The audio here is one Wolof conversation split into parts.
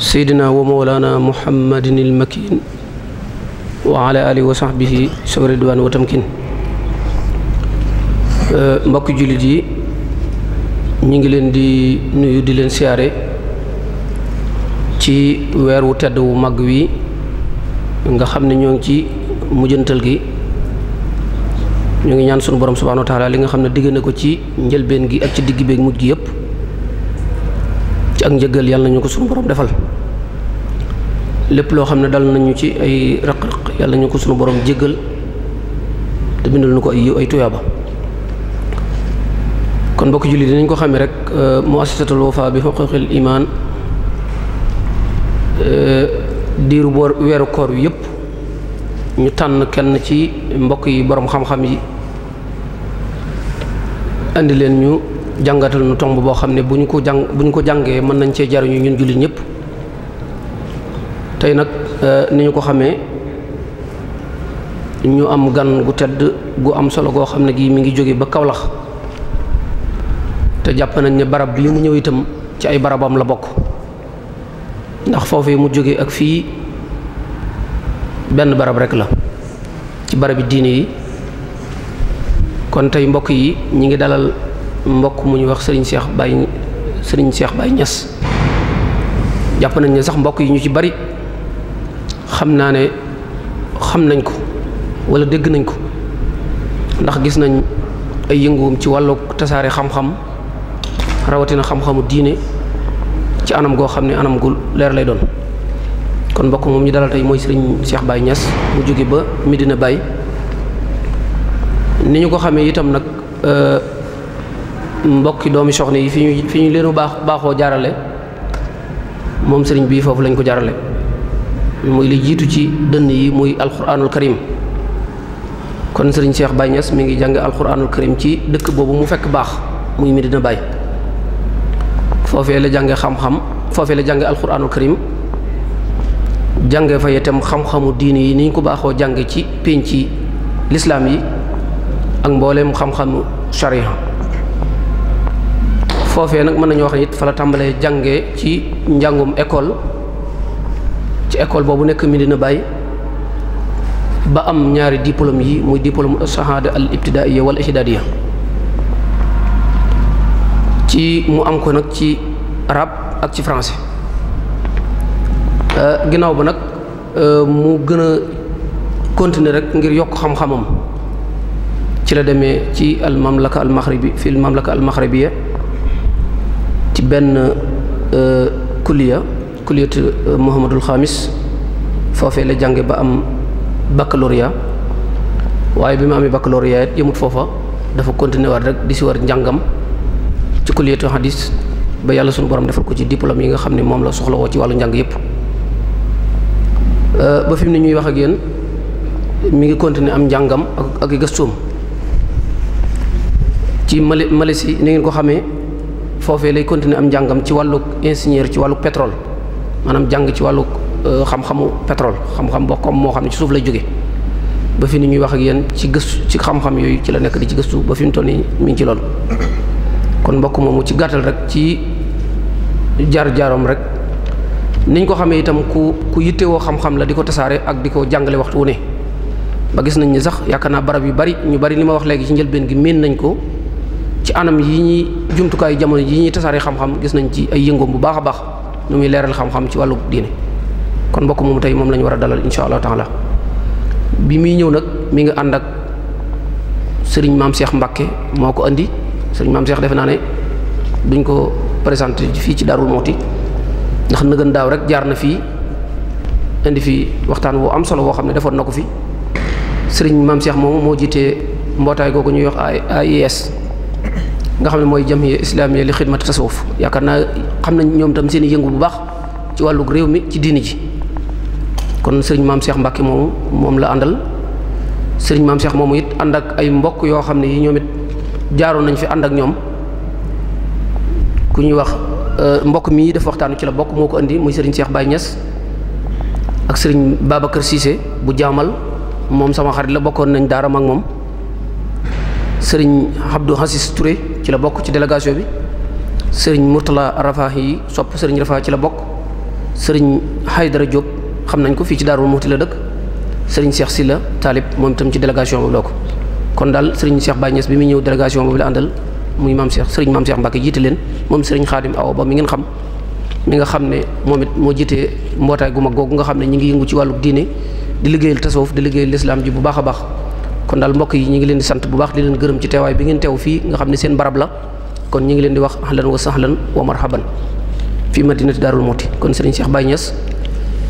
seydina wa mawlana muhammadin il makin wa ala alihi wa sahbihi sabari diwaan wa tamkin euh, mbokki jullit yi ñu ngi leen di nuyu di leen siyaare ci weer wu tedd wu mag wi nga xam ne ñoo ngi ci mujjantal gi ñu ngi ñaan sunu borom subhaanahu wa li nga xam ne digg na ko ci njëlbeen gi ak ci digg beeg mujj gi yëpp ci ak njëgal yàlla na ñu ko sunu borom defal lépp loo xam ne dal nañu ci ay raq-raq yàlla ñu ko sunu boroom jéggal te bindal ñu ko ay tuyaaba kon mbokk julli dinañ ko xamee rek euh, muassasatul Wafa bi huquqil iman euh, diiru boor weeru koor wi yëpp ñu tànn kenn ci mbokk yi boroom xam-xam yi indi leen ñu jàngatal nu tomb boo xam ne bu ñu ko jàng bu ñu ko jàngee mën nañ cee jariñu ñun jullit ñëpp tey nag euh, ni ñu ko xamee ñu am gan gu tedd gu am solo goo xam ne gii mi ngi jóge ba kawlax te jàpp nañ ne barab bii mu ñëw itam ci ay barabam la bokk ndax foofee mu jóge ak fii benn barab rekk la ci barabi diine yi kon tey mbokk yi ñu ngi dalal mbokk mu ñuy wax sëriñ Seex bay sëriñ Seex Baay Ñas jàpp nañ ne sax mbokk yi ñu ci bari xam naa ne xam nañ ko wala dégg nañ ko ndax gis nañ ay yënguwum ci wàllu tasaare xam-xam rawatina xam-xamu diine ci anam goo xam ne anam gu leer lay doon kon mbokk moom ñu dalal tey mooy sëriñ Cheikh Baye Niass mu jóge ba dina Baye ni ñu ko xamee itam nag euh, mbokki doomi soxna yi fi ñu fi ñu leen baax baaxoo jaarale moom sëriñ bii foofu lañ ko jaarale mooy li jiitu ci dënn yi muy alquranul karim kon sëriñ Cheikh Baye Niass mi ngi jàng alquranul karim ci dëkk boobu mu fekk baax muy Medina Baye foofee la jànge xam-xam foofee la jànge alquranul karim jànge fa itam xam-xamu diini yi ni ñu ko baaxoo jànge ci pénc yi lislaam yi ak mbooleem xam-xamu sharia foofee nag mën nañu wax nit fa la tàmbalee jànge ci njàngum école ci école boobu nekk dina Baye ba am ñaari diplôme yi muy diplôme shahada al ibtidaiya wal ihdadiya ci mu am ko nag ci arabe ak ci français euh, ginnaaw ba nag euh, mu gën a continuer rek ngir yokk xam-xamam ci la demee ci al mamlaka al maghribi fi al mamlaka al maghribiya ci benn euh, kulliya kulliyat uh, Muhammadul Xaamis foofee la jànge ba am baccalauréat waaye bi ma amee baccalauréat it yëmut foofa dafa continuer waat rek di si war njàngam ci kulliyatu hadis ba yàlla suñu borom defal ko ci diplôme yi nga xam ne moom la soxla woo ci wàllu njàng yëpp uh, ba fi ne ñuy wax ak yéen mi ngi continuer am njàngam ak ak gëstuum ci Mali Malaisie ni ngeen ko xamee foofee lay continuer am njàngam ci wàllu ingénieur ci wàllu petrol maanaam jàng ci wàllu euh, xam-xamu pétrole xam-xam boo comme moo xam ne ci suuf lay jóge ba fi ni ñuy wax ak yéen ci gëstu ci xam-xam yooyu ci la nekk di ci gëstu ba fi mu toll nii mi ngi ci loolu kon mbokk moomu ci gàttal rek ci jaar-jaaroom rek niñ ko xamee itam ku ku yittewoo xam-xam la di ko tasaare ak di ko jàngale waxtu wu ne ba gis nañ ni sax yaakaar naa barab yu bari ñu bari li ma wax léegi ci njëlbeen gi miin nañ ko ci anam yi ñuy jumtukaayu jamono yi ñuy tasaare xam gis nañ ci ay yëngoom bu baax a baax nu muy leeral xam-xam ci wàllu diine kon mbokk moomu tey moom la ñu war a dalal insha allah taala bi muy ñëw nag mi ngi ànd ak sëriñ maam seex Mbacke moo ko indi sëriñ maam seex defe naa ne duñ ko présenté fii ci Darou mooti ndax nëgën daaw rek jaar na fii indi fi waxtaan woo am solo woo xam ne defoon na ko fi sëriñ maam seex moom moo jiitee mbootaay googu ñuy wax AIS nga xam ne mooy jamiya islamiya li xidmati tasawuf yaakaar naa xam nañ ñoom tam seen yëngu bu baax ci wàllu réew mi ci diini ji kon sëriñ maam Cheikh Mbacke moomu moom la àndal sëriñ maam seex moomu it ànd ak ay mbokk yoo xam ne yi ñoom it jaaroon nañ fi ànd ak ñoom ku ñuy wax euh, mbokk mii def waxtaanu ci la bokk moo ko indi muy sëriñ seex Baye Niass ak sëriñ Babacar Cissé bu jaamal moom sama xarit la bokkoon nañ daara ak moom. sëriñ Abdou Hassis Touré ci la bokk ci délégation bi sëriñ Mourtala Rafa yi sopp sëriñ Rafa ci la bokk sëriñ xay Haydara Diop xam nañ ko fii ci Darou Mouhty la dëkk sëriñ si la taalib moom itam ci délégation boobu la ko kon daal sëriñ Cheikh Baye Niass bi muy ñëw délégation boobu la àndal muy maam Cheikh sëriñ maam Cheikh Mbacke jiite leen moom sëriñ Xaadim Awa Ba mi ngeen xam mi nga xam ne moom it moo jiite mbootaay gu mag googu nga xam ne ñu ngi yëngu ci wàllu diine di liggéeyal tasawuf di liggéeyal lislaam ji bu baax a baax kon daal mbokk yi ñu ngi leen di sant bu baax di leen gërëm ci teewaay bi ngeen teew fii nga xam ne seen barab la kon ñu ngi leen di wax ahlan wa sahlan wa marhaban fii madinati daarul muti kon sëriñ Cheikh Baye Niass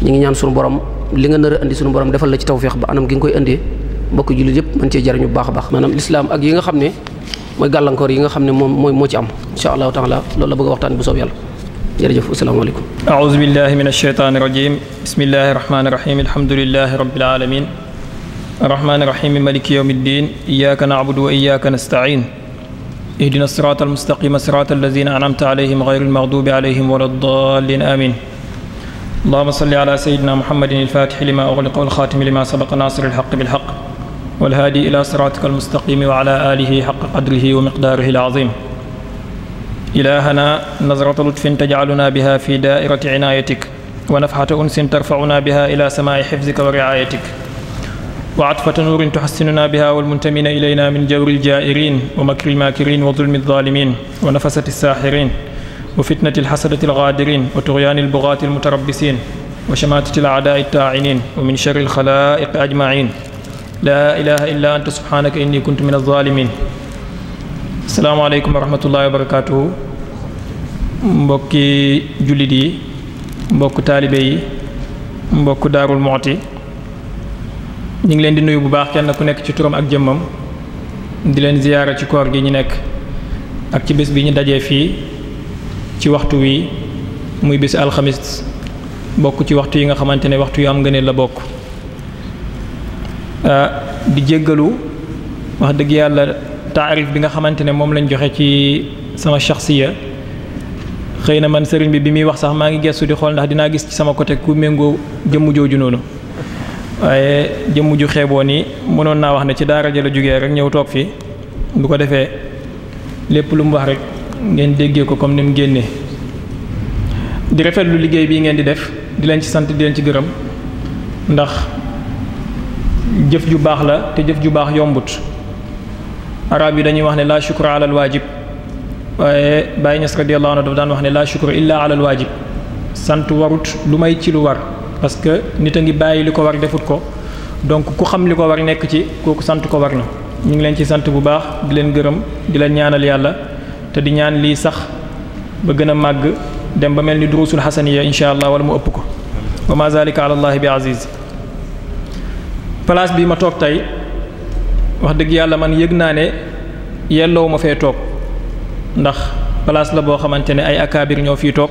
ñu ngi ñaan suñu borom li nga nar indi suñu borom defal la ci feex ba anam gi nga koy indee mbokk jullit yëpp mën cee jariñu bu baax a baax maanaam lislaam ak yi nga xam ne mooy gàllankoor yi nga xam ne moom mooy moo ci am insha allahu taala loolu la bëgg a waxtaan bu soob yàlla jërëjëf asalaamaaleykum aouzu billahi min alsheytaani rajim bismillahi rahmaani rahim الرحمن الرحيم مالك يوم الدين إياك نعبد وإياك نستعين اهدنا الصراط المستقيم صراط الذين أنعمت عليهم غير المغضوب عليهم ولا الضالين آمين اللهم صل على سيدنا محمد الفاتح لما أغلق والخاتم لما سبق ناصر الحق بالحق والهادي إلى صراطك المستقيم وعلى آله حق قدره ومقداره العظيم إلهنا نظرة لطف تجعلنا بها في دائرة عنايتك ونفحة أنس ترفعنا بها إلى سماع حفظك ورعايتك وعطفة نور تحسننا بها والمنتمين إلينا من جور الجائرين ومكر الماكرين وظلم الظالمين ونفسة الساحرين وفتنة الحسدة الغادرين وطغيان البغاة المتربصين وشماتة الأعداء التاعنين ومن شر الخلائق أجمعين لا إله إلا أنت سبحانك إني كنت من الظالمين السلام عليكم ورحمة الله وبركاته mbokki jullit yi mbokk taalibe yi mbokk daarul mooti ñu ngi leen di nuyu bu baax kenn ku nekk ci turam ak jëmmam di leen ziyaara ci koor gi ñu nekk ak ci bés bi ñu dajee fii ci waxtu wi muy bés alxamis bokk ci waxtu yi nga xamante ne waxtu yu am nga ngëneel la bokk ah, di jéggalu wax dëgg yàlla taarif bi nga xamante ne moom lañ joxe ci sama shaxsiya xëy na man sëriñ bi bi muy wax sax maa ngi gestu di xool ndax dinaa gis ci sama côté ku méngoo jëmm jooju noonu waaye jëmm ju xeeboo nii mënoon naa wax ne ci daara ja la jógee rek ñëw toog fi bu ko defee lépp lu mu wax rek ngeen déggee ko comme ni mu génnee di rafetlu liggéey bii ngeen di def di leen ci sant di leen ci gërëm ndax jëf ju baax la te jëf ju baax yombut arab yi dañuy wax ne laa shukra alal waajib waaye Baye Niass radiyallahu anhu dafa daan wax ne la shukra illa alal waajib sant warut lu may ci lu war parce que nit a ngi bàyyi li ko war defut ko donc ku xam li ko war nekk ci kooku sant ko war na ñu ngi leen ci sant bu baax di leen gërëm di leen ñaanal yàlla te di ñaan lii sax ba gën a màgg dem ba mel ni durusul xasaniya incha allah wala mu ëpp ko wa ma zalika ala bi aziz place bi ma toog tey wax dëgg yàlla man yëg naa ne yelloo ma fee toog ndax place la boo xamante ne ay akaabir ñoo fi toog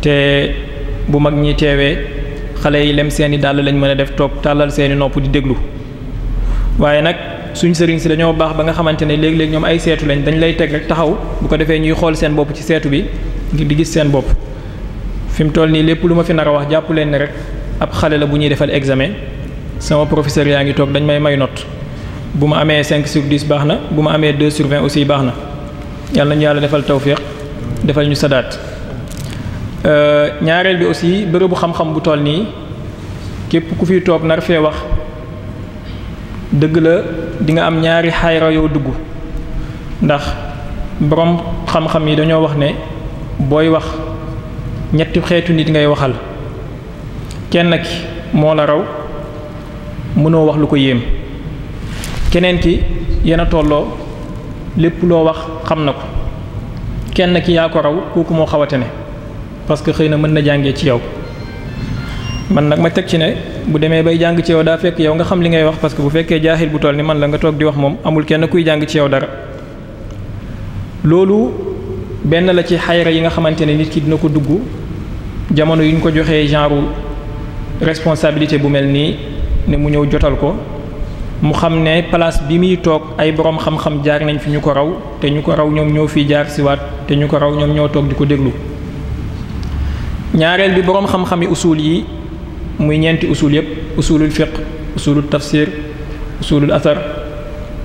te bu mag ñi teewee xale yi lem seeni dàll lañ mën a def toog tàllal seeni nopp di déglu waaye nag suñ sëriñ si dañoo baax ba nga xamante ne léeg-léeg ñoom ay seetu lañ dañ lay teg rek taxaw bu ko defee ñuy xool seen bopp ci seetu bi ngir di gis seen bopp fi mu toll nii lépp lu ma fi nar a wax jàpp leen ne rek ab xale la bu ñuy defal examen sama professeur yaa ngi toog dañ may may note bu ma amee 5 sur baax na bu ma amee 2 sur aussi baax na yàlla ñu yàlla defal tawfiq defal ñu sadaat Euh, ñaareel bi aussi bërëbu xam-xam bu tool nii képp ku fi toog nar fee wax dëgg la dinga am ñaari xayra yow dugg ndax borom xam-xam yi dañoo wax ne booy wax ñetti xeetu nit ngay waxal kenn ki moo la raw mënoo wax lu ko yéem keneen ki yena tolloo lépp loo wax xam na ko kenn ki yaa ko raw kooku moo xawate ne parce que xëy na mën na jàngee ci yow man nag ma teg ci ne bu demee bay jàng ci yow daa fekk yow nga xam li ngay wax parce que bu fekkee jaaxil bu tool ni man la nga toog di wax moom amul kenn kuy jàng ci yow dara loolu benn la ci xayra yi nga xamante ne nit ki dina ko dugg jamono yu ñu ko joxee genre responsabilité bu mel nii ne mu ñëw jotal ko mu xam ne place bi muy toog ay boroom xam-xam jaar nañ fi ñu ko raw te ñu ko raw ñoom ñoo fiy jaar siwaat te ñu ko raw ñoom ñoo toog di ko déglu ñaareel bi boroom xam-xami usul yi muy ñeenti usul yépp usulul fiq usulul tafsir usulul asar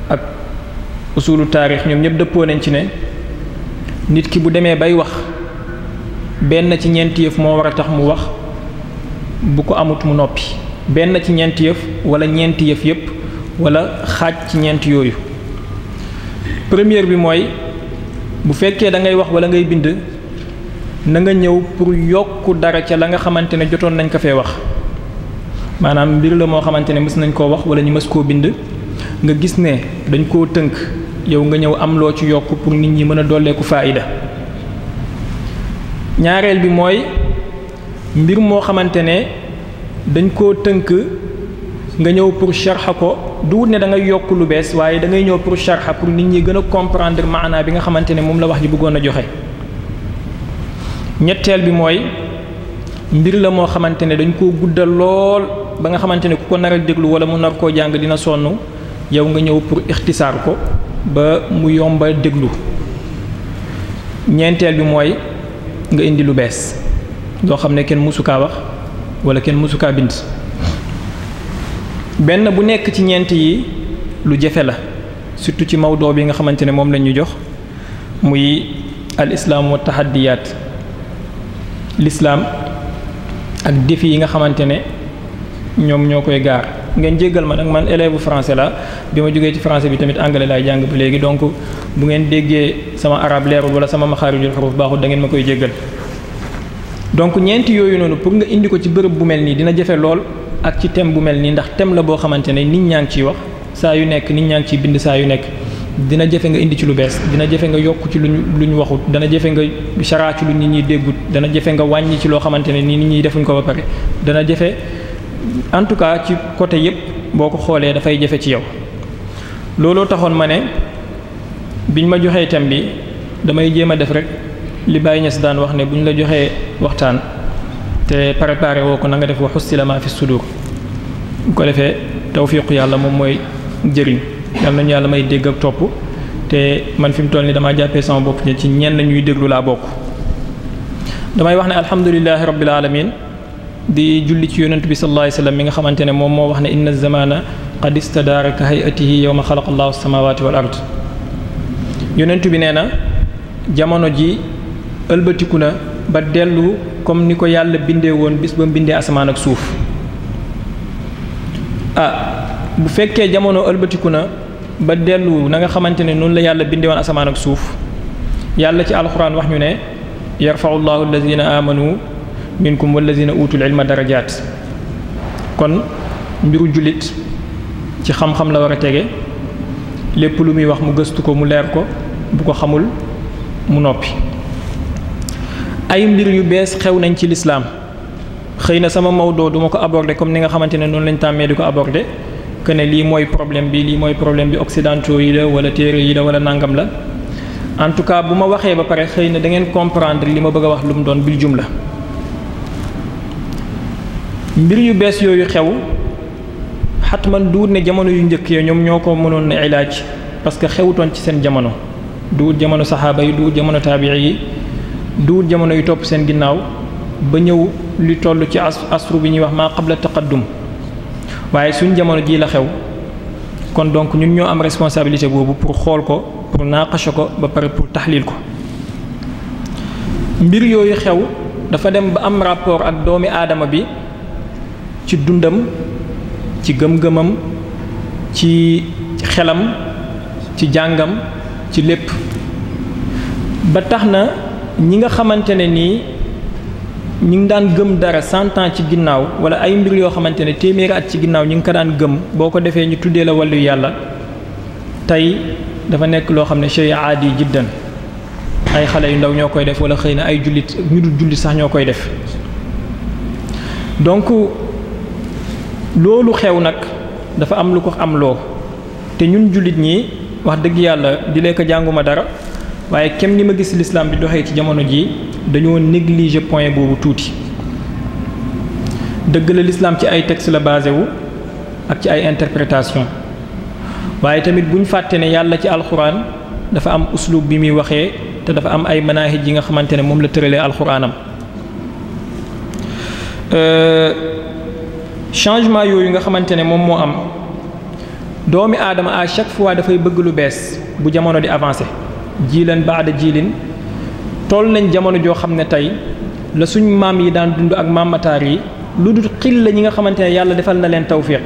ak usulul taarix ñoom ñépp dëppoo nañ ci ne nit ki bu demee bay wax benn ci ñeenti yëf moo war a tax mu wax bu ko amut mu noppi benn ci ñeenti yëf wala ñeenti yëf yépp wala xaaj ci ñeenti yooyu première bi mooy bu fekkee da ngay wax wala ngay bind na nga ñëw pour yokk dara ca la nga xamante ne jotoon nañ ko fee wax maanaam mbir la moo xamante ne mës nañ koo wax wala ñu mës koo bind nga gis ne dañ koo tënk yow nga ñëw am loo ci yokk pour nit ñi mën a dolleeku faayida ñaareel bi mooy mbir moo xamante ne dañ koo tënk nga ñëw pour sharxa ko duwut ne da ngay yokk lu bees waaye da ngay ñëw pour sharxa pour nit ñi gën a comprendre maanaa bi nga xamante ne moom la wax ji bëggoon a joxe ñetteel bi mooy mbir la moo xamante ne dañ ko guddal lool ba nga xamante ne ku ko nar déglu wala mu nar koo jàng dina sonn yow nga ñëw pour ixtisaar ko ba mu yomba déglu ñeenteel bi mooy nga indi lu bees loo xam ne kenn kaa wax wala kenn mësukaa bind benn bu nekk ci ñeent yi lu jafe la surtout ci mawdoo bi nga xamante ne moom lañu jox muy al islaam wa tahaddiyaat lislaam ak défi yi nga xamante ne ñoom ñoo koy gaar ngeen jéggal ma nag man élève français la bi ma jógee ci français bi tamit anglais laay jàng ba léegi donc bu ngeen déggee sama arab leerul wala sama maxaarijul xaruf baaxul da ngeen ma koy jéggal donc ñeenti yooyu noonu pour nga indi ko ci bërëb bu mel nii dina jafe lool ak ci thème bu mel nii ndax tem la boo xamante ne nit ñaa ngi ciy wax saa yu nekk nit ñaa ngi ciy bind saa yu nekk dina jafe nga indi ci lu bees dina jafe nga yokk ci luñ lu ñu waxut dana jafe nga saraa ci lu nit ñi déggut dana jafe nga wàññi ci loo xamante ne ni nit ñi defuñ ko ba pare dana jafe en tout cas ci côté yépp boo ko xoolee dafay jafe ci yow looloo taxoon ma ne biñ ma joxee thème bi damay jéem a def rek li Baye Niass daan wax ne bu buñ la joxee waxtaan te préparé woo ko na nga def waxu silama fi sudur bu ko defee tawfiqu yàlla moom mooy jëriñ yal nañu yàlla may dégg ak topp te man fi mu toll nii damaa jàppee sama bopp ci ñenn ñuy déglu laa bokk. damay wax ne alhamdulilahi rabbil alamin di julli ci yonent bi sallallahu alayhi mi nga xamante ne moom moo wax ne inna zamana qad istadaara ka hayatihi yawma xalaqa allahu samawati wal ard yonent bi nee na jamono ji ëlbatiku na ba dellu comme ni ko yàlla bindee woon bis ba mu bindee asamaan ak suuf ah, bu fekkee jamono ëlbatiku na ba dellu nanga xamante ne noonu la yàlla bindee woon asamaan ak suuf yàlla ci alxuraan wax ñu ne yarfau llahu allazina amanu minkum wallazina utul ilma darajaat kon mbiru jullit ci xam-xam la war a tege lépp lu muy wax mu gëstu ko mu leer ko bu ko xamul mu noppi ay mbir yu bees xew nañ ci lislaam xëy na sama mawdoo duma ko aborder comme ni nga xamante ne noonu lañ tàmmee di ko aborder que ne lii mooy problème bi lii mooy problème bi occidentaux yi la wala téere yi la wala nangam la en tout cas bu ma waxee ba pare xëy na da ngeen comprendre li ma bëgg a wax lu mu doon bil jumla mbir yu bees yooyu xew xatman duut ne jamono yu njëkk ya ñoom ñoo ko mënoon na ilaaj parce que xewutoon ci seen jamono duut jamono saxaaba yi duut jamono taabii yi duut jamono yu topp seen ginnaaw ba ñëw li toll ci asru bi ñuy wax maa qabla taqaddum waaye suñ jamono jii la xew kon donc ñun ñoo am responsabilité boobu pour xool ko pour naaqashe ko ba pare pour taxlil ko mbir yooyu xew dafa dem ba am rapport ak doomi aadama bi ci dundam ci gëm-gëmam ci xelam ci jàngam ci lépp ba tax na ñi nga xamante ne nii ñu ngi daan gëm dara cent ci ginnaaw wala ay mbir yoo xamante ne téeméeri at ci ginnaaw ñu ngi ko daan gëm boo ko defee ñu tuddee la wàllu yàlla tey dafa nekk loo xam ne shay aadi jiddan ay xale yu ndaw ñoo koy def wala xëy na ay jullit ñu dul jullit sax ñoo koy def donc loolu xew nag dafa am lu ko am loo te ñun jullit ñi wax dëgg yàlla di lee ko jànguma dara waaye kem ni ma gis lislaam bi doxee ci jamono jii dañoo négliger point boobu tuuti dëgg la l'islam ci ay texte la basé wu ak ci ay interprétation waaye tamit buñ fàtte ne yàlla ci alxuraan dafa am uslub bi muy waxee te dafa am ay manahij ji nga xamante ne moom la tëralee alxuraanam euh, changement yooyu nga xamante ne moom moo am doomi aadama à chaque fois dafay bëgg lu bees bu jamono di avancé jiilan baada jiilin tool nañ jamono joo xam ne tey la suñ maam yi daan dund ak maam yi lu dul xil la ñi nga xamante ne yàlla defal na leen tawfiq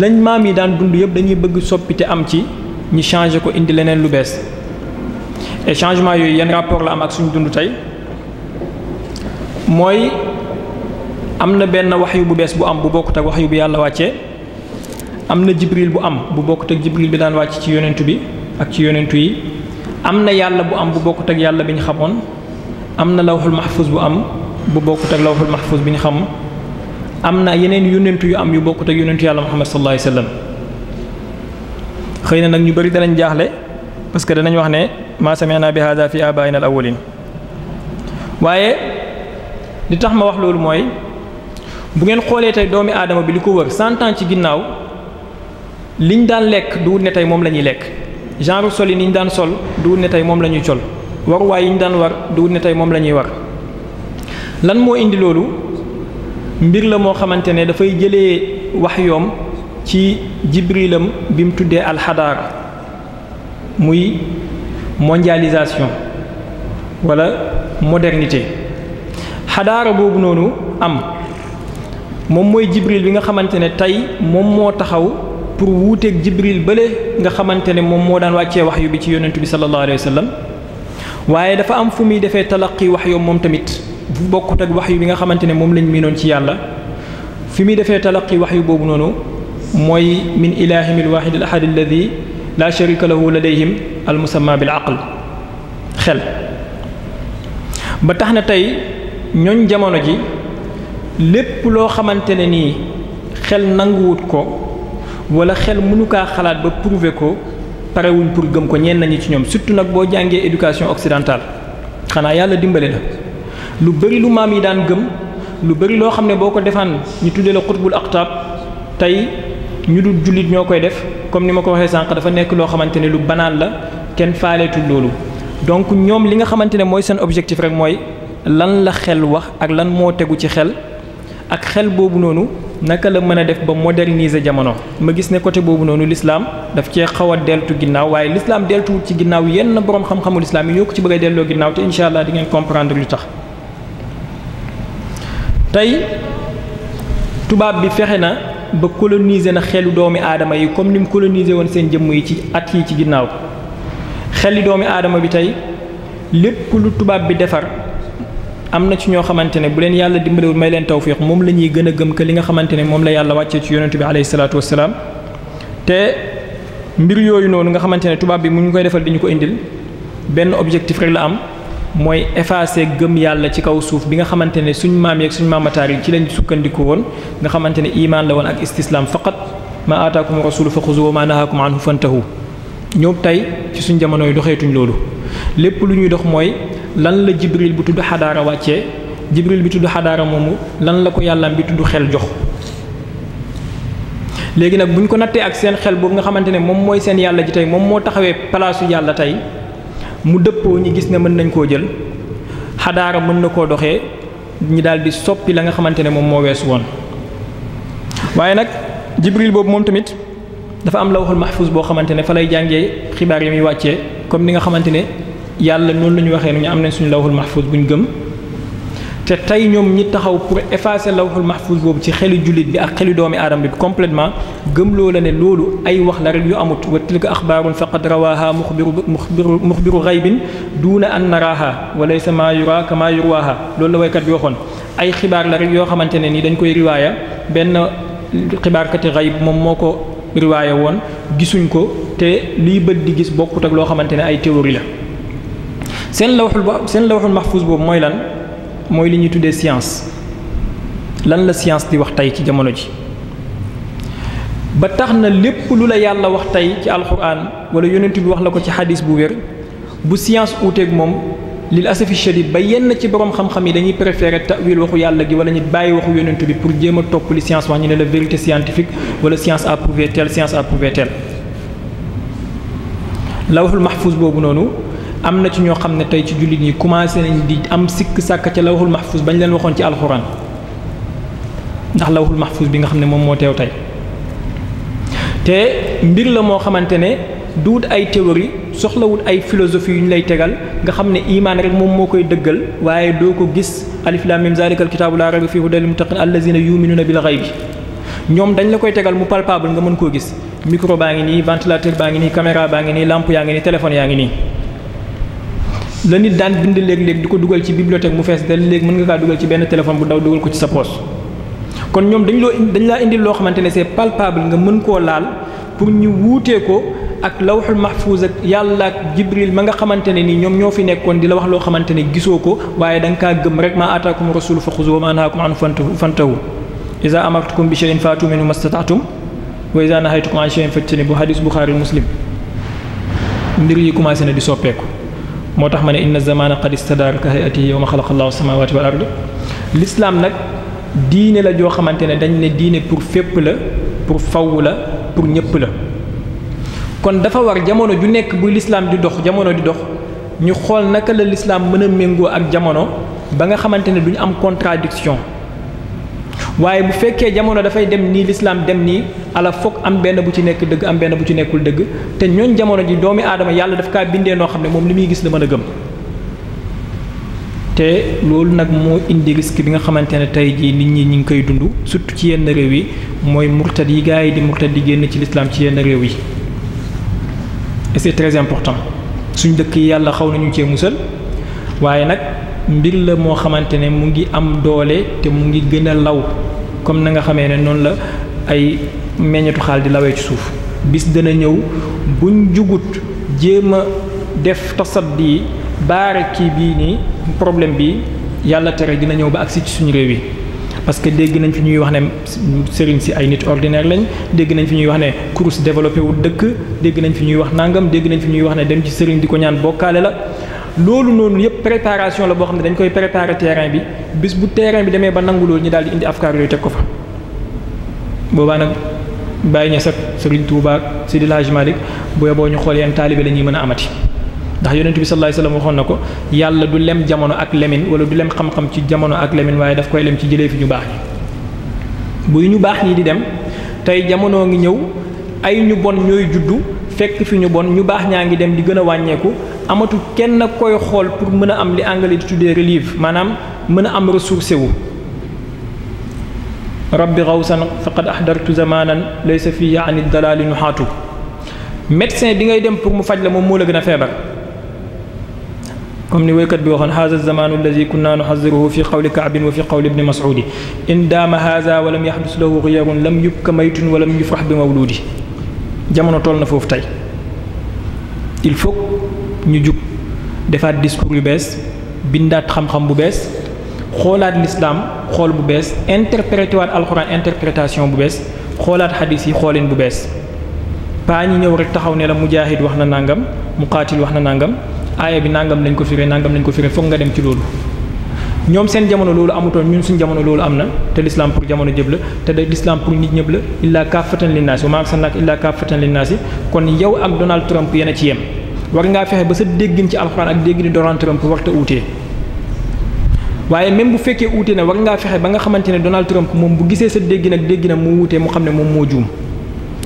lañ maam yi daan dund yëpp dañuy bëgg soppite am ci ñi changé ko indi leneen lu bees et changement yooyu yan rapport la am ak suñ dund tey mooy am na benn wax yu bu bees bu am bu bokkut ak waxyu bu yàlla wàcce am na jibril bu am bu bokkut ak jibril bi daan wàcce ci yonentu bi ak ci yonentu yi am na yàlla bu am bu bokkut ak yàlla bi ñu xamoon am na lawxul maxfuus bu am bu bokkut ak lawxul maxfuus bi ñu xam am na yeneen yonent yu am yu bokkut ak yonentu yàlla muhammad sallallahu alayhi wa sallam xëy na nag ñu bëri danañ jaaxle parce que danañ wax ne maa sami'na bi hada fi abaina al awwalin waaye li tax ma wax loolu mooy bu ngeen xoolee tey doomi aadama bi li ko wër cent ci ginnaaw li liñ daan lekk du ne tey moom la ñuy lekk genre sol yi ni daan sol du ne tey moom la ñuy sol waruwaay yi ñu daan war du ne tey moom la ñuy war lan moo indi loolu mbir la moo xamante ne dafay jëlee wax yoom ci jibrilam bi mu tuddee alxadaara muy mondialisation wala modernité xadaara boobu noonu am moom mooy jibril bi nga xamante ne tey moom moo taxaw pour wuuteeg jibril bële nga xamante ne moom moo daan wàccee waxyu bi ci yonent bi sallallahu alayhi wa sallam waaye dafa am fu muy defee talaqi waxyu moom tamit bu bokkut ak waxyu bi nga xamante ne moom lañ miinoon ci yàlla fi muy defee talaqi waxyu boobu noonu mooy min ilahim alwahid al ahad alladi la sharika lahu ladayhim al musamma bil aql xel ba tax na tey ñooñ jamono ji lépp loo xamante ne nii xel nanguwut ko wala xel mënu kaa xalaat ba prouver ko parewul pour gëm ko ñeen nañu ci ñoom surtout nag boo jàngee éducation occidentale xanaa yàlla dimbale la lu bëri lu maam yi daan gëm lu bëri loo xam ne boo ko defaan ñu tuddee la xutbul aqtaab tey ñu dul jullit ñoo koy def comme ni ma ko waxee sànq dafa nekk loo xamante ne lu banaan la kenn faaleetul loolu donc ñoom li nga xamante ne mooy seen objectif rek mooy lan la xel wax ak lan moo tegu ci xel ak xel boobu noonu naka la mën a def ba moderniser jamono ma gis ne côté boobu noonu lislaam daf cee xaw a deltu ginnaaw waaye l'islam deltuwut ci ginnaaw yenn borom xam-xamul islam yi ñoo ko ci bëgg a delloo ginnaaw te incha allah di comprendre lu tax. tey tubaab bi fexe na ba coloniser na xelu doomi aadama yi comme ni mu coloniser woon seen jëmm yi ci at yi ci ginnaaw xeli doomi aadama bi tey lépp lu tubaab bi defar. am na ci ñoo xamante ne bu leen yàlla dimbalewul may leen tawfiq moom la ñuy gën a gëm que li nga xamante ne moom la yàlla wàccee ci yonentu bi alayhi salaatu wasalaam te mbir yooyu noonu nga xamante ne tubaab bi mu ñu koy defal di ñu ko indil benn objectif rek la am mooy effacer gëm yàlla ci kaw suuf bi nga xamante ne suñ maam yeeg suñ maamataar yi ci lañ sukkandiku woon nga xamante ne imaan la woon ak istislaam faqat ma aataakum rasulu fa xuzu wa ma nahaakum anhu fantahu ñoom tey suñ jamono yi doxeetuñ loolu lépp lu ñuy dox mooy lan la jibril bu tudd xadaara wàccee jibril bi tudd xadaara moomu lan la ko yàllaam bi tudd xel jox léegi nag bu ñu ko nattee ak seen xel boobu nga xamante ne moom mooy seen yàlla ji tey moom moo taxawee palaasu yàlla tey mu dëppoo ñi gis ne mën nañ koo jël xadaara mën na koo doxee ñi daal di soppi la nga xamante ne moom moo weesu woon waaye nag jibril boobu moom tamit dafa am lawhul mahfuz boo xamante ne fa lay jàngee xibaar yi muy wàccee comme ni nga xamante ne yàlla noonu la ñu waxee ñu am nañ suñu lawhul mahfuz bu ñu gëm te tey ñoom ñi taxaw pour effacer lawhul mahfuz boobu ci xelu jullit bi ak xelu doomi aadama bi complètement gëm loo la ne loolu ay wax la rek yu amut wa tilka axbaarun faqad rawaha muxbiru muxbiru muxbiru xaybin duuna an naraha wa laysa maa yura kama yurwaha loolu la waykat bi waxoon ay xibaar la rek yoo xamante ne nii dañ koy riwaaya benn xibaarkati xayb moom moo ko riwaaya woon gisuñ ko te liy bët di gis bokkut ak loo xamante ne ay théorie la seen la lawxul seen lawxul mahfuus boobu mooy lan mooy li ñuy tuddee science lan la science di wax tey ci jamono ji ba tax na lépp lu la yàlla wax tey ci alxuraan wala yonent bi wax la ko ci xadis bu wér bu science uuteeg moom lil asafi shadid ba yenn ci borom xam-xam yi dañuy préférer tawil waxu yàlla gi wala ñu bàyyi waxu yonent bi pour jéem a topp li science wax ñu ne la vérité scientifique wala science a prouvé tel science a prouvé tel boobu noonu. am na ci ñoo xam ne tey ci jullit yi commencé nañ di am sikk sàkk ca lawhul mahfuz bañ leen waxoon ci alxuraan ndax lawhul mahfuz bi nga xam ne moom moo teew tey te mbir la moo xamante ne duut ay théorie soxlawul ay philosophie yu ñu lay tegal nga xam ne imaan rek moom moo koy dëggal waaye doo ko gis alif laam miim zaalikal kitaabu laa rayba fiihi hudan lil muttaqiin allaziina yu'minuuna bil ghaybi ñoom dañ la koy tegal mu palpable nga mën koo gis micro baa ngi nii ventilateur baa ngi nii caméra baa ngi nii lampe yaa ngi téléphone yaa ngi nii la nit daan bind léeg-léeg di ko dugal ci bibliothèque mu fees del léegi mën nga kaa dugal ci benn téléphone bu daw dugal ko ci sa poche kon ñoom dañ loo dañ laa indil loo xamante ne c'est palpable nga mën koo laal pour ñu wuutee ko ak lawxul mahfuz ak yàlla ak jibril ma nga xamante ne ni ñoom ñoo fi nekkoon di la wax loo xamante ne gisoo ko waaye da nga kaa gëm rek maa aataakum rasulu fa xuzu wa maa nahaakum anhu fantahu iza amartukum bi shay'in faatu minhu mastata'tum wa yi commencé na di soppeeku moo tax ma ne inna zamana qad istadara ka hayatihi yawma xalaqa allahu samawati wal ard lislaam nag diine la joo xamante ne dañ ne diine pour fépp la pour faw la pour ñëpp la kon dafa war jamono ju nekk bu lislaam di dox jamono di dox ñu xool naka la lislaam mën a méngoo ak jamono ba nga xamante ne ñu am contradiction waaye bu fekkee jamono dafay dem nii lislaam dem nii ala foog am benn bu ci nekk dëgg am benn bu ci nekkul dëgg te ñooñ jamono ji doomi aadama yàlla daf kaa bindee noo xam ne moom li muy gis la mën a gëm te loolu nag moo indi risque bi nga xamante ne tey jii nit ñi ñu ngi koy dund surtout ci yenn réew yi mooy murtad yi gars yi di murtad di génn ci lislaam ci yenn réew yi et très important suñ dëkk yi yàlla xaw nañu cee musal waaye nag mbir la moo xamante ne mu ngi am doole te mu ngi gën a law comme na nga xamee ne noonu la ay meññetu xaal di lawee ci suuf bis dina ñëw buñ jugut jéem a def tasaddi baare kii bii nii problème bi yàlla tere dina ñëw ba agsi ci suñu réew yi parce que dégg nañ fi ñuy wax ne sëriñ si ay nit ordinaire lañ dégg nañ fi ñuy wax ne course développé wu dëkk dégg nañ fi ñuy wax nangam dégg nañ fi ñuy wax ne dem ci sëriñ di ko ñaan bokkaale la loolu noonu yëpp préparation la boo xam ne dañ koy préparer terrain bi bis bu terrain bi demee ba nangu loolu ñu daal di indi afkaar yooyu teg ko fa boobaa nag bàyyi ña sag Serigne Touba si Hadji Malick booy boo ñu xool yenn taalibe la mën a amati ndax yonent bi sallallahu alayhi wasallam waxoon na ko yàlla du lem jamono ak lemin wala du lem xam-xam ci jamono ak lemin waaye daf koy lem ci jëlee fi ñu baax ñi buy ñu baax ñi di dem tey jamono ngi ñëw ay ñu bon ñooy juddu fekk fi ñu bon ñu baax ñaa ngi dem di gën a wàññeeku amatu kenn koy xool pour mën a am li anglais di de relief maanaam mën a am ressourcé wu rabbi xawsan faqad ahdartu zamanan laysa fihi an dalali nuxaatu médecin bi ngay dem pour mu faj la moom moo la gën a feebar comme ni waykat bi waxoon haza zamanu alladi kunna nuxaziruhu fi qawli kaabin wa fi qawli ibni masudi in daama haza wa lam yaxdus lahu xiyarun lam yubka mayt wa lam yufrax bi mawludi jamono toll na foofu tey ñu jug defaat discours yu bees bindaat xam-xam bu bees xoolaat lislaam xool bu bees interprété waat alxuraan interprétation bu bees xoolaat xadis yi xoolin bu bees paa ñi ñëw rek taxaw ne la mujaahid wax na nangam muqaatil wax na nangam aaya bi nangam lañ ko firé nangam lañ ko firé foog nga dem ci loolu. ñoom seen jamono loolu amutoon ñun suñ jamono loolu am na te l'islam pour jamono jëb la te de l'islam pour nit ñëpp la illaa kaafatan linnaasi wa maa arsalnaaka illaa kaafatan linnaasi kon yow ak Donald a ci yem. war ngaa fexe ba sa déggin ci alxuraan ak déggin Donald Trump warta uute waaye même bu fekkee uute na war ngaa fexe ba nga xamante ne Donald Trump moom bu gisee sa déggin ak dégginam mu wuute mu xam ne moom moo juum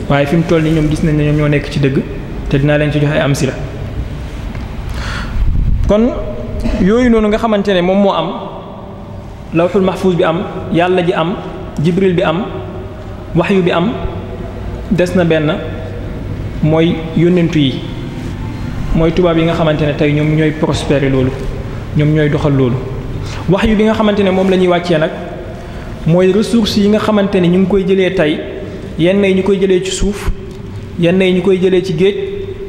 waaye fi mu toll nii ñoom gis nañ ne ñoom nekk ci dëgg te dinaa leen ci joxe am si la yooyu noonu nga xamante ne moom moo am lawxul mahfuus bi am yàlla ji am jibril bi am waxyu bi am des na benn mooy yónnentu yi mooy tubaab yi nga xamante ne tey ñoom ñooy prospérer loolu ñoom ñooy doxal loolu wax yu bi nga xamante ne moom la ñuy wàccee nag mooy ressources yi nga xamante ne ñu ngi koy jëlee tey yenn yi ñu koy jëlee ci suuf yenn yi ñu koy jëlee ci géej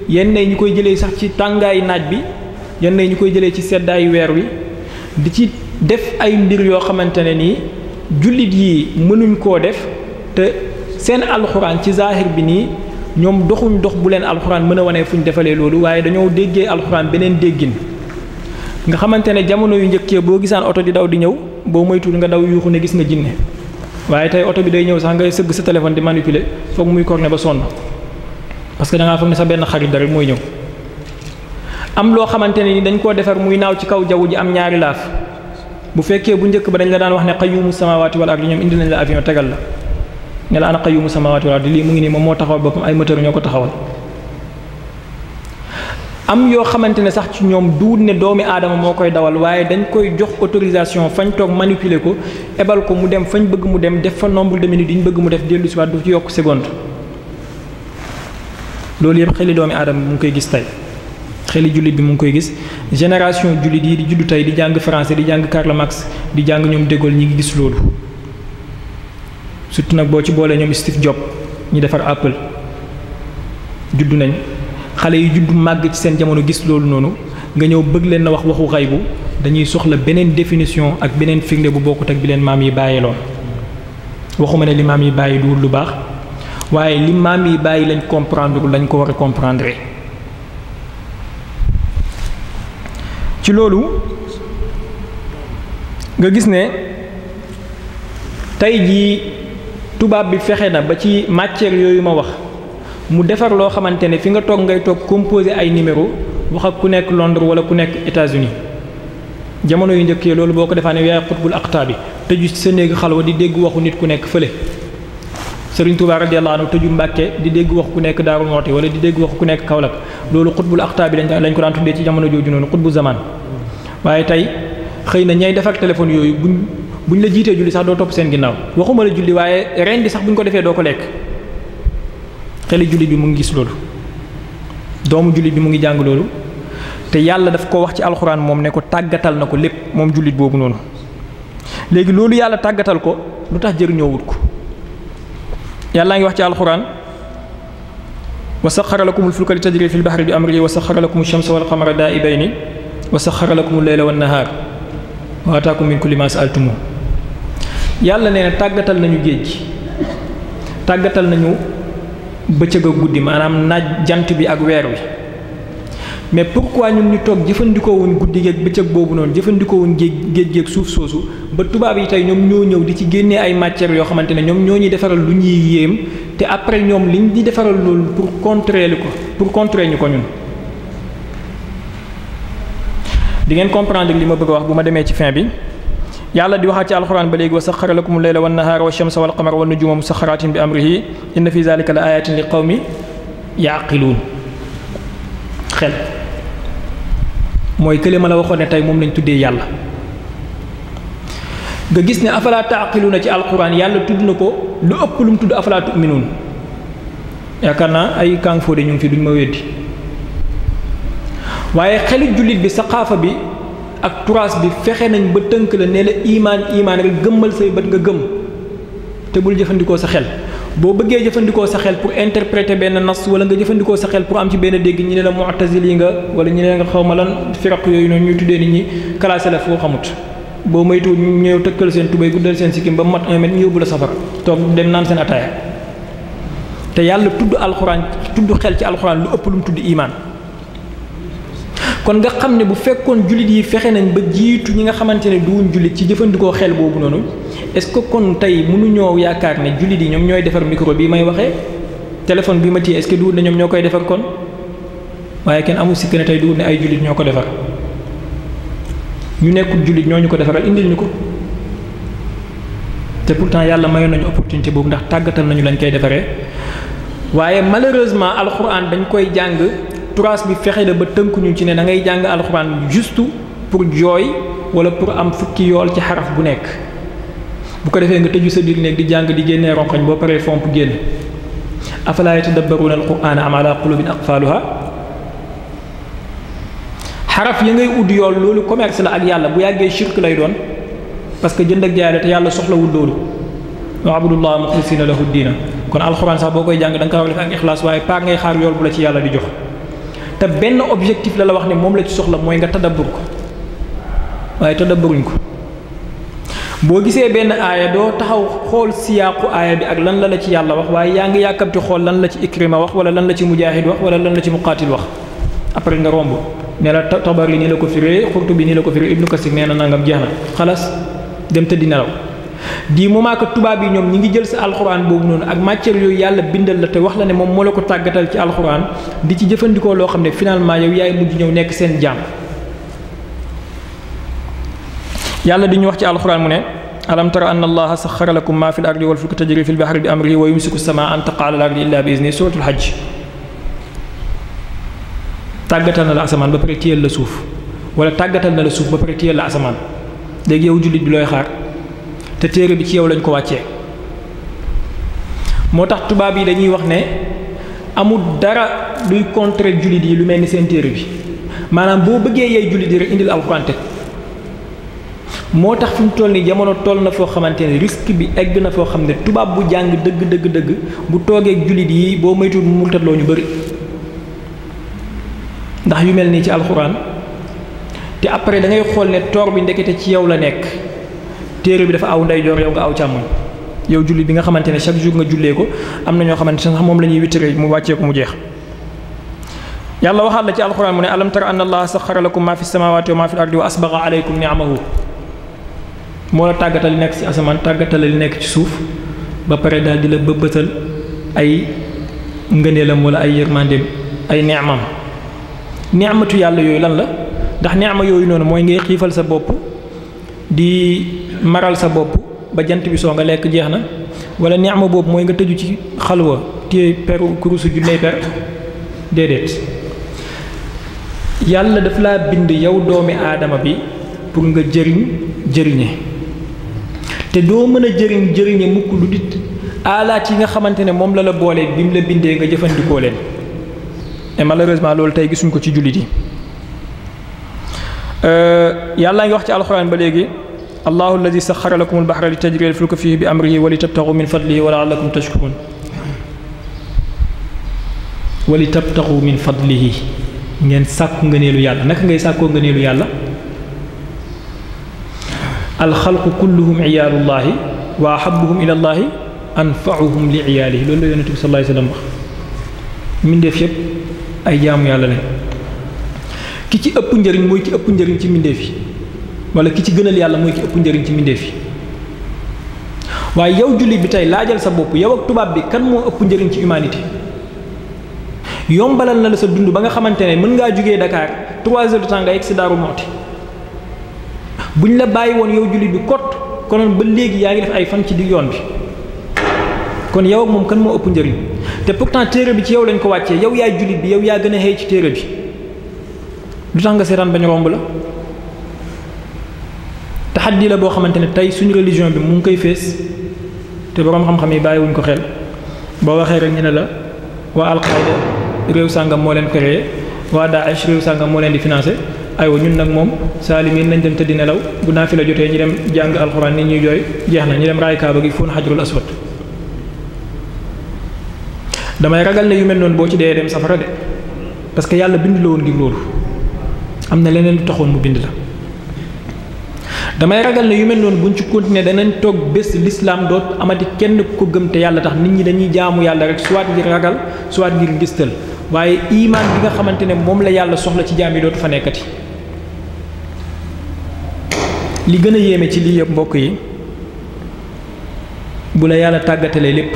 yenn yi ñu koy jëlee sax ci tàngaayu naaj bi yenn yi ñu koy jëlee ci seddaayu weer wi di ci def ay mbir yoo xamante ne nii jullit yi mënuñ koo def te seen alxuraan ci zaahir bi nii. ñoom doxuñ dox bu leen alxuraan mën a wane fu ñu defalee loolu waaye dañoo déggee alxuraan beneen déggin nga xamante ne jamono yu njëkkee boo gisaan oto di daw di ñëw boo moytuwul nga daw yuuxu ne gis nga jinne waaye tey oto bi day ñëw sax ngay sëgg sa téléphone di manipuler foog muy corne ba sonn parce que da ngaa foog ne sa benn xarit rek mooy ñëw. am loo xamante ne ni dañ koo defar muy naaw ci kaw jaww ji am ñaari laaf bu fekkee bu njëkk ba dañ la daan wax ne qayyumu samawaati wal ñoom indi nañ la avion tegal la. ne la ana qayyumu samaawaati wal ardi lii mu ngi nii moom moo taxawal boppam ay moteur ñoo ko taxawal. am yoo xamante ne sax ci ñoom duut ne doomi aadama moo koy dawal waaye dañ koy jox autorisation fañ toog manipuler ko ebal ko mu dem fañ bëgg mu dem def fa nombre de minutes yi ñu bëgg mu def dellu si waat du ci yokk seconde. loolu yëpp xeli doomi aadama mu ngi koy gis tey xeli jullit bi mu ngi koy gis génération jullit yi di juddu tey di jàng français di jàng Karl Marx di jàng ñoom de ñi ngi gis loolu. surtout nag boo ci boolee ñoom Steve Jobs ñi defar Apple juddu nañ xale yi juddu màgg ci seen jamono gis loolu noonu nga ñëw bëgg leen na wax waxu xaybu dañuy soxla beneen définition ak beneen firnde bu bokkut ak bi leen maam yi bàyyee loon waxuma ne li maam yi bàyyi duwul lu baax waaye li maam yi bàyyi lañ comprendre lañ ko war a comprendre ci loolu nga gis ne tey jii tubaab bi fexe na ba ci matière yooyu ma wax mu defar loo xamante ne fi nga toog ngay toog composé ay numéro wax ak ku nekk Londres wala ku nekk états uni jamono yu njëkkee loolu boo ko defaa ne yaay xutbul aqtaabi tëju ci sa néeg xalwa di dégg waxu nit ku nekk fële Sëriñ Tuubaa radiyallaahu anhu tëju Mbàkke di dégg wax ku nekk Daaru Muxti wala di dégg wax ku nekk Kaolack loolu xutbul aqtaabi lañ lañ ko daan tuddee ci jamono jooju noonu xutbu zaman waaye tey xëy na ñay defar téléphone yooyu bu ñu la jiitee julli sax doo topp seen ginnaaw waxuma la julli waaye reñ bi sax bu ñu ko defee doo ko lekk xeli julli bi mu ngi gis loolu doomu jullit bi mu ngi jàng loolu te yàlla daf ko wax ci alxuraan moom ne ko tàggatal na ko lépp moom jullit boobu noonu léegi loolu yàlla tàggatal ko lu tax jëriñoo wut ko yàllaa ngi wax ci alxuraan wa saxara lakum alfulka li tajri fi lbahri bi amrihi wa saxara lakum alchamsa walqamara daa'ibayni wa saxara lakum alleyla wannahaar wa ataakum min kulli ma saaltumu yàlla nee na tàggatal nañu géej gi tàggatal nañu bëccëg ak guddi maanaam naaj jant bi ak weer wi mais pourquoi ñun ñu toog jëfandikoo woon guddi geeg bëccëg boobu noonu jëfandikoo woon géej géej geeg suuf soosu ba tubaab yi tey ñoom ñoo ñëw di ci génnee ay matières yoo xamante ne ñoom ñoo ñuy defaral lu ñuy yéem te après ñoom liñ di defaral loolu pour contrer li ko pour contrer ñu ko ñun. di ngeen comprendre li ma bëgg a wax bu ma demee ci fin bi. yàlla di waxaat ci alxuraan ba léegi wa saxara lakum leyla wa nahaara wa shamsa wal qamara wa nujuma musaxaraatin bi amrihi inna fi zalika la ayatin li qawmi yaqiluun xel mooy kële la waxoon ne tey moom lañ tuddee yàlla nga gis ne afala taaqiluuna ci alxuraan yàlla tudd na ko lu ëpp lu mu tudd afala tuminuun yaakaar naa ay kàng fóode ñu ngi fi duñ ma weddi waaye xelu jullit bi saqaafa bi ak turaas bi fexe nañ ba tënk la ne la imaan imaan nga gëmmal say bët nga gëm te bul jëfandikoo sa xel boo bëggee jëfandikoo sa xel pour interpréter benn nas wala nga jëfandikoo sa xel pour am ci benn dégg ñi ne la mu'tazili yi nga wala ñi ne nga xaw ma lan firaq yooyu noonu ñuy tuddee nit ñi classé la foo xamut boo moytu ñu ñëw tëkkal seen tubéy guddal seen sikkim ba mat un mètre ñu yóbbu la safar toog dem naan seen ataaya te yàlla tudd alxuraan tudd xel ci alxuraan lu ëpp mu tudd imaan kon nga xam ne bu fekkoon jullit yi fexe nañ ba jiitu ñi nga xamante ne duwuñ jullit ci jëfandikoo xel boobu noonu est-ce que kon tey mënuñoo yaakaar ne jullit yi ñoom ñooy defar micro bii may waxee téléphone bi ma téye est-ce que duwul ne ñoom ñoo koy defar kon waaye kenn amul sikk ne tey duwul ne ay jullit ñoo ko defar ñu nekkul jullit ñoo ñu ko defaral indil ñu ko te pourtant yàlla mayoon nañu opportunité boobu ndax tàggatal nañu lañ koy defaree waaye malheureusement alxuraan dañ koy jàng. turaas bi fexe na ba tënkuñu ci ne da ngay jàng alxuraan juste pour jooy wala pour am fukki yool ci xaraf bu nekk bu ko defee nga tëju sa biir néeg di jàng di génnee ronqañ boo paree fomp génn afalaa yatadabbaruuna alquraana am ala qulubin aqfaaluha xaraf ya ngay udd yool loolu commerce la ak yàlla bu yàggee shirk lay doon parce jënd ak jaay la te yàlla soxlawul loolu wa abudullah muxlisina lahu diina kon alxuraan sax boo koy jàng da nga ko war a def ak ixlaas waaye la ci yàlla di jox te benn objectif la la wax ne moom la ci soxla mooy nga tadabbur ko waaye tadabburuñ ko boo gisee benn aaya doo taxaw xool siyaaqu aaya bi ak lan la la ci yàlla wax waaye yaa ngi yàkkamti xool lan la ci ikrima wax wala lan la ci mujaahid wax wala lan la ci muqaatil wax après nga romb ne la tabari nii la ko firee xurtu bi nii la ko firee ibnu kasir nee na nangam jeex na xalas dem tëddi nelaw du moment que tubaab yi ñoom ñi ngi jël sa alxuraan boobu noonu ak matière yooyu yàlla bindal la te wax la ne moom moo la ko tàggatal ci alxuraan di ci jëfandikoo loo xam ne finalement yow yaay mujj ñëw nekk seen jaam yàlla di ñu wax ci alxuraan mu ne alam tara anna allaha saxara lakum maa fi l ardi wal fulka tajri fi l bahri bi amrihi wa yumsiku samaa an taqa ala l ardi illa bi izni suratul tàggatal na la asamaan ba pare téyel la suuf wala tàggatal na suuf ba pare téyel la asamaan te téere bi ci yow lañ ko wàcce moo tax tubaab yi dañuy wax ne amul dara luy contrer jullit yi lu mel ni seen téere bi maanaam boo bëggee yey jullit yi rek indil alxuraan teg moo tax fi mu toll nii jamono toll na foo xamante ne risque bi egg na foo xam ne tubaab bu jàng dëgg dëgg dëgg bu toogee jullit yi boo moytuwul murtatloo ñu bëri ndax yu mel nii ci alxuraan te après da xool ne toor bi ndekete ci yow la nekk. téere bi dafa aw ndeyjoor yow nga aw càmmoñ yow julli bi nga xamante ne chaque jour nga jullee ko am na ñoo xamante ne sax moom la ñuy wittere mu wàccee ko mu jeex yàlla waxaat la ci alxuraan mu ne alam tara anna allaha saxara lakum maa fi samawati wa maa fi ardi wa asbaga aleykum niamahu moo la tàggatal li nekk ci asamaan tàggatal li nekk ci suuf ba pare daal di la bëbëtal ay ngëneelam wala ay yërmandeem ay neemam neematu yàlla yooyu lan la ndax neema yooyu noonu mooy ngay xiifal sa bopp di maral sa bopp ba jant bi soo nga lekk jeex na wala neexma boobu mooy nga tëju ci xalwa téye peru kurusu junney per déedéet yàlla daf la bind yow doomi aadama bi pour nga jëriñ jëriñe te doo mën a jëriñ jëriñe mukk lu dit aalaat yi nga xamante ne moom la la boole bi mu la bindee nga jëfandikoo leen te malheureusement loolu tey gisuñ ko ci jullit yi Euh, yàlla ngi wax ci alxuraan ba léegi allahu alladi saxara lakum albaxra li tajri alfulka fihi bi amrihi wa li tabtaxu min fadlihi wa laallakum tashkurun wa li tabtaxu min fadlihi ngeen sàkku ngëneelu yàlla naka ngay sàkkoo ngëneelu yàlla alxalqu kulluhum iyaalullahi wa ahabuhum ila llahi anfauhum li iyaalihi loolu la yonente bi sallallahu alayhi wa sallam wax mbindeef yàlla lañ ki ci ëpp njëriñ mooy ci ëpp njëriñ ci mbindeef yi wala ki ci gënal yàlla mooy ci ëpp njëriñ ci mbindeef yi waaye yow jullit bi tey laajal sa bopp yow ak tubaab bi kan moo ëpp njëriñ ci humanité yombalal na la sa dund ba nga xamante ne mën ngaa jugee dakaar trois heures de temps nga yegg si Daaru Muxti buñ la bàyyi woon yow jullit bi kot konoon ba léegi yaa ngi def ay fan ci di yoon bi kon yow moom kan moo ëpp njëriñ te pourtant téere bi ci yow lañ ko wàccee yow yaay jullit bi yow yaa gën a ci téere bi. lu tax nga seetaan bañ romb la taxaddi la boo xamante ne tey suñu religion bi mu ngi koy fees te boroom xam-xam yi bàyyiwuñ ko xel boo waxee rek ñu ne la waa alqaida réew sàngam moo leen créé waa Daesh réew sàngam moo leen di financé aywa ñun nag moom ngeen nañ dem tëddi nelaw bu naa fi la jotee ñu dem jàng alxuraan nit ñuy jooy jeex na ñu dem raay kaaba gi fóon xajrul aswad damay ragal ne yu mel noonu boo ci dee dem safara de parce que yàlla bind la woon loolu am na leneen lu taxoon mu bind la damay ragal ne yu mel noonu buñ ci continuer danañ togg bés lislaam doot amati kenn ko gëm te yàlla tax nit ñi dañuy jaamu yàlla rek soit ngir ragal soit ngir gistal waaye imaan bi nga xamante ne moom la yàlla soxla ci jaam yi dootu fa nekkati li gën a yéeme ci lii yëpp mbokk yi bu la yàlla tàggatalee lépp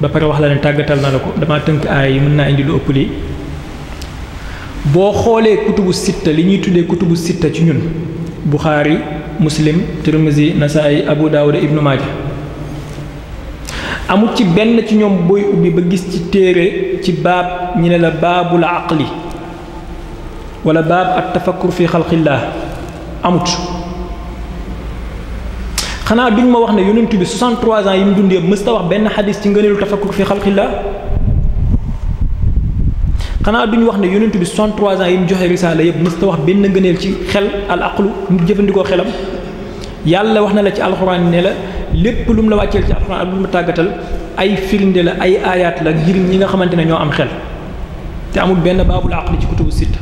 ba pare wax la ne tàggatal na la ko dama tënk aay yi mën naa indi lu ëpp lii boo xoolee kutubu sitta li ñuy tuddee kutubu sitta ci ñun Bukhari Muslim Tirmizi Nasaay Abu Dawud Ibnu Maaja amul ci benn ci ñoom booy ubbi ba gis ci téere ci baab ñi ne la baabul aqli wala baab at tafakkur fi xalqillah amut xanaa ñu ma wax ne yonent bi 63 ans yi mu dundee mës wax benn xadis ci ngëneelu tafakkur fi xalqillah xanaa duñu wax ne yonent bi 63 ans yi mu joxe risaala yëpp mës ta wax benn ngëneel ci xel al aqlu mu jëfandikoo xelam yàlla wax na la ci alxuraan ne la lépp lu mu la wàcceel ci alxuraan ak lu mu tàggatal ay firinde la ay aayaat la ngir ñi nga xamante ne ñoo am xel te amul benn baabu baabul aqli ci kutubu sitta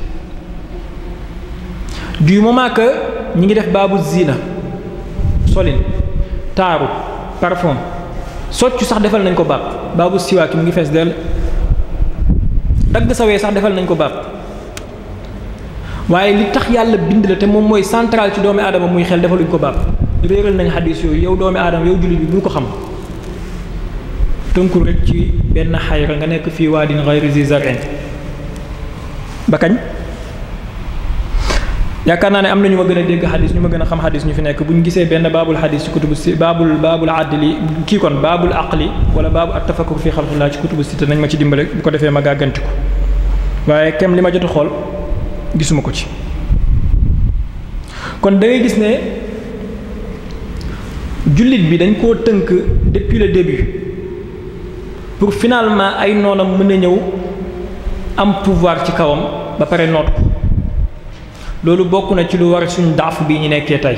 du moment ñi ngi def baabu zina solin taaru parfum soccu sax defal nañ ko baab baabu siwaak mu ngi fees dell dagg sawee sax defal nañ ko baat waaye li tax yàlla bind la te moom mooy central ci doomi aadama muy xel defaluñ ko baat réeral nañ xadis yooyu yow doomi aadama yow jullit bi bul ko xam tënkul rek ci benn xayra nga nekk fii waadin xayri zi zarin ba kañ yaakaar naa ne am na ñu ma gën a dégg xadis ñu ma gën a xam xadis ñu fi nekk bu ñu gisee benn baabul xadis ci kutubu si baabul baabul adli kii kon baabul aqli wala baabu at tafakkur fii xalqillah ci kutubu sita nañ ma ci dimbale bu ko defee ma gàggantiku waaye kem li ma jot xool gisuma ko ci kon da gis ne jullit bi dañ koo tënk depuis le début pour finalement ay noonam mën a ñëw am pouvoir ci kawam ba pare noot ko loolu bokk na ci lu war suñu daafu bii ñu nekkee tey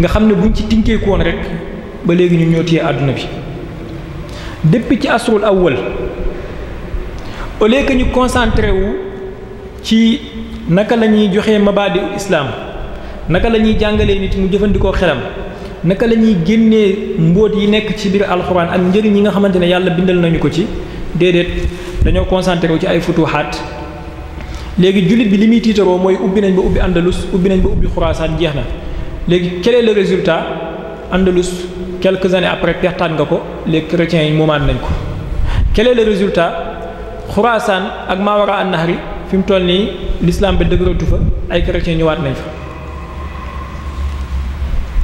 nga xam ne buñ ci tinkeeku woon rek ba léegi ñu ñoo téye àdduna bi depuis ci asrul awwal au lieu que ñu concentré wu ci naka la ñuy joxee mabaadi islaam naka la ñuy jàngalee nit mu jëfandikoo xelam naka la ñuy génnee mbóot yi nekk ci biir alxuraan ak njëriñ yi nga xamante ne yàlla bindal nañu ko ci déedéet dañoo concentré wu ci ay futuhaat léegi jullit bi li muy tiitaroo mooy ubbi nañ ba ubbi Andalus ubbi nañ ba ubbi Xuraasaan jeex na léegi quel est le résultat Andalus quelques années après pertaan nga ko les chrétiens yi moomaat nañ ko quel est le résultat Xuraasaan ak Mawara an-Nahri fi mu toll nii l'islam bi dëgëratu fa ay chrétiens ñëwaat nañ fa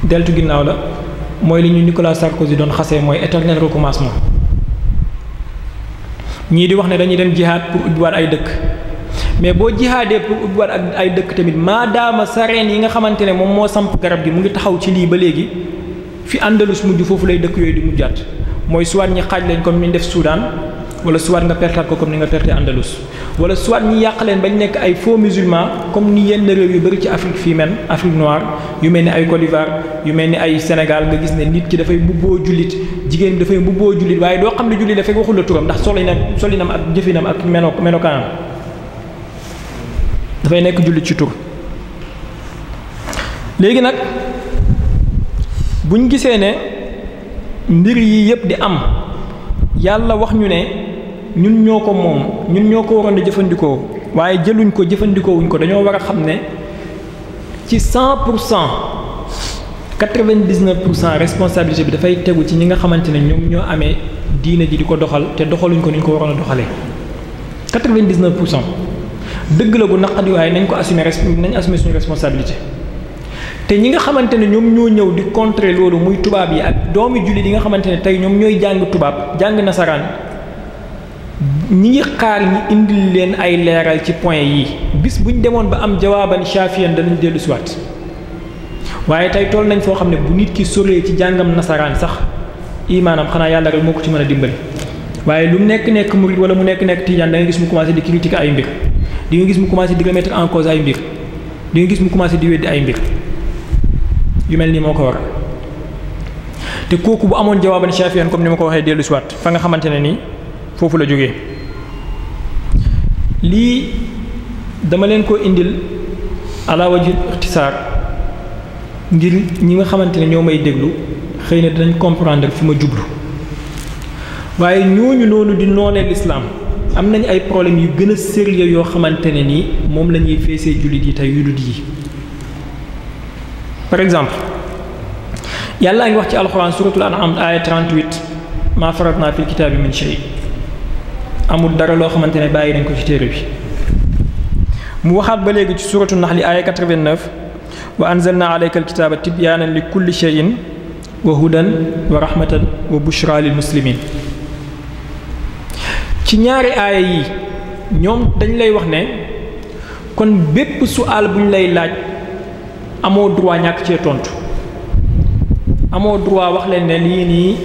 deltu ginnaaw la mooy li ñu Nicolas Sarkozy doon xasee mooy éternel recommencement ñii di wax ne dañuy dem jihaad pour ubbiwaat ay dëkk mais boo jihaadee pour ubbiwaat ak ay dëkk tamit maadaama sareen yi nga xamante ne moom moo samp garab gi mu ngi taxaw ci lii ba léegi fi Andalus mujj foofu lay dëkk yooyu di mujjaat mooy soit ñi xaaj leen comme ni ñu def Soudan wala soit nga pertaat ko comme ni nga perte Andalus wala soit ñi yàq leen bañ nekk ay faux musulmans comme ni yenn réew yu bëri ci Afrique fii men Afrique noire yu mel ni ay Côte d'Ivoire yu mel ni ay Sénégal nga gis ne nit ki dafay mbubboo jullit jigéen bi dafay mbubboo jullit waaye doo xam ne jullit dafay waxul la turam ndax solinam solinam ak jëfinam ak meno menokaanam dafay nekk jullit ci tur léegi nag buñ gisee ne mbir yii yëpp di am yàlla wax ñu ne ñun ñoo ko moom ñun ñoo ko waroon di jëfandikoo waaye jëluñ ko jëfandikoowuñ ko dañoo war a xam ne ci cent pour cent quatre-vingt-dix-neuf pour cent responsabilité bi dafay tegu ci ñi nga xamante ne ñoom ñoo amee diine ji di ko doxal te doxaluñ ko ni ñu ko waroon a doxalee quatre vingt dix pour cent dëgg la bu naqadi waaye nañ ko assumer nañ assumer suñu responsabilité te ñi nga xamante ne ñoom ñoo ñëw di contrer loolu muy tubaab yi ak doomi jullit yi nga xamante ne tey ñoom ñooy jàng tubaab jàng nasaraan ñi ngi xaar ñi indil leen ay leeral ci point yi bis buñ demoon ba am jawaaban shafiyan danañ dellu siwaat waaye tey toll nañ foo xam ne bu nit ki soree ci jàngam nasaraan sax imaanam xanaa yàlla rek moo ko ci mën a dimbali waaye lu mu nekk nekk murid wala mu nekk nekk tijaan da nga gis mu commencé di gis mu commencé di remettre en cause ay mbir di gis mu commencé di weddi ay mbir yu mel nii moo ko waral te kooku bu amoon jawaaban shafiyan comme ni ma ko waxee dellu siwaat fa nga xamante ne nii foofu la jóge lii dama leen ko indil alaawa ji ixtisaar ngir ñi nga xamante ne ñoo may déglu xëy na dinañ comprendre fi ma jublu waaye ñooñu noonu di noonee lislaam am nañ ay problème yu gën a sérieux yoo xamante ne ni moom la ñuy feesee jullit yi te yudut yi par exemple yàlla ngi wax ci alxuraan suratul an'am aaya 38 maa faratnaa fil kitaabi min amul dara loo xamante ne bàyyi nañ ko ci bi mu waxaat ba léegi ci suratu naxli aaya 89 wa anzalnaa alayka alkitaaba tibyaanan li kulli shayin wa hudan wa rahmatan wa bushra lil muslimin ci ñaari aaya yi ñoom dañ lay wax ne kon bépp sual bu ñu lay laaj amoo droit ñàkk cee tontu amoo droit wax leen ne lii nii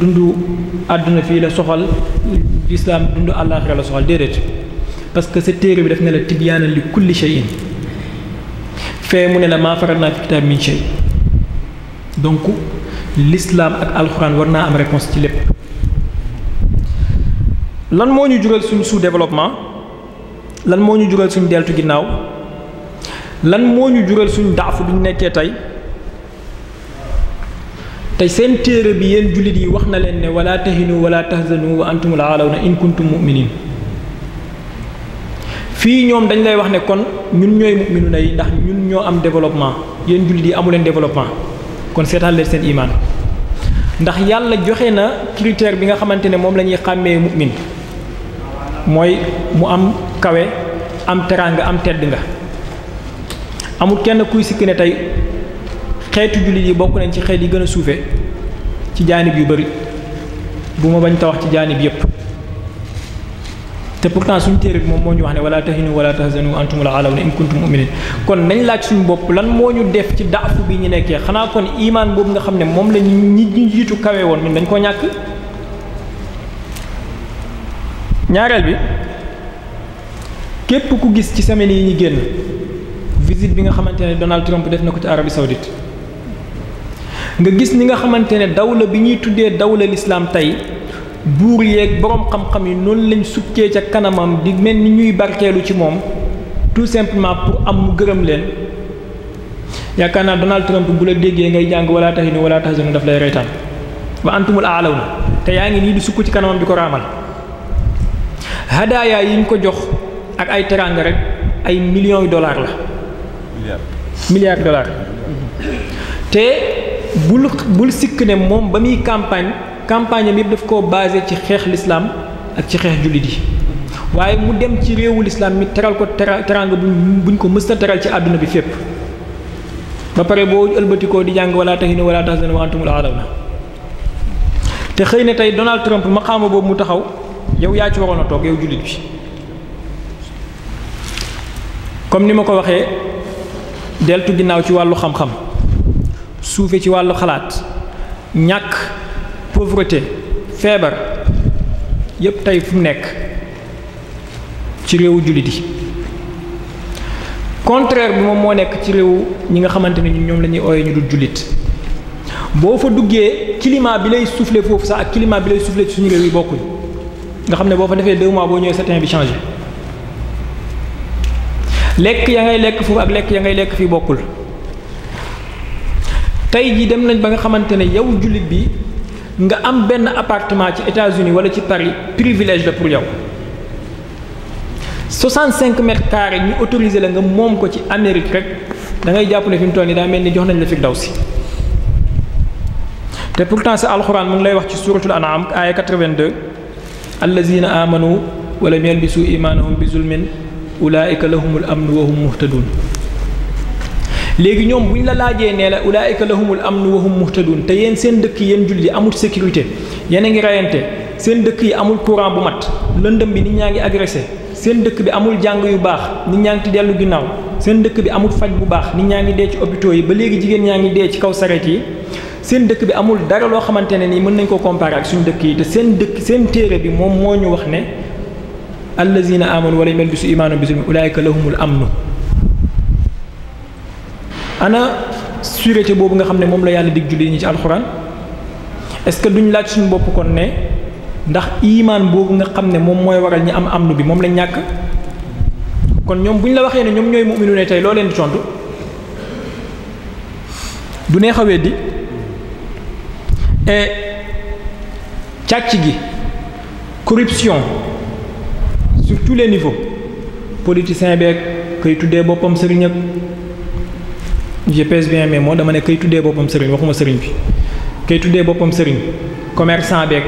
dundu àdduna fii la soxal lislaam dundu àllaaxira la soxal déedéet parce que sa téere bi daf ne la tibyaana li kulli shay'in fee mu ne la maa naa fi kitaab min shay donc l'islam ak alxuraan war naa am réponse ci lépp lan moo ñu jural suñu sous-développement lan moo ñu jural suñu deltu ginnaaw lan moo ñu jural suñu daafu bi ñu nekkee tey te seen téere bi yéen jullit yi wax na leen ne wala tahinu wala tahzanu wa antumul aalawna in kuntum mu'minin fii ñoom dañ lay wax ne kon ñun ñooy mu'minuna yi ndax ñun ñoo am développement yéen jullit yi amu leen développement kon seetaan leen seen imaan ndax yàlla joxe na critère bi nga xamante ne moom la ñuy xàmmee mu'min mooy mu am kawe am teraanga am tedd nga amul kenn kuy sikki ne tey xeetu jullit yi bokk nañ ci xeet yi gën a suufe ci jaanib yu bari bu ma bañ ta wax ci jaanib yépp te pourtant suñu téere bi moom moo ñu wax ne wala tahinu wala tahzanu antumul aalawna in kuntum mu'minin kon nañ laaj suñu bopp lan moo ñu def ci daafu bi ñu nekkee xanaa kon imaan boobu nga xam ne moom la ñu ñi ñu jiitu kawe woon ñun dañ koo ñàkk ñaareel bi képp ku gis ci semaine yi ñu génn visite bi nga xamante ne Donald Trump def na ko ci Arabie Saoudite nga gis ni nga xamante ne dawla bi ñuy tuddee dawla lislaam tey buur yeeg boroom xam-xam yi noonu lañ sukkee ca kanamam di mel ni ñuy barkeelu ci moom tout simplement pour am mu gërëm leen yaakaar naa Donald Trump bu la déggee ngay jàng wala tahinu wala tahzanu daf lay reetaan wa antumul aalawna te yaa ngi nii di sukk ci kanamam bi ko raamal hadaaya yi ñu ko jox ak ay teranga rek ay million yu dollars la. milliards milliards dollars. te bul bul sikk ne moom ba muy campagne campagne am yëpp daf koo ci xeex lislaam ak ci xeex jullit yi waaye mu dem ci réewu lislaam mi teral ko teranga buñ ko mës a teral ci àdduna bi fépp. ba pare boo ëlbatikoo di jàng wala tahinu wala tahzanu wa antumul a'lawna te xëy na tey Donald Trump maqaama boobu mu taxaw. yow yaa ci waroon a toog yow jullit bi comme ni ma ko waxee deltu ginnaaw ci wàllu xam-xam suufe ci wàllu xalaat ñàkk pauvreté feebar yépp tey fu mu nekk ci réewu jullit yi contraire bi moom moo nekk ci réew ñi nga xamante ne ñoom la ñuy ooyee ñu dul jullit boo fa duggee climat bi lay suufle foofu sax ak climat bi lay soufflé suñu réew yi bokkuñ nga xam ne boo fa defee deux boo ñëwee certain bi changé lekk ya ngay lekk foofu ak lekk ya ngay lekk fii bokkul tey jii dem nañ ba nga xamante ne yow jullit bi nga am benn apartement ci États-Unis wala ci Paris privilège la pour yow 65 mètres carrés ñu autorisé la nga moom ko ci Amérique rek da ngay jàpp ne fi mu toll nii daa mel ni jox nañ la Firdawsi te pourtant sa alxuraan mu ngi lay wax ci suuratul An'am aaya 82. allazina amanu walam yalbisu imaanahum bi zulmin ulaayika lahumul amnu wa hum muhtadun léegi ñoom bu ñu la laajee nee la ulaayika am amnu wa hum muhtadun te yéen seen dëkk yéen jullit yi amul sécurité yéen a ngi rayante seen dëkk yi amul courant bu mat lëndëm bi nit ñaa ngi agressé seen dëkk bi amul jàng yu baax nit ñaa ngi ci dellu ginnaaw seen dëkk bi amul faj bu baax nit ñaa ngi dee ci hôpitaux yi ba léegi jigéen ñaa ngi dee ci kaw saret yi seen dëkk bi amul dara loo xamante ne nii mën nañ koo comparer ak suñu dëkk yi te seen dëkk seen téere bi moom moo ñu wax ne allazina amanu wala mel bi su imaanu bi su ulaayka am amnu ana sûreté boobu nga xam ne moom la yàlla dig julli ñi ci alxuraan est-ce que duñ laaj suñu bopp kon ne ndax imaan boobu nga xam ne moom mooy waral ñi am am amnu bi moom lañ ñàkk kon ñoom bu ñu la waxee ne ñoom ñooy mu'minu ne tey loo leen di tontu du neex di càcc gi corruption sur tous les niveaux politicien beeg kay tuddee boppam sëriñ ak je pèse bien mais moo dama ne kay tuddee boppam sëriñ waxuma sëriñ bi kay tuddee boppam sëriñ commerçant beeg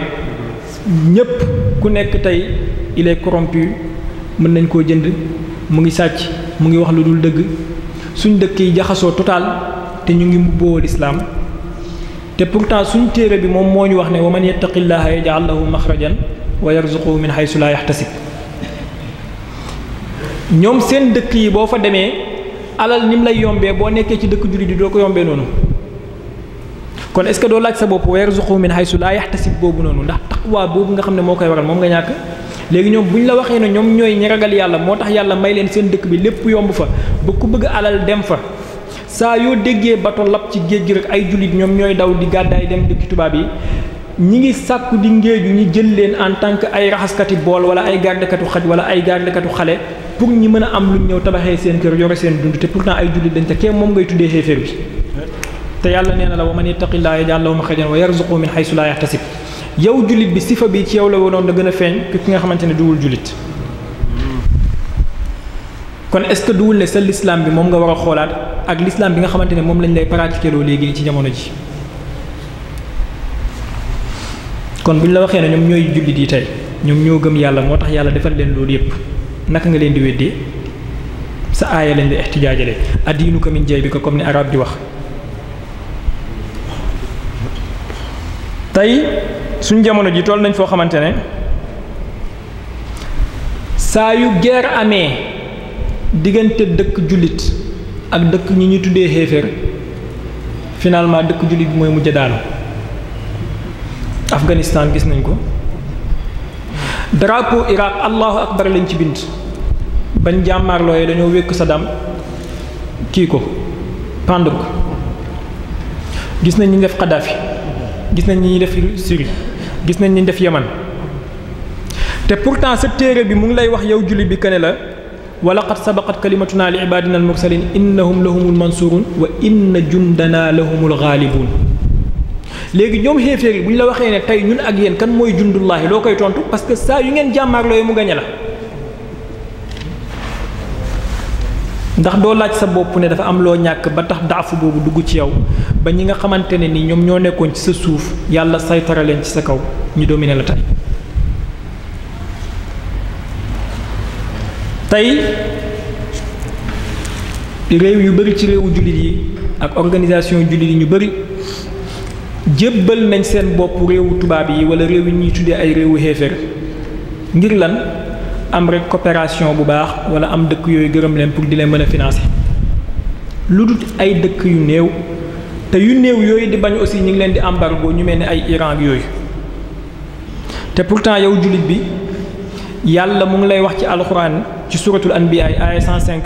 ñépp ku nekk tey il est mën nañ koo jënd mu ngi sàcc mu ngi wax lu dul dëgg suñ dëkk yi jaxasoo total te ñu ngi mbubboo lislaam te pourtant suñu téere bi moom moo ñu wax ne wa man yattaqillaha yaj'al lahu maxrajan wa yarzuquhu min haysu laa yaxtasib ñoom seen dëkk yi boo fa demee alal ni mu lay yombee boo nekkee ci dëkk jullit di doo ko yombee noonu kon est-ce que doo laaj sa bopp wa yarzuquhu min haysu laa yaxtasib boobu noonu ndax taqwa boobu nga xam ne moo koy waral moom nga ñàkk léegi ñoom bu ñu la waxee na ñoom ñooy ñi yàlla moo tax yàlla may leen seen dëkk bi lépp yomb fa ba ku bëgg alal dem fa saa yoo déggee bato lab ci géej gi rek ay jullit ñoom ñooy daw di gàddaay dem dëkki tubaab yi ñi ngi sàkku di ngéeju ñu jël leen en tant que ay raxaskati bool wala ay gardekatu xaj wala ay gardekatu xale pour ñi mën a am lu ñëw tabaxee seen kër yore seen dund te pourtant ay jullit dañ te kee moom ngay tuddee xéeféer bi te yàlla nee na la wa man yattaqillaa yaj'al lahu maxrajan wa yarzuqhu min haysu laa yahtasib yow jullit bi sifa bi ci yow la wonoon gën a feeñ ki nga xamante ne duwul jullit kon est-ce que duwul ne sa l'islam bi moom nga war a xoolaat ak l'islam bi nga xamante ne moom lañ lay pratiquer loo léegi ci jamono ji kon bu ñu la waxee ne ñoom ñooy jullit yi tey ñoom ñoo gëm yàlla moo tax yàlla defal leen loolu yépp naka nga leen di weddee sa aaya lañ lay ixtijaajalee addiinu ko min jay bi ko comme ni arab di wax tey suñ jamono ji toll nañ foo xamante ne saa yu guerre amee diggante dëkk jullit ak dëkk ñi ñu tuddee xéeféer finalement dëkk jullit bi mooy mujj daanu Afghanistan gis nañ ko drapeau Irak allahu akbar lañ ci bind bañ jàmmaarloo dañoo wékk Saddam kii ko pendre ko gis nañ ñu def Kadhafi gis nañ ñi def Syrie gis nañ ñi def Yaman te pourtant sa téere bi mu ngi lay wax yow jullit bi kene la wa laqad sabaqat kalimatuna li ibadina almursalin innahum lahumul mansurun wa inna jundana lahumul ghalibun léegi ñoom xéeféer yi bu ñu la waxee ne tey ñun ak yéen kan mooy jundullaahi loo koy tontu parce que saa yu ngeen jàmmaarloo mu gañe la ndax doo laaj sa bopp ne dafa am loo ñàkk ba tax daafu boobu dugg ci yow ba ñi nga xamante ne ni ñoom ñoo nekkoon ci sa suuf yàlla saytara leen ci sa kaw ñu dominer la tey tey réew yu bëri ci réewu jullit yi ak organisation jullit yi ñu bëri jébbal nañ seen bopp réewu tubaab yi wala réew yi ñuy tuddee ay réewu xeeféer ngir lan am rek coopération bu baax wala am dëkk yooyu gërëm leen pour di leen mën a financer lu dul ay dëkk yu néew te yu néew yooyu di bañ aussi ñu ngi leen di embargo ñu mel ni ay Iran yooyu te pourtant yow jullit bi. yàlla mu ngi lay wax ci alxuraan ci suratul anbiya aaya 105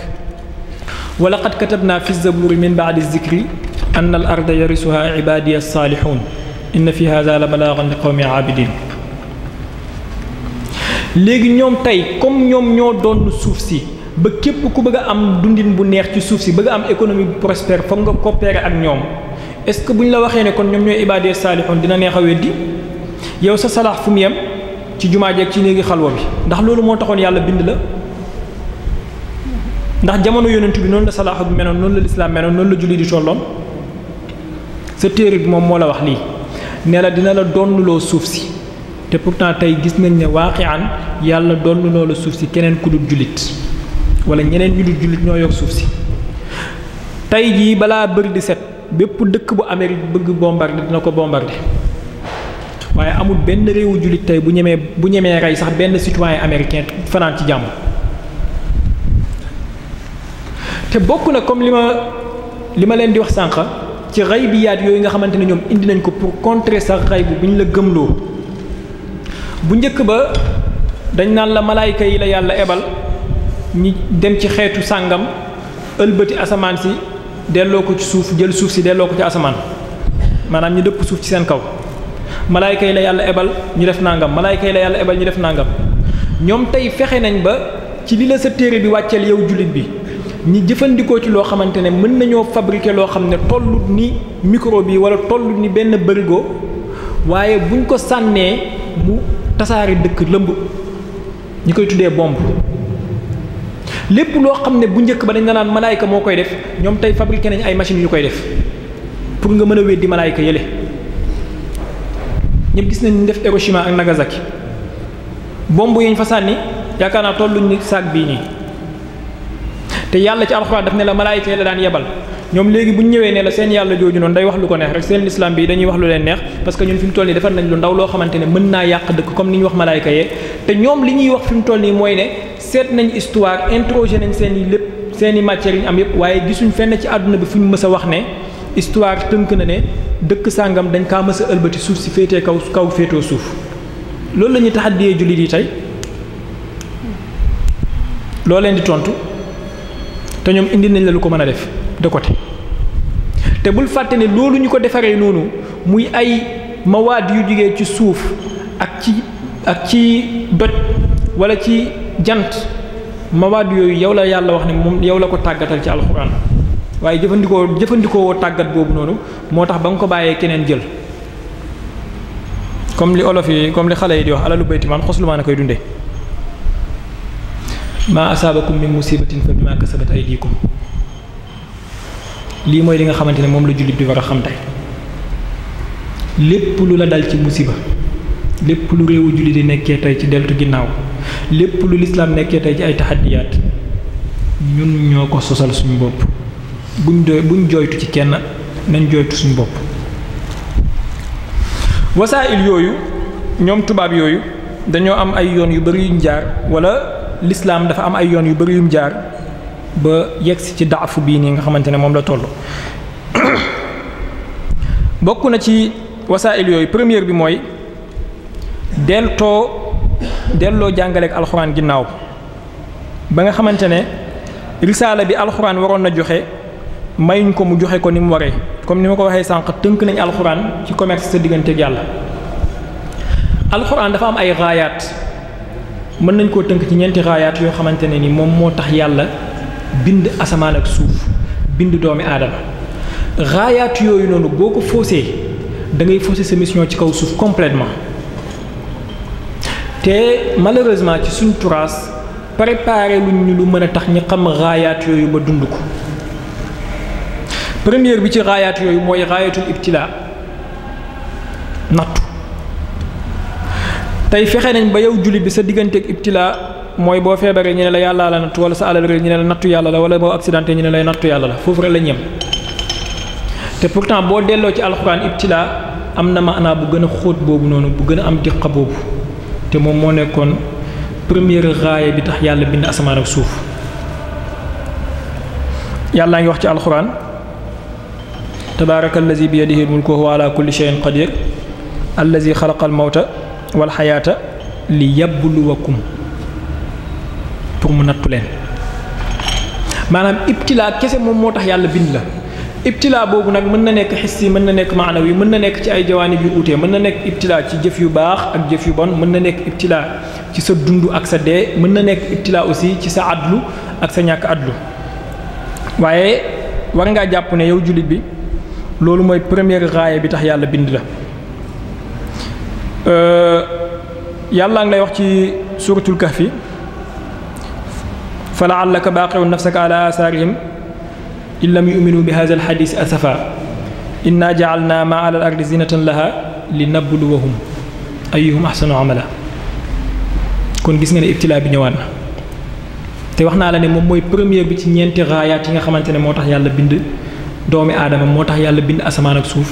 wa laqad katabna fi zaburi min baadi zikri anna al arda yarisuha ibadiya saalihun inna fi hada la balaagan li qawmi aabidin léegi ñoom tey comme ñoom ñoo doon suuf si ba képp ku bëgg am dundin bu neex ci suuf si bëgg am économie bu prospère foog nga coopérer ak ñoom est-ce que bu ñu la waxee ne kon ñoom ñooy ibadiya saalihun dina neex a weddi yow sa salaax fu mu yem ci jumaa jeeg ci néegi xalwa bi ndax loolu moo taxoon yàlla bind la ndax jamono yonent bi noonu la salaaxa bi menoon noonu la lislaam menoon noonu la julli di tolloon sa téere moom moo la wax lii nee la dina la donnuloo suuf si te pourtant tey gis nañ ne waaqi an yàlla donnuloo la suuf si keneen ku dul jullit wala ñeneen ñu dul jullit ñoo yokk suuf si tey jii balaa bëri di set bépp dëkk bu Amérique bëgg bombardé dina ko bombardé waaye amul benn réewu jullit tey bu ñemee bu ñemee rey sax benn citoyen américain fanaan ci jàmm te bokk na comme li ma li ma leen di wax sànq ci rey bi yaat yooyu nga xamante ne ñoom indi nañ ko pour contrer sa rey bu bu ñu la gëmloo bu njëkk ba dañ naan la malaayka yi la yàlla ebal ñi dem ci xeetu sàngam ëlbati asamaan si delloo ko ci suuf jël suuf si delloo ko ci asamaan maanaam ñu dëpp suuf ci seen kaw malaayka yi la yàlla ebal ñu def nangam malaayka yi la yàlla ebal ñu def nangam ñoom tey fexe nañ ba ci li la sa téere bi wàcceel yow jullit bi ñi jëfandikoo ci loo xamante ne mën nañoo fabriquer loo xam ne tollut ni micro bi wala tollut ni benn bërigo waaye buñ ko sànnee mu tasaari dëkk lëmb ñi koy tuddee bomb lépp loo xam ne bu njëkk ba dañ la naan malaayka moo koy def ñoom tey fabriquer nañ ay machines yu koy def pour nga mën a weddi di yële ñëpp gis nañ ñu def Hiroshima ak Nagasaki bomb yi ñu fa sànni yaakaar naa tolluñ ni saag bii nii te yàlla ci alxuraan daf ne la malaayika yi la daan yebal ñoom léegi bu ñu ñëwee ne la seen yàlla jooju noonu day wax lu ko neex rek seen lislaam bi dañuy wax lu leen neex parce que ñun fi mu toll nii defar nañ lu ndaw loo xamante ne mën naa yàq dëkk comme ni ñu wax malaayika yee te ñoom li ñuy wax fi mu toll nii mooy ne seet nañ histoire interrogé nañ seen i lépp seen i yi am yëpp waaye gisuñ fenn ci àdduna bi mës a wax ne histoire tënk na ne dëkk sàngam dañ kaa mës ëlbati suuf si féetee kaw kaw féetoo suuf loolu la ñuy taxaddiyee jullit yi tey loo leen di tontu te ñoom indi nañ la lu ko mën a def de te bul fàtte ne loolu ñu ko defaree noonu muy ay mawaad yu jugee ci suuf ak ci ak ci doj wala ci jant mawaad yooyu yow la yàlla wax ne moom yow la ko tàggatal ci alxuraan. waaye jëfandikoo jëfandikoo tàggat boobu noonu moo tax ba nga ko bàyyee keneen jël comme li olof yi comme li xale yi di wax alalu bayti man xoslu na koy dundee maa asaabakum min musibatin fa bimaa kasabat mooy li nga xamante ne moom la jullit bi war a xam tey lépp lu la dal ci musiba lépp lu réewu jullit di nekkee tey ci deltu ginnaaw lépp lu lislaam nekkee tey ci ay taxadiyaat ñun ñoo ko sosal suñu bopp buñ doy buñ jooytu ci kenn nañ jooytu suñu bopp wasaayil yooyu ñoom tubaab yooyu dañoo am ay yoon yu bari yuñ jaar wala lislaam dafa am ay yoon yu bari yum jaar ba yegsi ci daafu bii nii nga xamante ne moom la toll bokk na ci wasaayil yooyu première bi mooy deltoo delloo jàngaleek alxuraan ginnaaw ba nga xamante ne risaala bi alxuraan waroon na joxe mayuñ ko mu joxe ko ni mu waree comme ni ma ko waxee sànq tënk nañ alxuraan ci commerce sa digganteeg yàlla alxuraan dafa am ay raayaat mën nañ ko tënk ci ñeenti raayaat yoo xamante ne ni moom moo tax yàlla bind asamaan ak suuf bind doomi aadama raayaat yooyu noonu boo ko faussé da ngay faussé sa mission ci kaw suuf complètement te malheureusement ci suñ turaas préparé luñ ñu lu mën a tax ñu xam raayaat yooyu ba dund ko première bi ci raayaat yooyu mooy raayatul ibtilaa nattu tey fexe nañ ba yow jullit bi sa digganteeg ibtilaa mooy boo feebaree ñu la yàllaa la nattu wala sa alal rek ñu ne la nattu yàlla la ñu ne lay nattu yàlla la foofu rek la ñem te pourtant boo delloo ci alxuraan ibtilaa am na maanaa bu gën a xóot boobu noonu bu gën a am diqa boobu te moom moo nekkoon première raaya bi tax yàlla bind asamaan ak suuf yàllaa ngi wax ci alxuraan. tabaaraka allazi bi yadihi mulku huwa ala kulli shay'in qadir allazi xalaqa al mawta wal xayaata li yabluwakum pour mu nattu leen maanaam ibtilaa kese moom moo tax yàlla bind la ibtilaa boobu nag mën na nekk xis yi mën na nekk maanaw yi mën na nekk ci ay jawaanib yu uute mën na nekk ibtilaa ci jëf yu baax ak jëf yu bon mën na nekk ibtilaa ci sa dund ak sa dee mën na nekk ibtilaa aussi ci sa adlu ak sa ñàkk adlu waaye war ngaa jàpp ne yow jullit bi loolu mooy première raaya bi tax yàlla bind la euh, yàlla ngi lay wax ci suratul kahfi fa laallaka baaqiun nafsaka ala asaarihim in lam yuminu bi haza alxadis asafa inna jaalna ma ala al ardi zinatan laha li nabluwahum ayuhum ahsanu amala kon gis nga ne ibtilaa bi ñëwaat na te wax naa la ne moom mooy première bi ci ñeenti raayaat yi nga xamante ne moo tax yàlla bind doomi aadama moo tax yàlla bind asamaan ak suuf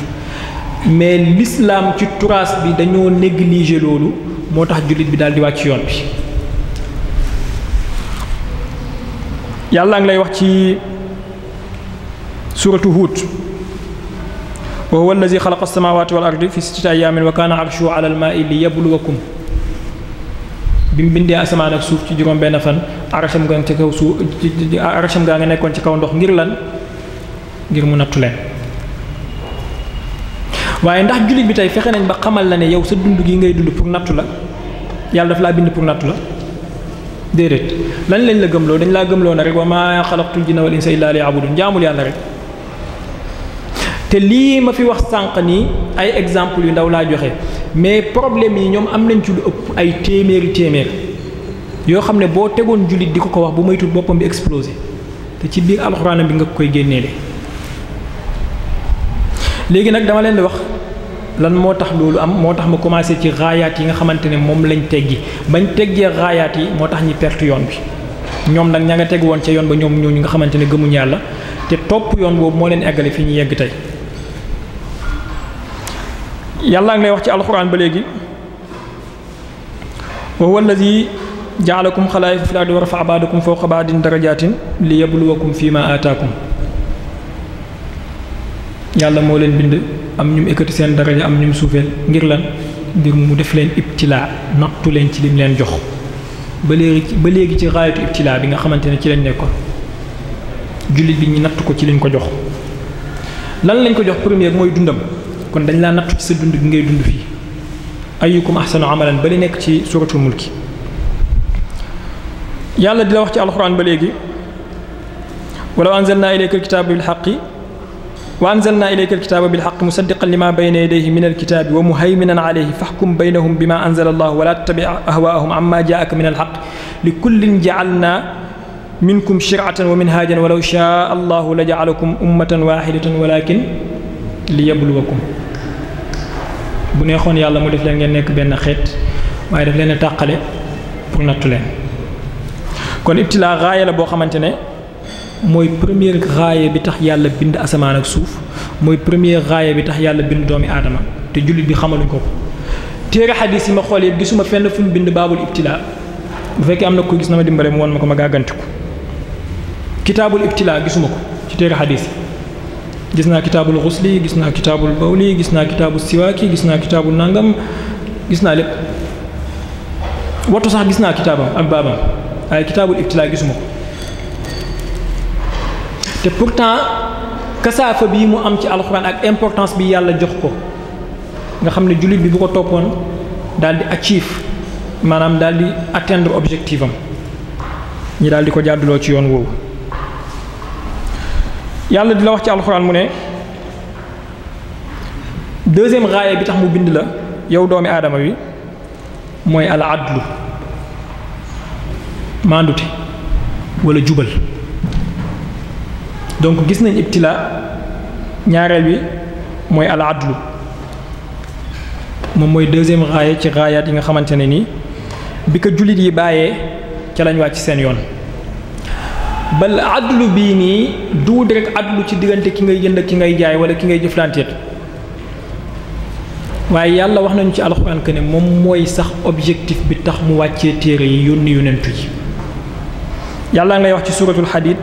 mais l'islam ci turaas bi dañoo négliger loolu moo tax jullit bi daal di wàcc yoon bi yàlla ngi lay wax ci suratu Huud wa huwa allazi xalaqa as-samaawaati wal ardi fi sittati ayyaamin wa kaana arshuhu ala al-maa'i liyabluwakum bi mu bindee asamaan ak suuf ci juróom benn fan arasham gaa nga ci kaw suuf gaa nga nekkoon ci kaw ndox ngir lan ngir mu nattu leen waaye ndax jullit bi tey fexe nañ ba xamal la ne yow sa dund gi ngay dund pour nattu la yàlla daf laa bind pour nattu la déedéet lan lañ la gëmloo dañ laa gëmloo na rek wa maa xalaqtul jinna wal insa illaa liya'budun jaamul yàlla rek te lii ma fi wax sànq nii ay exemple yu ndaw laa joxe mais problème yi ñoom am nañ ci lu ëpp ay téeméeri téeméer yoo xam ne boo tegoon jullit di ko ko wax bu moytul boppam bi explosé te ci biir alxuraan bi nga koy génneele léegi nag dama leen di wax lan moo tax loolu am moo tax ma commencé ci raayaat yi nga xamante ne moom lañ teggi bañ teggee raayaat yi moo tax ñi perte yoon bi ñoom nag ña nga teg woon ca yoon ba ñoom ñoo ñooñu nga xamante ne gëmuñ yàlla te topp yoon boobu moo leen eggale fi ñu yegg tey yàlla ngi lay wax ci alxuraan ba léegi wa huwa alladi jaalakum xalaa'ifa war ardi wa rafa'a ba'dakum fawqa ba'din darajaatin li yabluwakum fii ma aataakum yàlla moo leen bind am ñu mu ekkati seen daraja am ñu mu suufeel ngir lan ngir mu def leen ibtilaa nattu leen ci lim leen jox ba léegi ba léegi ci raayatu ibtilaa bi nga xamante ne ci lañ nekkoon jullit bi ñu natt ko ci lañ ko jox lan lañ ko jox première mooy dundam kon dañ laa nattu ci sa dund gi ngay dund fii ayyukum ahsanu amalan ba li nekk ci suratul mulki yàlla di la wax ci alxuraan ba léegi walaw anzalna ilayka alkitaaba bilxaqi wa anzalna ilayka alkitaba bilhaq musaddiqan lima bayna yadayhi min alkitabi wa muhayminan alayhi fahkum baynahum bima anzala allah wala tattabi ahwaahum amma jaaka min alhaq li kullin jaalna minkum shiratan wa minhajan walaw shaa allahu la jaalakum ummatan waxidatan walakin li yabluwakum bu neexoon yàlla mu def leen ngeen nekk benn xeet waaye daf leen a tàqale pour nattu leen kon ibtilaa gaaya la boo xamante ne mooy première raaya bi tax yàlla bind asamaan ak suuf mooy première raaya bi tax yàlla bind doomi aadama te jullit bi xamaluñ ko ko téere xadis yi ma xool yëpp gisuma fenn fu mu bind baabul ibtilaa bu fekkee am na ko gis na ma dimbale mu woon ma ko ma gàggantiku kitaabul ibtilaa gisuma ko ci téere xadis yi gis naa kitaabul xusli gis naa kitaabul bawli gis naa kitaabul siwaaki gis naa kitaabul nangam gis naa lépp wattu sax gis naa kitaabam ak baabam waaye kitaabul ibtilaa gisuma ko te pourtant kasaafa bii mu am ci alxuraan ak importance bi yàlla jox ko nga xam ne jullit bi bu ko toppoon daal di achieve maanaam daal di atteindre objectif am ñi daal di ko jàdduloo ci yoon woowu yàlla di la wax ci alxuraan mu ne deuxième raaya bi tax mu bind la yow doomi aadama bi mooy al adlu maandute walla jubal donc gis nañ ibtila ñaareel bi mooy al adlu moom mooy deuxième raaya ci raayaat yi nga xamante ne nii bi ko jullit yi bàyyee ca lañ wàcc seen yoon bal adlu bii nii duwut rek adlu ci diggante ki ngay jënd ki ngay jaay wala ki ngay jëflanteet waaye yàlla wax nañu ci alxuraan que ne moom mooy sax objectif bi tax mu wàccee téere yi yónni yonentu yi yàlla ngay wax ci suratul xadiid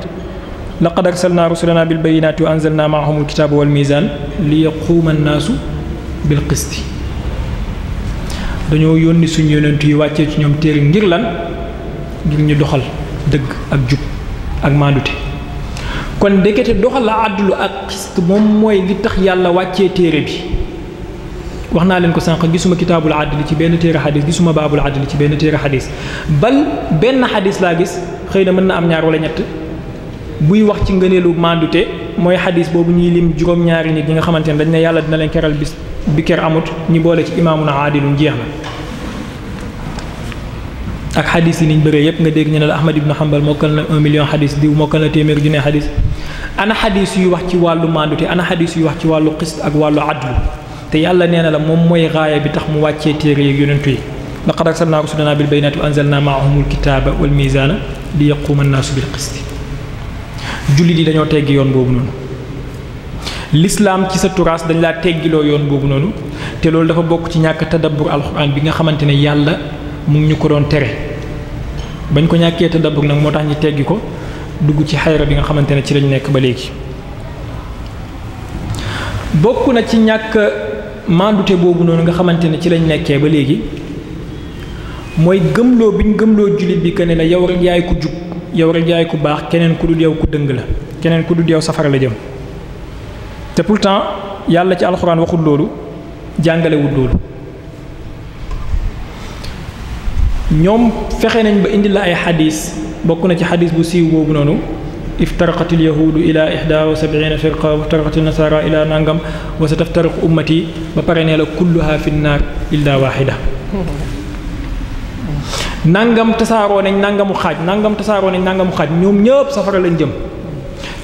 laqad arsalna rusulana bi bayyinaati wa anzalna maahum alkitaaba wal mizaan li yaquuma annaasu bil qisti dañoo yónni suñu yonent yi wàccee ci ñoom téere ngir lan ngir ñu doxal dëgg ak jub ak maandute kon ndekete doxal la àddulu ak xist moom mooy li tax yàlla wàcce téere bi wax naa leen ko sanq gisuma kitaabul àddili ci benn téere xadis gisuma baabul àddili ci benn téere xadis bal benn xadis laa gis xëy na mën na am ñaar wala ñett buy wax ci ngëneelu mandute mooy xadis boobu ñuy lim juróom-ñaari nit ñi nga xamante ne dañ ne yàlla dina leen keral bis bi ker amut ñi boole ci imaamuna aadilun jeex na. ak xadis yi niñ bëree nga dégg ñu ne la Ahmad ibn Hanbal mokkal na un million xadis diw mokkal na téeméer junne xadis ana xadis yuy wax ci wàllu mandute ana xadis yuy wax ci wàllu xist ak wàllu adlu te yàlla nee na la moom mooy raaya bi tax mu wàccee téere yi yonentu yi laqad arsalnaa rusulanaa bil bayyinaati wa anzalnaa maahumul kitaaba wal miizaana li yaquuma annaasu bil qisti jullit yi dañoo teggi yoon boobu noonu l'islam ci sa turaas dañ laa teggiloo yoon boobu noonu te loolu dafa bokk ci ñàkk tadabbur alxuraan bi nga xamante ne yàlla mu ngi ñu ko doon tere bañ ko ñàkkee tadabbur nag moo tax ñu teggi ko dugg ci xayra bi nga xamante ne ci lañu nekk ba léegi bokk na ci ñàkk mandute boobu noonu nga xamante ne ci lañ nekkee ba léegi mooy gëmloo biñ gëmloo jullit bi que ne la yow rek yaay ko jub yow rek yaay ku baax keneen ku dul ku dëng la keneen ku dul yow safara la jëm te temps yàlla ci alxuraan waxul loolu jàngalewul loolu ñoom fexe nañ ba indi la ay xadiis bokk na ci xadis bu siiw boobu noonu iftaraqat alyahuudu ila ihda wa sabiina firqa wa iftaraqat alnasaara ila nangam wa sa ba pare ne la kulluha fi nnaar illa waxida nangam tasaaroo nañ nangamu xaaj nangam tasaaroo nañ nangamu xaaj ñoom ñëpp safara lañ jëm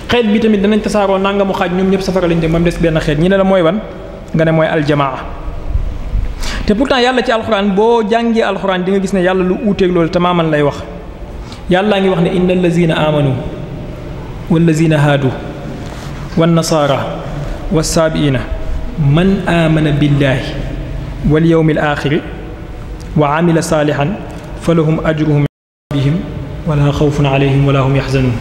xeet bi tamit danañ tasaaroo nangamu xaaj ñoom ñëpp safara lañ jëm ba mu des benn xeet ñi ne la mooy wan nga ne mooy aljamaa te pourtant yàlla ci alxuraan boo jàngee alxuraan di nga gis ne yàlla lu uuteeg loolu tamaaman lay wax yàllaa ngi wax ne inna allazina amanu wallazina haadu wannasaara wassaabiina man aamana billaahi walyawmi al axiri wa amila saalihan fa lahum ajruhum rabbihim wala xawfun alayhim wala hum yaxzanuun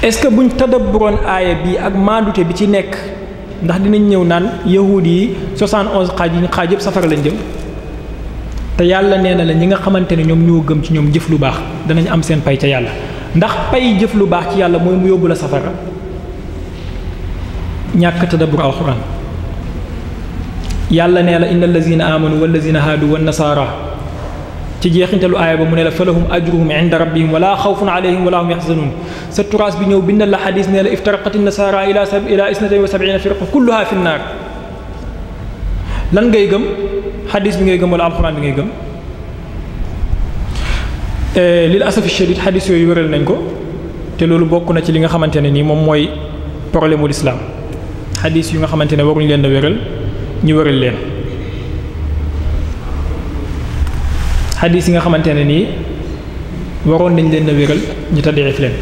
est-ce que buñ tadabburoon aaya ak maandute bi ci nekk ndax dinañ ñëw naan yahuud yi 71 xaaj yi ñu xaaj yëpp safara lañ jëm te yàlla nee na la ñi nga xamante ne ñoom ñoo gëm ci ñoom jëf lu baax danañ am seen pay ca yàlla ndax pay jëf lu baax ci yàlla mooy mu yóbbu la safara ñàkk tadabbur alxuraan yàlla nee la inna allazina amanu wallazina haadu wannasaara ci jeexintalu aaya ba mu ne la falahum ajruhum inda rabbihim wala xawfun alayhim wala hum yaxzanuun sa turaas bi ñëw bindal la xadis ne la iftaraqat nasaara ila ila isnatain wa sabina firqa kulluha fi nnaar lan ngay gëm xadis bi ngay gëm wala alxuraan bi ngay gëm eh, lil asafi shadid xadis yooyu wéral nañ ko te loolu bokk na ci li nga xamante ne nii moom mooy problème wu lislaam xadis yu nga xamante ne waruñu leen a wéral ñu wéral leen xadis yi nga xamante ne nii waroon dañ leen na wéral ñu taddiif leen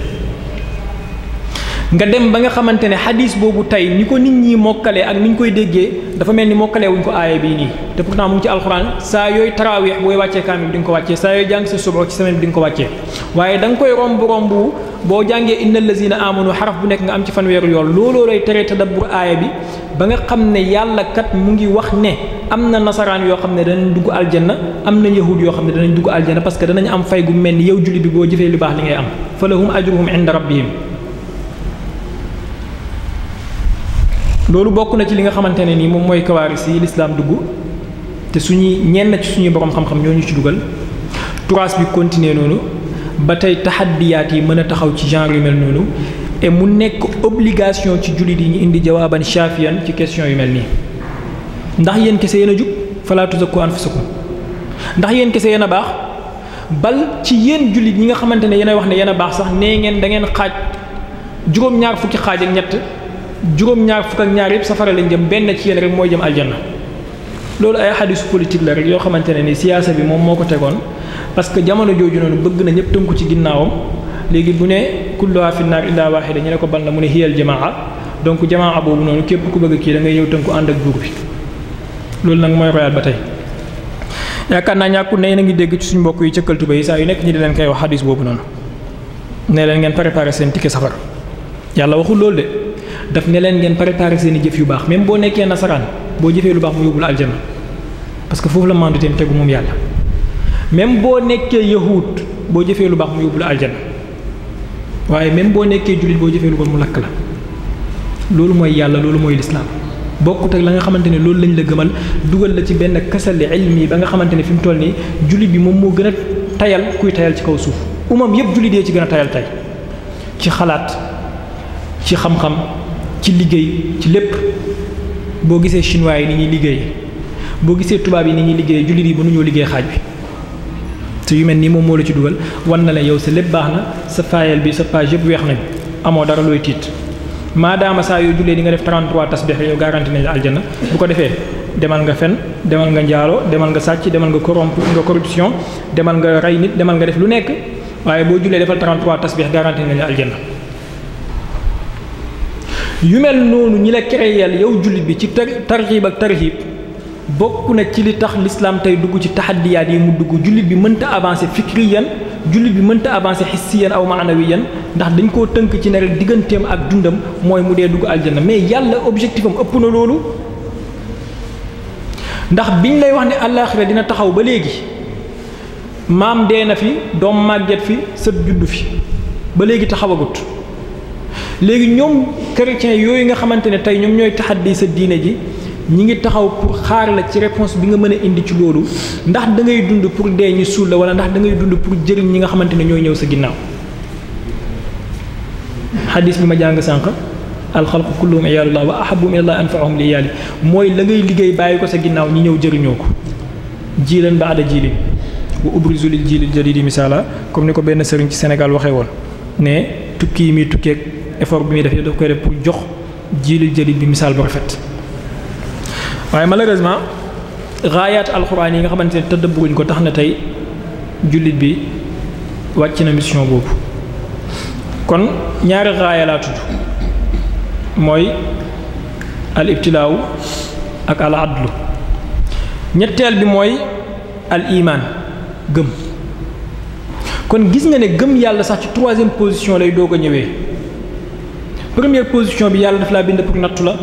nga dem ba nga xamante ne xadis boobu tey ni ko nit ñi mokkalee ak ni ñu koy déggee dafa mel ni mokkalee wuñ ko aaya bii nii te pourtant mu ngi ci alxuraan saa yooyu taraawix booy wàccee kaamil bi di nga ko wàccee saa yooy jàng sa suba ci semaine bi di nga ko wàccee waaye da koy romb romb boo jàngee inna allazina amanu xaraf bu nekk nga am ci fanweeru yoon looloo lay tere tadabbur aaya bi ba nga xam ne yàlla kat mu ngi wax ne am na nasaraan yoo xam ne danañ dugg aljanna am na yahud yoo xam ne danañ dugg aljanna parce que danañ am fay gu mel ni yow julli bi boo jëfee lu baax li ngay am fa lahum ajruhum inda rabbihim loolu bokk na ci li nga xamante ne nii moom mooy kawaaris yi lislaam dugg te suñuy ñenn ci suñuy borom xam-xam ñoo ñu ci dugal turas bi continuer noonu ba tey taxaddiyaat yi mën a taxaw ci genre yu mel noonu et mu nekk obligation ci jullit yi ñu indi jawaaban shafiyan ci question yu mel nii ndax yéen kese yéen a jub falaa tuzakku anfusakum ndax yéen kese yéen a baax bal ci yéen jullit ñi nga xamante ne yéen a wax ne yéen a baax sax nee ngeen da ngeen xaaj juróom-ñaar fukki xaaj ak ñett juróom-ñaar fukk ak ñaar yëpp safara lañ jëm benn ci yéen rek mooy jëm aljanna loolu ay xadisu politique la rek yoo xamante ne ni siyaasa bi moom moo ko tegoon parce que jamono jooju noonu bëgg na ñëpp tënku ci ginnaawam léegi bu ne kulluha fi naar illa waahida ñu ne ko ban la mu ne hiyal jamaa donc jamaa boobu noonu képp ku bëgg kii da ngay ñëw tënku ànd ak buur bi loolu nag mooy royaat ba tey yaakaar naa ñàkkul ne yéen a ngi dégg ci suñu mbokk yi cëkkal tuba yi saa yu nekk ñi di leen koy wax xadis boobu noonu ne leen ngeen préparé seen ticket safar yàlla waxul loolu de daf ne leen ngeen préparé seen i jëf yu baax même boo nekkee nasaraan boo jëfee lu baax mu yóbbul aljana parce la mandu teem tegu moom yàlla même boo nekkee yahut boo jëfee lu baax mu yóbbu la aljana waaye même boo nekkee jullit boo jëfee lu bon mu lakk la loolu mooy yàlla loolu mooy lislaam bokkut ak la nga xamante ne loolu lañ la gëmal dugal la ci benn kasali ilmi ba nga xamante ne fi mu toll nii jullit bi moom moo gën a tayal kuy tayal ci kaw suuf umam yëpp jullit yee ci gën a tayal tay ci xalaat ci xam-xam ci liggéey ci lépp boo gisee chinois yi ni ñuy liggéey boo gisee tubaab yi ni ñuy liggéey jullit yi mënuñoo liggéey xaaj bi te yu mel nii moom moo la ci dugal wan na la yow sa lépp baax na sa fayel bi sa page yëpp weex nañ amoo dara looy tiit maadaama saa yoo jullee di nga def 33 tasbih yow garanti nañ la aljana bu ko defee demal nga fen demal nga njaaloo demal nga sàcc demal nga corrompre nga corruption nga rey nit demal nga def lu nekk waaye boo jullee defal 33 tasbih garanti nañ la aljana yu mel noonu ñi la créé yow jullit bi ci tarxiib ak tarxiib bokk na ci li tax l'islam tey dugg ci taxaddiyaat yi mu dugg jullit bi mënta avancer yan jullit bi mënta avancer hissiyan aw maanawiyan ndax dañ koo tënk ci ne rek digganteem ak dundam mooy mu dee dugg aljanna mais yàlla objectif am ëpp na loolu ndax biñ lay wax ne àllaaxira dina taxaw ba léegi maam dee na fi doom màgget fi sët juddu fi ba léegi taxawagut léegi ñoom chrétiens yooyu nga xamante ne tey ñoom ñooy taxaddi sa diine ji ñi ngi taxaw pour xaar la ci réponse bi nga mën a indi ci loolu ndax da ngay dund pour dee ñu suul la wala ndax da ngay dund pour jëriñ ñi nga xamante ne ñooy ñëw sa ginnaaw xadis bi ma jàng sànq alxalqu kulluhum iyaalullah wa ahabum ilallah anfaahum li iyaali mooy la ngay liggéey bàyyi ko sa ginnaaw ñi ñëw jëriñoo ko jiilan ba ada jiilin wa ubrizu lil jiilil jadidi misaala comme ni ko benn sëriñ ci senegal waxe woon ne tukki yi muy tukkeeg effort bi muy def daf koy pour jox jiilil jadid bi misaal bu rafet waaye malheureusement raayaat alxuraan yi nga xamante ne tëdd bëgguñ ko tax na tey jullit bi wàcc na mission boobu kon ñaari raaya laa mooy al ibtilaaw ak al adlu ñetteel bi mooy al imaan gëm kon gis nga ne gëm yàlla sax ci troisième position lay doog a ñëwee première position bi yàlla daf laa bind pour nattu la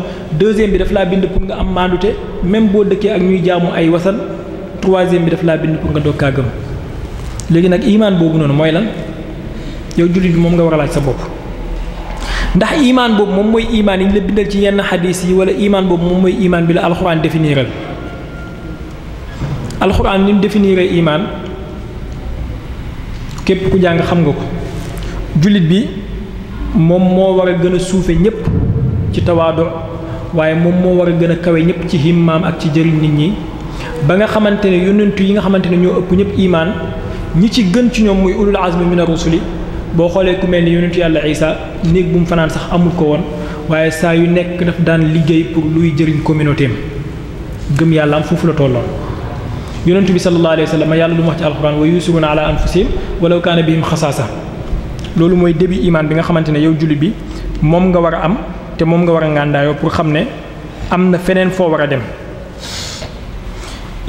deuxième bi daf laa bind pour nga am maandute même boo dëkkee ak ñuy jaamu ay wasan troisième bi daf laa bind pour nga doog kaa gëm léegi nag imaan boobu noonu mooy lan yow jullit bi moom nga war a laaj sa bopp ndax imaan boobu moom mooy imaan yi ñu la bindal ci yenn xadiis yi wala imaan boobu moom mooy imaan bi la alxuraan définiral alxuraan ni mu définiré imaan képp ku jàng xam nga ko jullit moom moo war a gën a suufe ñépp ci tawaado waaye moom moo war a gën a kawe ñépp ci himmaam ak ci jëriñ nit ñi ba nga xamante ne yonentu yi nga xamante ne ñoo ëpp ñépp imaan ñi ci gën ci ñoom muy ulul azmi mina rusuli boo xoolee ku mel ni yonentu yàlla isa néeg bu fanaan sax amul ko woon waaye saa yu nekk dafa daan liggéey pour luy jëriñ communauté am gëm yàlla am foofu la tolloon yonentu bi sallallahu alayhi wa sallam yàlla lu mu wax ci alquran wa yusiruuna ala anfusihim walaw kaana bihim xasaasa loolu mooy début imaan bi nga xamante ne yow jullit bi moom nga war a am te moom nga war a ngàndaayoo pour xam ne am na feneen foo war a dem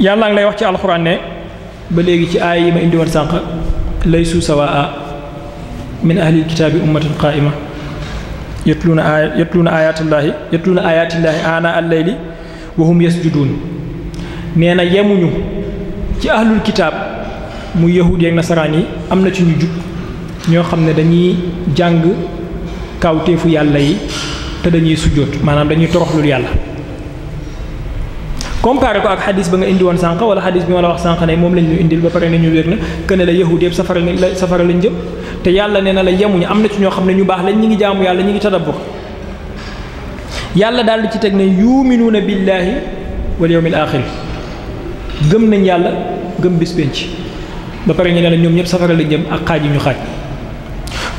yàlla ngi lay wax ci alxuraan ne ba léegi ci aay yi ma indiwoon sànq lay laysu a min ahlil kitaabi ummatan qaa'ima yatluuna aaya yatluuna aayatillaahi yatluuna aayatillaahi aana al-layli wa yes yasjuduun nee na yemuñu ci ahlul kitaab muy yahuud yeeg nasaraan yi am na ci ñu jub ñoo xam ne dañuy jàng kawteefu yàlla yi te dañuy sujjóot maanaam dañuy toroxlul yàlla comparé ko ak xadis ba nga indi woon sànq wala xadis bi ma la wax sànq ne moom lañ ñu indil ba pare nañu wér na que ne la yahud yëpp safara la safara lañ jëm te yàlla nee na la yemuñu am na ci ñoo xam ne ñu baax lañ ñu ngi jaamu yàlla ñu ngi tadabbur yàlla daal di ci teg ne yuminuuna billaahi wal yawmil axir gëm nañ yàlla gëm bis penc ba pare ñu ne la ñoom ñëpp safara lañ jëm ak yu ñu xaaj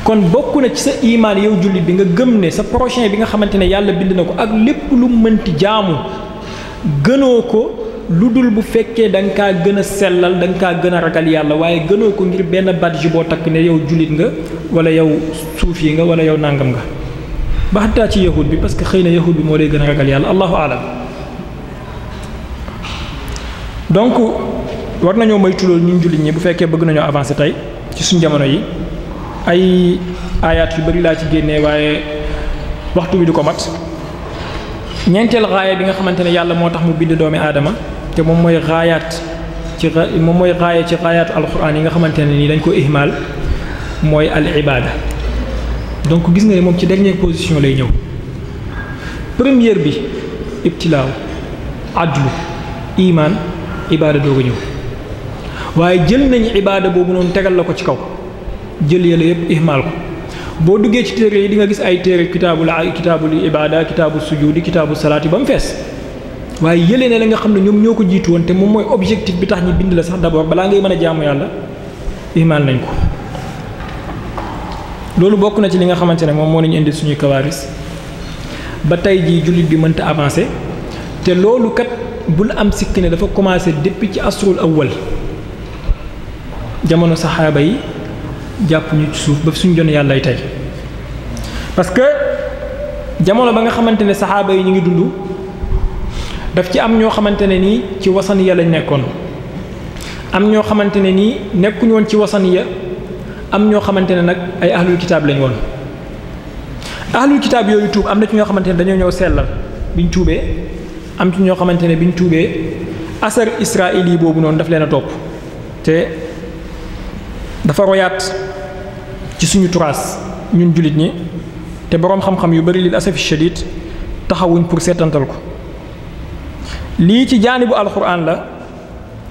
kon bokk na ci sa imaan yow jullit bi nga gëm ne sa prochain bi nga xamante ne yàlla bind na ko ak lépp lu mënti jaamu gënoo ko lu dul bu fekkee danga kaa gën a sellal da kaa gën a ragal yàlla waaye gënoo ko ngir benn badge boo takk ne yow jullit nga wala yow suuf yi nga wala yow nàngam nga ba xataa ci yahud bi parce que xëy na yahud bi moo lay gën a ragal yàlla allahu alam donc war nañoo moytu loolu ñun jullit ñi bu fekkee bëgg nañoo avancer tey ci suñ jamono yi ay ayaat yu bari laa ci génne waaye waxtu wi du ko mat ñeenteel raaya bi nga xamante ne yàlla moo tax mu bind doomi aadama te moom mooy raayaat ci moom mooy raaya ci raayaatu alquran yi nga xamante ne nii dañ ko ihmal mooy al ibaada donc gis nga ne moom ci dernière position lay ñëw première bi ibtilaaw adlu imaan ibaada dooga ñëw waaye jël nañ ibaada boobu noonu tegal la ko ci kaw jël yële yëpp ihmaal ko boo duggee ci téere yi di nga gis ay téere kitaabul kitaabul ibada kitaabu sujudi kitaabu salaat yi ba mu fees waaye yële ne la nga xam ne ñoom ñoo ko jiitu woon te moom mooy objectif bi tax ñu bind la sax d'abord balaa ngay mën a jaamu yàlla ihmaal nañ ko loolu bokk na ci li nga xamante ne moom moo nañu indi suñuy kawaaris ba tey jii jullit bi mënta avancé te loolu kat bul am sikki ne dafa commencé depuis ci asrul awwal jamono saxaaba yi jàpp ñu ci suuf ba suñ jon yàllay tey parce que jamono ba nga xamante ne saxaaba yi ñu ngi dund daf ci am ñoo xamante ne nii ci wasan ya lañ nekkoon am ñoo xamante ne nii nekkuñ woon ci wasan am ñoo xamante ne nag ay ahlul kitaab lañ woon ahlul kitaab yooyu tuub am na ci ñoo xamante ne dañoo ñëw sellal biñ tuubee am ci ñoo xamante ne biñ tuubee asar israil yi boobu noonu daf leen a topp te dafa royaat ci suñu turaas ñun jullit ñi te boroom xam-xam yu bari lil asafi shadid taxawuñ pour seetantal ko lii ci jaanibu alxuraan la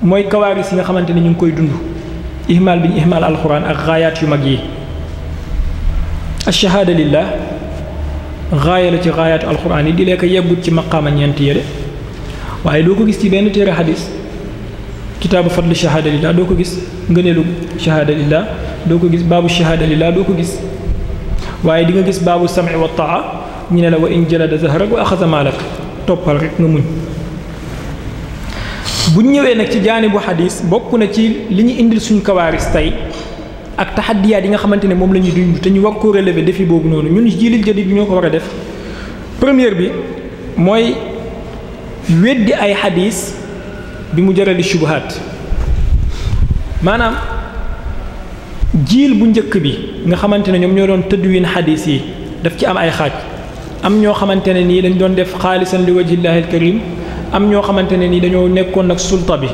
mooy kawaaris yi nga xamante ni ñu ngi koy dund ihmaal bi ñu ihmaal alxuraan ak xaayaat yu mag yi ashahaada lillah xaaya la ci xaayaatu alxuraan yi di lekk yeggut ci maqaama ñeent yére waaye doo ko gis ci benn téere xadis kitaabu fadlu shahaada lillah doo ko gis ngëneelu shahaada lillah doo ko gis baabu shahaada lillah doo ko gis waaye di nga gis baabu same wa taa ñu ne la wa in jalada zahrak wa axasa maalak toppal rek nga muñ bu ñëwee nag ci jaanibu xadis bokk na ci li ñu indil suñu kawaaris tey ak taxaddiyaat yi nga xamante ne moom la ñuy dund te ñu war ko relever défi boobu noonu ñun jiilil jadid bi ñoo ko war a def première bi mooy weddi ay xadis bi mu jarali shubuhaat maanaam jiil bu njëkk bi nga xamante ne ñoom ñoo doon tëdd tëdduwin xadiis yi daf ci am ay xaaj am ñoo xamante ne nii dañ doon def xaalisan li wajhillahi alkarim am ñoo xamante ne nii dañoo nekkoon nag sulta bi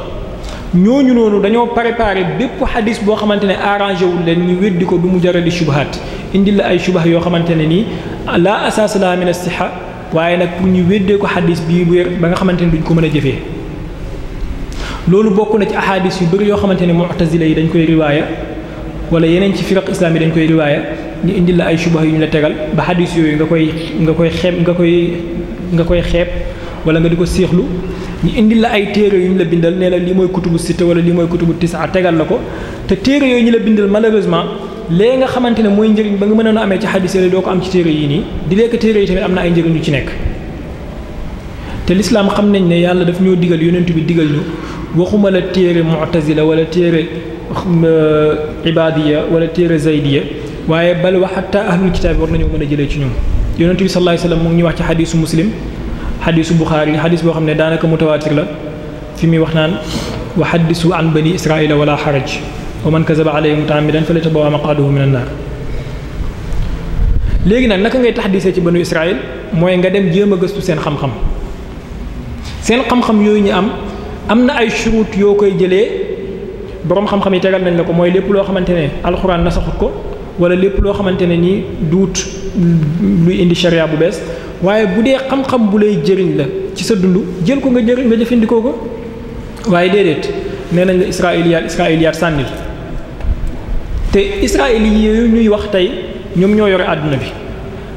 ñooñu noonu dañoo préparé bépp xadis boo xamante ne arrangé wul leen ñu weddi ko bi mu jarali shubahat indil la ay shubah yoo xamante ne nii la asaas laa min asiha waaye nag pour ñu weddee ko xadis bii wér ba nga xamante ne duñ ko mën a jëfee loolu bokk na ci ahadis yu bëri yoo xamante ne mu'tazila yi dañ koy riwaaya wala yeneen ci firaq islam yi dañ koy riwaaya ñu indi la ay subaha yu ñu la tegal ba hadis yooyu nga koy nga koy xeeb nga koy nga koy xeeb wala nga di ko siixlu ñu indi la ay téere yu ñu la bindal nee la lii mooy kutubu sitta wala lii mooy kutubu tisaa tegal la ko te téere yooyu ñu la bindal malheureusement léegi nga xamante ne mooy njëriñ ba nga mën a amee ci hadis yi doo ko am ci téere yi nii di lekk téere yi am na ay njëriñ ci nekk lislaam xam nañ ne yàlla daf ñoo digal yonent bi digal ñu waxuma la téere mu'tazila wala téere euh, ibaadiya wala téere zaydiya waaye bal wa xatta ahlul kitaab war nañoo mën a jëlee ci ñun ñoom yonent bi sallallahu alayhi wasallam mu ngi ñuy wax ci xadiisu muslim xadiisu buxaari xadiis boo xam ne daanaka mutawaatir la fi muy wax naan wa xaddisu an bani israila wala xaraj wa man kazaba alayhi mutaamidan falyatabawwa maqaadahu min annaar léegi nag naka ngay taxdiisee ci banu israil mooy nga dem jéem a gëstu seen xam-xam seen xam-xam yooyu ñu am am na ay churut yoo koy jëlee boroom xam-xam yi tegal nañ la ko mooy lépp loo xamante ne alxuraan na saxut ko wala lépp loo xamante ne nii duut luy indi sharia bu bees waaye bu dee xam-xam bu lay jëriñ la ci sa dund jël ko nga jëriñ nga jëfandikoo ko waaye déedéet nee nañ la israiliyaat israiliyaat sànnil te israili yooyu ñuy wax tey ñoom ñoo yore àdduna bi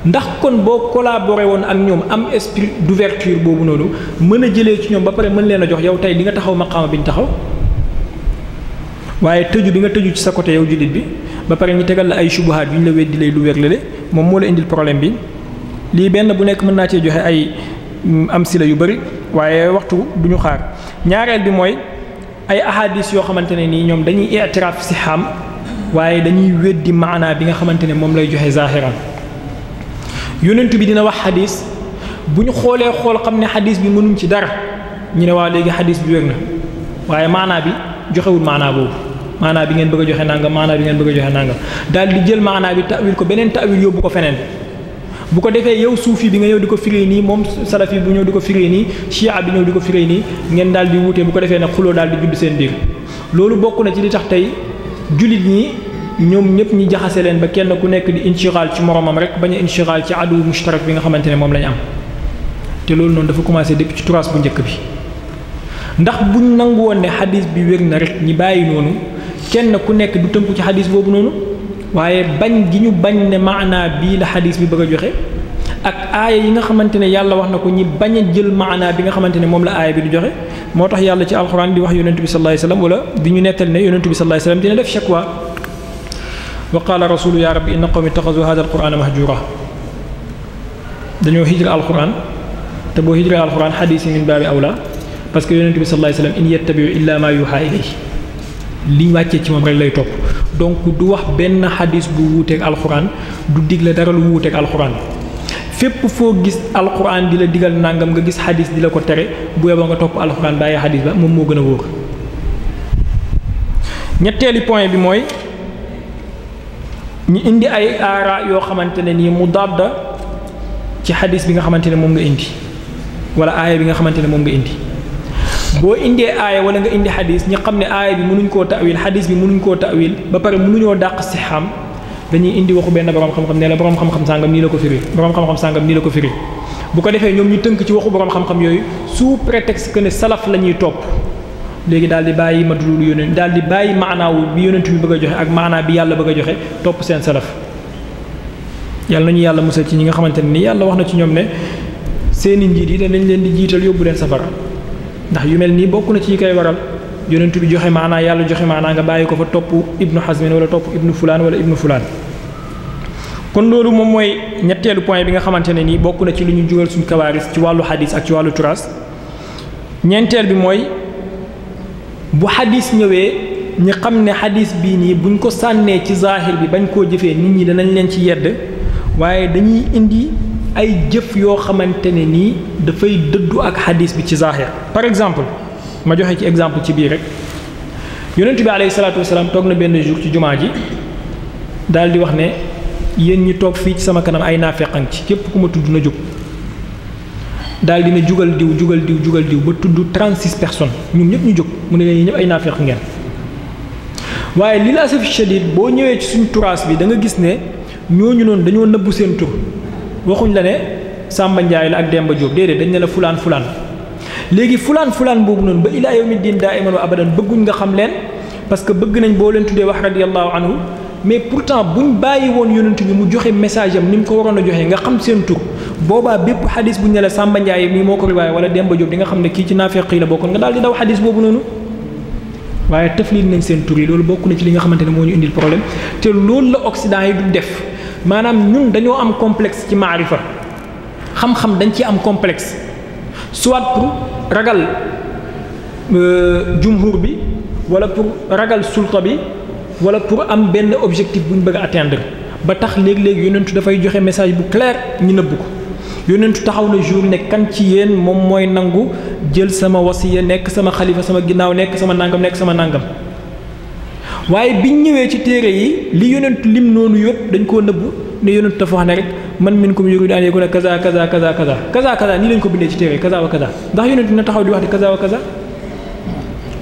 ndax kon boo collaboré woon ak ñoom am esprit d'ouverture boobu noonu mën a jëlee ci ñoom ba pare mën leen a jox yow tey di nga taxaw maqaama bi ñu taxaw waaye tëju bi nga tëju ci sa côté yow jullit bi ba pare ñu tegal la ay subuhaat yu ñu la weddi lay lu wér lale moom moo la indil problème bi lii benn bu nekk mën naa cee joxe ay mm, am si la yu bëri waaye waxtu du ñu xaar ñaareel bi mooy ay ahadis yoo xamante ne nii ñoom dañuy itiraaf si xam waaye dañuy weddi maanaa bi nga xamante ne moom lay joxe zahiran yonent bi dina wax xadis bu ñu xoolee xool xam ne xadis bi mënuñ ci dara ñu ne waa léegi xadis bi wér na waaye maanaa bi joxewul maanaa boobu maanaa bi ngeen bëgg a joxe nangam maanaa bi ngeen bëgg a joxe nangam daal di jël maanaa bi tawil ko beneen tawil yóbbu ko feneen bu ko defee yow suufi bi nga ñëw di ko firee nii moom salafi bu ñëw di ko firee nii chia bi ñëw di ko firee nii ngeen daal di wuute bu ko defee nag xuloo daal di judd seen biir loolu bokk na ci li tax tey jullit ñi ñoom ñëpp ñi jaxase leen ba kenn ku nekk di inshiraal ci moromam rek bañ a inshiraal ci adu mushtarak bi nga xamante ne moom lañ am te loolu noonu dafa commencé depuis ci turaas bu njëkk bi ndax buñ nangu woon ne xadis bi wér na rek ñi bàyyi noonu kenn ku nekk du tënku ci xadis boobu noonu waaye bañ gi ñu bañ ne maanaa bii la xadis bi bëgg a joxe ak aaya yi nga xamante ne yàlla wax na ko ñi bañ a jël bi xamante ne moom la du joxe moo tax yàlla ci alxuraan di wax yonentu bi sallallahu alayhi wasallam wala di ñu nettal ne yonentu bi sallallahu alayhi wasallam dina def shakwa wa qaala rasulu yaa rabbi inna qawmi taxasu hada alqurana mahjura dañoo hijra alquran te boo hijra alquran xadiis yi min baabi awla parce que yonent bi sallallahu alayhi wasallam in yattabiu illa ma yuha ilay liñ wàccee ci moom rek lay topp donc du wax benn xadis bu wuuteeg alxuraan du digle dara lu wuuteeg alxuraan fépp foo gis alxuraan di la digal nangam nga gis xadis di la ko tere bu yeboo nga topp alxuraan bàyyi xadis ba moom moo gën a wóor ñetteeli bi mooy ñi indi ay aara yoo xamante ne nii mu dadda ci xadis bi nga xamante ne moom nga indi wala aaya bi nga xamante ne moom nga indi boo indee aaya wala nga indi xadis ñi xam ne aaya bi mënuñ koo tawil xadis bi mënuñ koo tawil ba pare mënuñoo dàq si xam dañuy indi waxu benn borom xam-xam ne la borom xam-xam sàngam nii la ko firi borom xam-xam sàngam nii la ko firi bu ko defee ñoom ñu tënk ci waxu borom xam-xam yooyu sous prétexte que ne salaf la ñuy topp léegi daal di bàyyi ma dulul yónent daal di bàyyi maanaawu bi yónent bi bëgg a joxe ak maanaa bi yàlla bëgg a joxe topp seen salaf yàlla nañu yàlla musal ci ñi nga xamante ne ni yàlla wax na ci ñoom ne seeni njiit yi danañ leen di jiital yóbbu leen safara ndax yu mel nii bokk na ci koy waral yónent bi joxe maanaa yàlla joxe maanaa nga bàyyi ko fa topp ibnu xasmin wala topp ibnu fulaan wala ibnu fulaan kon loolu moom mooy ñetteelu point bi nga xamante ne nii bokk na ci lu ñu jugal suñu kawaaris ci wàllu xadis ak ci wàllu turaas ñeenteel bi mooy bu xadis ñëwee ñi xam ne xadis bii nii buñ ko sànnee ci zaahir bi bañ koo jëfee nit ñi danañ leen ci yedd waaye dañuy indi ay jëf yoo xamante ne nii dafay dëddu ak xadis bi ci zaahir par exemple ma joxe ci exemple ci biir rek yonent bi alayhi salaatu salaam toog na benn jour ci jumaa ji daal di wax ne yéen ñi toog fii ci sama kanam ay naafeqan ci képp ku ma tudd na jóg daal dina jugal diw jugal diw jugal diw ba tudd 36 personnes ñoom ñëpp ñu jóg mu ne leen ñëpp ay naafeq ngeen waaye lil asafi shadid boo ñëwee ci suñu turaas bi danga gis ne ñooñu noonu dañoo nëbbu seen tur waxuñ la ne Samba Ndiaye la ak Demba Diop déedéet dañ ne la fulaan fulaan léegi fulaan fulaan boobu noonu ba ilaa yawmi diin daa iman wa abadan bëgguñ nga xam leen parce que bëgg nañ boo leen tuddee wax radiyallahu anhu mais pourtant ñu bàyyi woon yonent bi mu joxe message am ni mu ko waroon a joxe nga xam seen boobaa bépp xadis bu ñu ne la Samba Ndiaye mii moo ko riwaay wala Demba Diop di nga xam ne kii ci naafeq yi la bokkoon nga daal di daw xadis boobu noonu waaye tafliil nañ seen tur yi loolu bokk na ci li nga xamante ne moo ñu indil problème te loolu la Occident yi du def maanaam ñun dañoo am complexe ci maarifa xam-xam dañ ci am complexe soit pour ragal euh, jumhur bi wala pour ragal sulta bi wala pour am benn objectif bu ñu bëgg a ba tax léegi léeg yonentu dafay joxe message bu clair ñu nëbb ko yonentu taxaw na jour ne kan ci yéen moom mooy nangu jël sama wasiya nekk sama xalifa sama ginnaaw nekk sama nangam nekk sama nangam waaye bi ñu ñëwee ci téere yi li yonentu lim noonu yëpp dañ koo nëbb ne yonentu dafa wax ne rek man min kum yuridu an yakuna kaza kaza kaza kaza kaza kaza nii lañ ko bindee ci téere kaza ndax yonentu na taxaw di wax di kaza wa kaza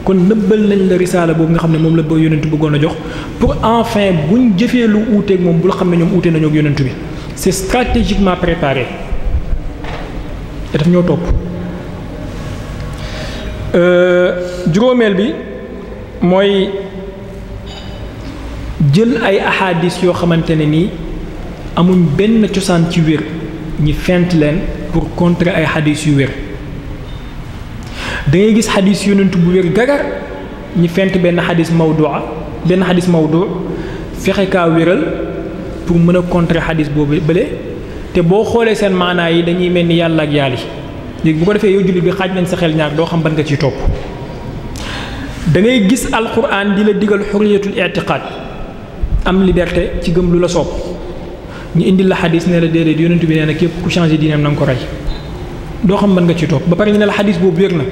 kon nëbbal nañ la risaala boobu nga xam ne moom la ba yonentu bëggoon a jox pour enfin buñ jëfee lu uuteeg moom bul xam ne ñoom uute nañook ak yonentu bi c'est stratégiquement préparé te daf ñoo topp euh, juróomeel bi mooy jël ay ahadis yoo xamante ne nii amuñ benn cosaan ci wér ñi fent leen pour contrer ay xadis yu wér da ngay gis xadis yonent bu wér gagar ñi fent benn xadis mawdua benn xadis mawdu fexe kaa wéral pour mën a contrer xadis boobu bële te boo xoolee seen maanaa yi dañuy mel ni yàlla ak yàlli léegi bu ko defee yow bi xaaj nañ sa xel ñaar doo xam ban nga ciy topp da ngay gis alquran di la digal xuriyatul itiqaad am liberté ci gëm lu la soob ñu indi la xadis ne la déedéet yonent bi nee na képp ku changé diineem nanga ko rey doo xam ban nga ciy topp ba pare ñu ne la xadis boobu wér na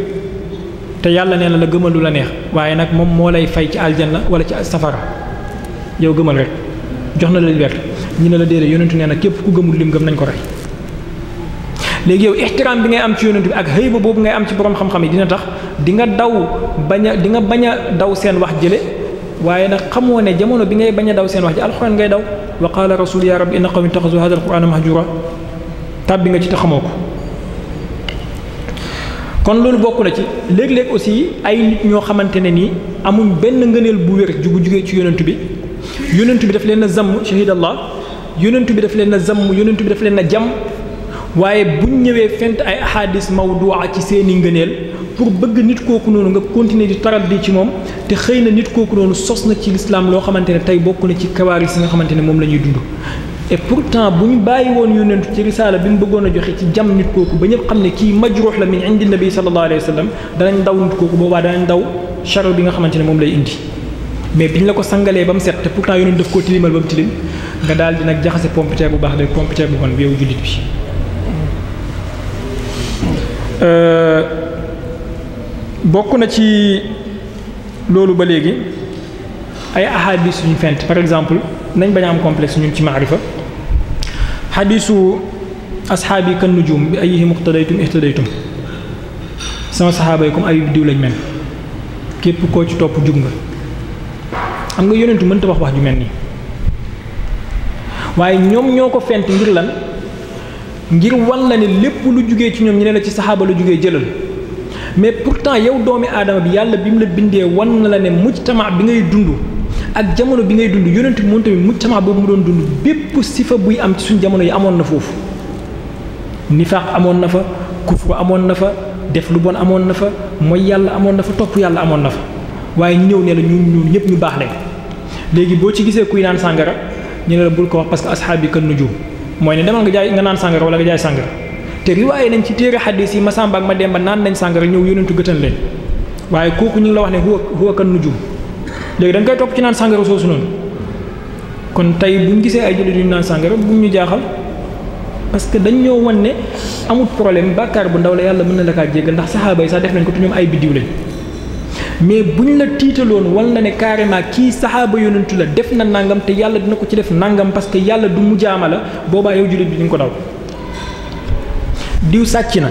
te yàlla nee na la gëmal la neex waaye nag moom moo lay fay ci aljanna wala ci safara yow gëmal jox na la ñu ne la déedéet yonentu nee na képp ku gëmul lim gëm nañ ko rey léegi yow ixtiraam bi ngay am ci yonentu bi ak xëyba boobu ngay am ci borom xam-xam yi dina tax dinga daw bañ a di nga bañ a daw seen wax jële waaye nag xamoo ne jamono bi ngay bañ a daw seen wax ji alxuraan ngay daw wa qaala rasul ya rabbi inna qawmi wax hada alqurana mahjura tàbbi nga ci te xamoo ko kon loolu bokk na ci léeg-léeg aussi ay nit ñoo xamante ne nii amuñ benn ngëneel bu wér ju bu ci yonent bi yonent bi daf leen a zamm shahidallah yonent bi daf leen a zamm yonent bi daf leen a jam waaye bu ñu ñëwee fent ay ahadis mawdua ci seeni ngëneel pour bëgg nit kooku noonu nga continuer di taral ci moom te xëy na nit kooku noonu sos na ci lislaam loo xamante ne tey bokk na ci kawaaris yi nga xamante ne moom la ñuy dund pour pourtant bu ñu bàyyi woon yonent ci risaala bi mu bëggoon a joxe ci jam nit kooku ba ñëpp xam ne kii majruux la min indi nabi sallallahu alayhi wa sallam danañ daw nit kooku boobaa danañ daw charo bi nga xamante ne moom lay indi mais bi biñ la ko sangalee ba mu set te pourtant yonoon daf koo tilimal ba mu tilim nga daal di nag jaxase pompiteer bu baax de pompiteer bu bon bi yow jullit bi. Euh, bokk na ci loolu ba léegi ay ahadis suñu fent par exemple nañ bañ am complexe ñun ci maarifa xadisu asxaabi kan nujum bi ayihim iqtadaytum ihtadaytum sama saxaaba yi comme ayib diw lañ mel képp koo ci topp jug nga. xam nga yonentu mënta wax wax ju mel nii waaye ñoom ñoo ko fent ngir lan ngir wan la ne lépp lu jugee ci ñoom ñu ne la ci saxaaba lu jugee jëlal mais pourtant yow doomi aadama bi yàlla bi mu la bindee wan na la ne mujtama bi ngay dund ak jamono bi ngay dund yonent bi moom tamit mujtama boobu mu doon dund bépp sifa buy am ci suñ jamono yi amoon na foofu nifaaq amoon na fa kufru amoon na fa def lu bon amoon na fa mooy yàlla amoon na fa topp yàlla amoon na waaye ñëw ne la ñun ñun ñëpp ñu baax lañ léegi boo ci gisee kuy naan sàngara ñu ne la bul ko wax parce que asxaab yi kan nujum mooy ne demal nga jaay nga naan sàngara wala nga jaay sàngara te riwaaye nañ ci téere xadis yi Masamba ak ba naan nañ sàngara ñëw yónentu gëtan leen waaye kooku ñu la wax ne huwa huwa kan nujum léegi da nga koy topp ci naan sàngara soosu noonu kon tey bu ñu gisee ay jullit yu naan sàngara bu ñu jaaxal parce que dañ ñoo wan ne amut problème bàkkaar bu ndaw la yàlla mën na la kaa jéggal ndax saxaaba yi sax def nañ ko te ay biddiw mais bu ñu la tiitaloon wal na ne carrément kii saxaaba yonentu la def na nangam te yàlla dina ko ci def nangam parce que yàlla du mu jaama la boobaa yow jullit bi di ko daw diw sàcc na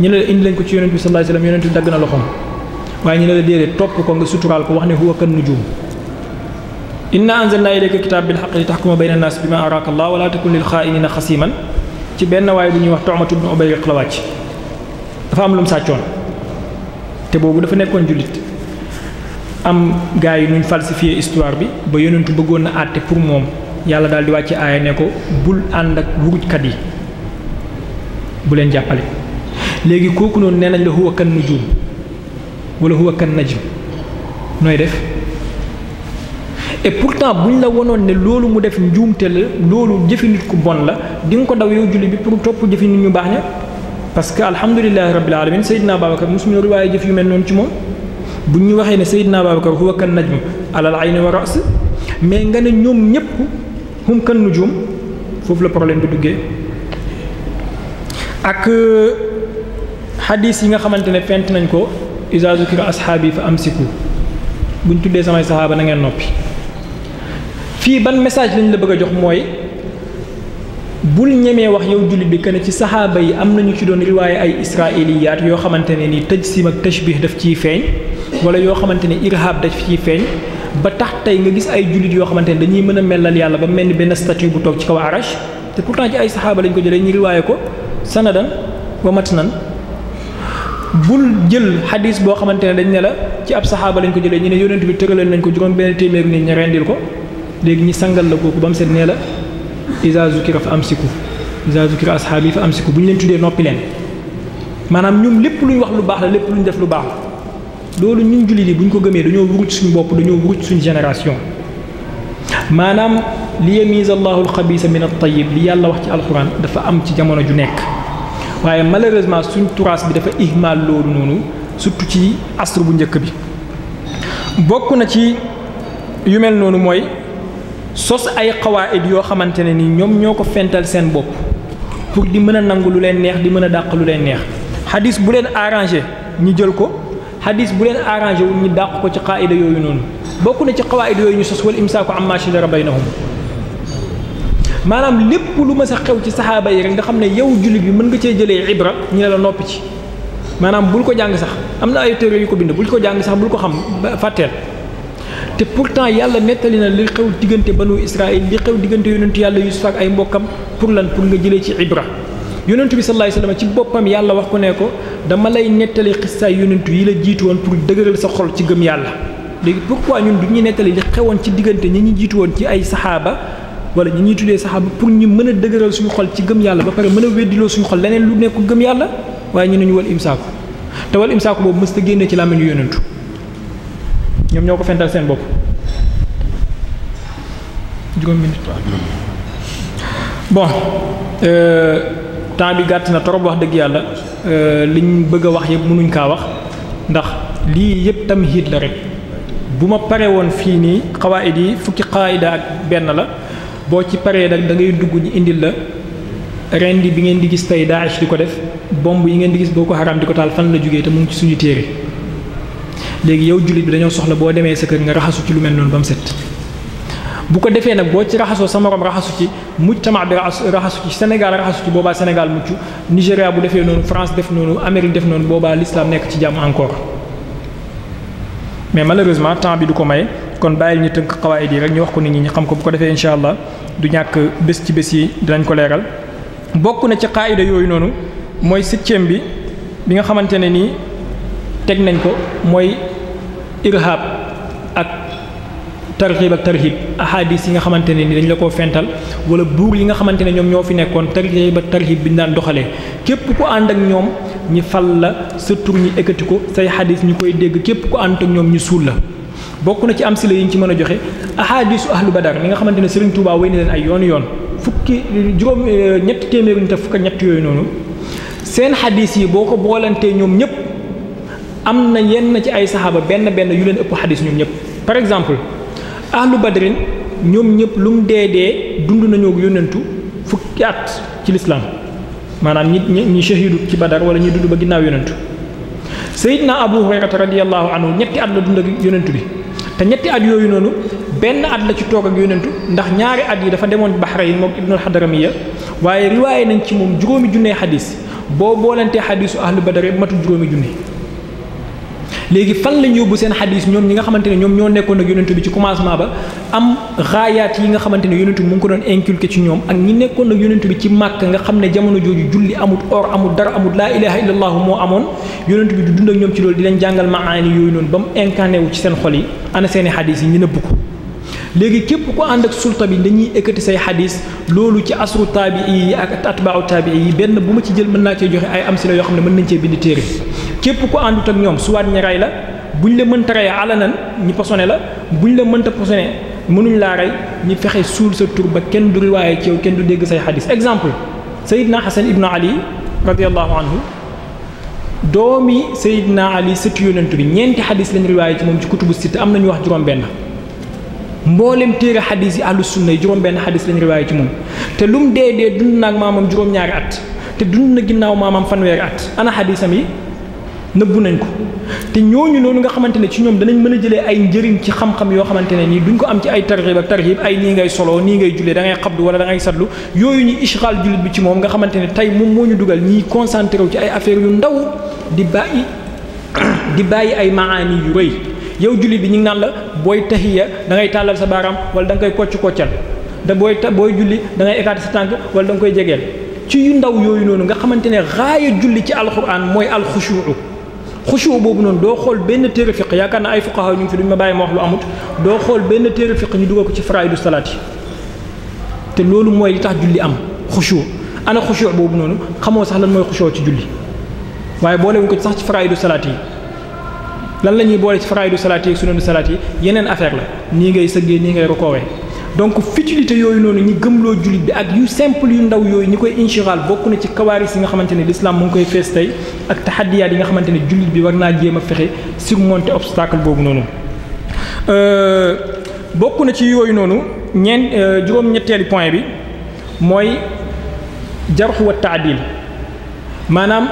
ñu ne la indi lañ ko ci yonent bi sallallahu alayhi wasallam yonent dagg na loxoom waaye ñu ne la déedéet topp ko nga suturaal ko wax ne huwa kan nujum inna anzalna ilayka kitab bil haqqi li tahkuma bayna an-nas bima araka Allah wa la takun lil kha'inina khasiman ci benn waaye bu ñuy wax Tu'matu ibn Ubayy la wàcc dafa am lu mu sàccoon boobu dafa nekkoon jullit am gars yi nuñ falsifié histoire bi ba yonentu bëggoon na àtte pour moom yàlla daal di wàcce aaya ne ko bul ànd ak wurujkat yi bu leen jàppale léegi kooku noonu ne nañ la huwa mu nujum wala huwa kan najm nooy def et pourtant buñ la wonoon ne loolu mu def njuumte la loolu jëfi nit ku bon la di ko daw yow julli bi pour topp jëfi nit ñu baax ña parce que alhamdulilahi rabbil alamin Seydina Babacar mosuñu riwaaye jëf yu mel noonu ci moom bu ñu waxee ne Seydina Babacar huwa kan najm alal ayni wa ra's mais nga ne ñoom ñëpp hum kan nujum foofu la problème bi duggee ak xadis euh, yi nga xamante ne fent nañ ko iza zukira ashaabi fa amsiku buñ tuddee samay saxaaba na ngeen noppi fii ban message lañ la bëgg a jox mooy bul ñemee wax yow jullit bi kenn ci saxaaba yi am ñu ci doon riwaaye ay israiliyaat yoo xamante ne ni tëj sim ak tashbih daf ciy feeñ wala yoo xamante ne irhab daf ciy feeñ ba tax tey nga gis ay jullit yoo xamante ne dañuy mën a melal yàlla ba mel ni benn statue bu toog ci kaw arash te pourtant ci ay saxaaba lañ ko jëlee ñu riwaaye ko sanadan wa matnan bul jël xadis boo xamante ne dañ ne la ci ab saxaaba lañ ko jëlee ñu ne yonent bi tëralal nañ ko juróom benn téeméer nit ko léegi ñi sangal la kooku ba mu set la isa zukira fa amsiku isa zukira asxaabi fa amsiku bu ñu leen tuddee noppi leen maanaam ñoom lépp lu wax lu baax la lépp lu ñu def lu baax la loolu ñu jullit yi bu ñu ko gëmee dañoo wuruj suñu bopp dañoo wuruj suñu génération maanaam li yamiiz allahu alxabiisa min at-tayyib li yàlla wax ci alxuraan dafa am ci jamono ju nekk waaye malheureusement suñ turaas bi dafa ihmal loolu noonu surtout ci astre bu njëkk bi bokk na ci yu mel noonu mooy sos ay xawaa xawaayit yoo xamante ne ni ñoom ñoo ko fental seen bopp pour di mën a nangu lu leen neex di mën a dàq lu leen neex xadis bu leen arrangé ñu jël ko xadis bu leen arrangé wul ñu dàq ko ci xaayida yooyu noonu bokk na ci xawaayit yooyu ñu sos wal imsaaku amma shajara baynahum maanaam lépp lu ma sa xew ci saxaaba yi rek nga xam ne yow jullit bi mën nga cee jëlee ibra ñu ne la nopp ci maanaam bul ko jàng sax am na ay téere yu ko bind bul ko jàng sax bul ko xam fàtteel te pourtant yàlla nettali na li xew diggante banu Israël li xew diggante yonentu yàlla Yuusuf ak ay mbokkam pour lan pour nga jëlee ci ibra yonent bi sa alayhi wasallam ci boppam yàlla wax ko ne ko dama lay nettali xistaay yonent yi la jiitu woon pour dëgëral sa xol ci gëm yàlla léegi pourquoi ñun du ñu nettali li xewoon ci diggante ñi ñu jiitu woon ci ay saxaaba wala ñi ñuy tuddee saxaaba pour ñu mën a dëgëral suñu xol ci gëm yàlla ba pare mën a weddiloo suñu xol leneen lu nekk gëm yàlla waaye ñu ne ñu wal imsaaku te wal imsaaku boobu mës ta génne ci làmmiñu yonentu ñoom ñoo ko fental seen bopp juróom minute bon euh, temps bi gàtt na trop wax dëgg yàlla euh, liñ bëgg a wax yëpp mënuñ kaa wax ndax lii yëpp tamhiid la rek bu ma pare woon fii nii xawaayid yi fukki xawaayida ak benn la boo ci paree nag da ngay dugg ñu indil la rendi bi ngeen di gis tey Daesh di ko def bomb yi ngeen di gis boo ko haram di ko taal fan la jógee te mu ngi ci suñu téere léegi yow jullit bi dañoo soxla boo demee sa kër nga raxasu ci lu mel noonu ba mu set bu ko defee nag boo ci raxasoo sa morom raxasu ci mujtama bi raxasu ci Sénégal raxasu ci boobaa Sénégal mucc Nigéria bu defee noonu France def noonu Amérique def noonu boobaa l'islam nekk ci jàmm encore mais malheureusement temps bi du ko may kon bàyyil ñu tënk xawaayid yi rek ñu wax ko nit ñi ñu xam ko bu ko defee incha allah du ñàkk bés ci bés yi dinañ ko leeral bokk na ci xaayida yooyu noonu mooy septième bi bi nga xamante ne nii teg nañ ko mooy irhab ak tarxib ak tarhib ahadis yi nga xamante ne ni dañ la koo fental wala buur yi nga xamante ne ñoom ñoo fi nekkoon tarxib ak tarhib bi ñu daan doxalee képp ku ànd ak ñoom ñi fal la sa tur ñi ekkati ko say xadis ñu koy dégg képp ku ànd ak ñoom ñu suul la bokk na ci am sila yi ñu ci mën a joxe ahadisu ahlu badar li nga xamante ne Serigne Touba wéy na leen ay yoon yoon fukki juróom eh, ñett téeméeri nit ak fukk ñett yooyu noonu seen xadis yi boo ko ñoom ñëpp am na yenn ci ay saxaaba benn benn yu leen ëpp xadis ñoom ñëpp par exemple ahlu badrin ñoom ñëpp lu mu dee dee dund nañoo yónnentu fukki at ci lislaam maanaam ñi ñi ñi shahidu ci badar wala ñi dund ba ginnaaw yónnentu sayidna abu hurayrata radiallahu anhu ñetti at la dund ak yónnentu bi te ñetti at yooyu noonu benn at la ci toog ak yónnentu ndax ñaari at yi dafa demoon Bahrayn moom ibnul Hadramiya waaye riwaaye nañ ci moom juróomi junnee xadis boo boolantee xadisu ahlu badar matul juróomi junne léegi fan lañ yóbbu seen xadis ñoom ñi nga xamante ne ñoom ñoo nekkoon ak yonent bi ci commencement ba am raayaat yi nga xamante ne yonent bi mu ngi ko doon inculqué ci ñoom ak ñi nekkoon ak yonent bi ci màkk nga xam ne jamono jooju julli amut or amut dara amut laa ilaha illa moo amoon yonent bi du dund ñoom ci loolu di leen jàngal maani yooyu noonu ba mu incarné wu ci seen xol yi ana seeni xadis yi ñu nëbb ko léegi képp ku ànd ak sulta bi dañuy ekkati say xadis loolu ci asru taabii ak atbaaru taabii yi benn bu ma ci jël mën naa cee joxe ay am si yoo xam ne mën nañ cee bind téere képp ku àndut ak ñoom suwaat ñi rey la buñ la mënta rey na ñi posone la buñ la mënta posone mënuñ laa rey ñi fexe suul sa tur ba kenn du riwaaye ci yow kenn du dégg say xadis exemple sayidna xasan ibnu ali radiallahu anhu doomi sayidna ali sëtu yonent bi ñeenti xadis lañ riwaaye ci moom ci kutubu sitta am na nañu wax juróom-benn mboolem téere xadis yi ahlu sunna yi juróom-benn xadis lañ riwaaye ci moom te lum dee dee dund naag maamam juróom-ñaari at te dund na ginnaaw maamam fanweeri at ana xadisam nëbbu nañ ko te ñooñu noonu nga xamante ne ci ñoom danañ mën a jëlee ay njëriñ ci xam-xam yoo xamante ne nii duñ ko am ci ay tarxib ak tarxib ay nii ngay solo nii ngay jullee da ngay xabdu wala da ngay sadlu yooyu ñu ishxaal jullit bi ci moom nga xamante ne tey moom moo ñu dugal ñiy concentré wu ci ay yu ndaw di bàyyi di bàyyi ay maani yu rëy yow jullit bi ñu ngi la booy tahiya da ngay tàllal sa baaraam wala da koy kocc koccal da booy booy julli dangay ngay sa tànk wala danga koy jegeel ci yu ndaw yooyu noonu nga xamante ne raaya julli ci alquran mooy alxushuu xushuu boobu noonu doo xool benn téere fiq yaakaar na ay fuqaha ñu ngi fi duñ ma bàyyi ma wax lu amut doo xool benn téere fiq ñu dugal ko ci faraidu salaat yi te loolu mooy li tax julli am xushuu ana xushuu boobu noonu xamoo sax lan mooy xushuu ci julli waaye boolewuñ ko sax ci faraidu salaat yi lan la ñuy boole ci faraidu salaat yi ak sunanu salaat yi yeneen affaire la nii ngay sëggee ni ngay rokoowee donc futilité yooyu noonu ñi gëmloo jullit bi ak yu simple yu ndaw yooyu ñi koy inchiral bokk na ci kawaaris yi nga xamante ne l'islam mu ngi koy fees tey ak taxadiyaat yi nga xamante ne jullit bi war naa jéem a fexe surmonter obstacle boobu noonu euh, bokk na ci yooyu noonu ñeen euh, juróom-ñetteeli point bi mooy jarxu wa taadil maanaam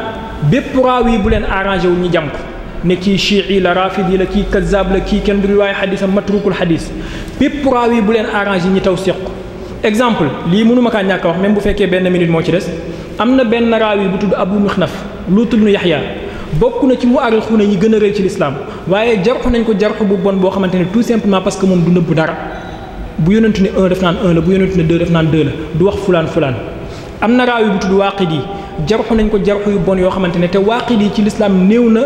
bépp raaw yi bu leen arrangé wu ñu jam ko ne kii chii la rafidi la kii kazaab la kii kenn du riwaay xadisam matrukul xadis bépp raawi bu leen arrangé ñi taw séq exemple lii mënuma kaa ñàkk wax même bu fekkee benn minute moo ci des am na benn raawi bu tudd abu mixnaf luutul nu yaxya bokk na ci mu aral xune yi gën a rëy ci lislaam waaye jarxu nañ ko jarxu bu bon boo xamante ne tout simplement parce que moom du nëbbu dara bu yonentu ne un def naan un la bu yonentu ne deux def naan deux la du wax na raawi bu tudd waaqid nañ ko jarxu yu yoo xamante ne te waaqid yi ci lislaam néew na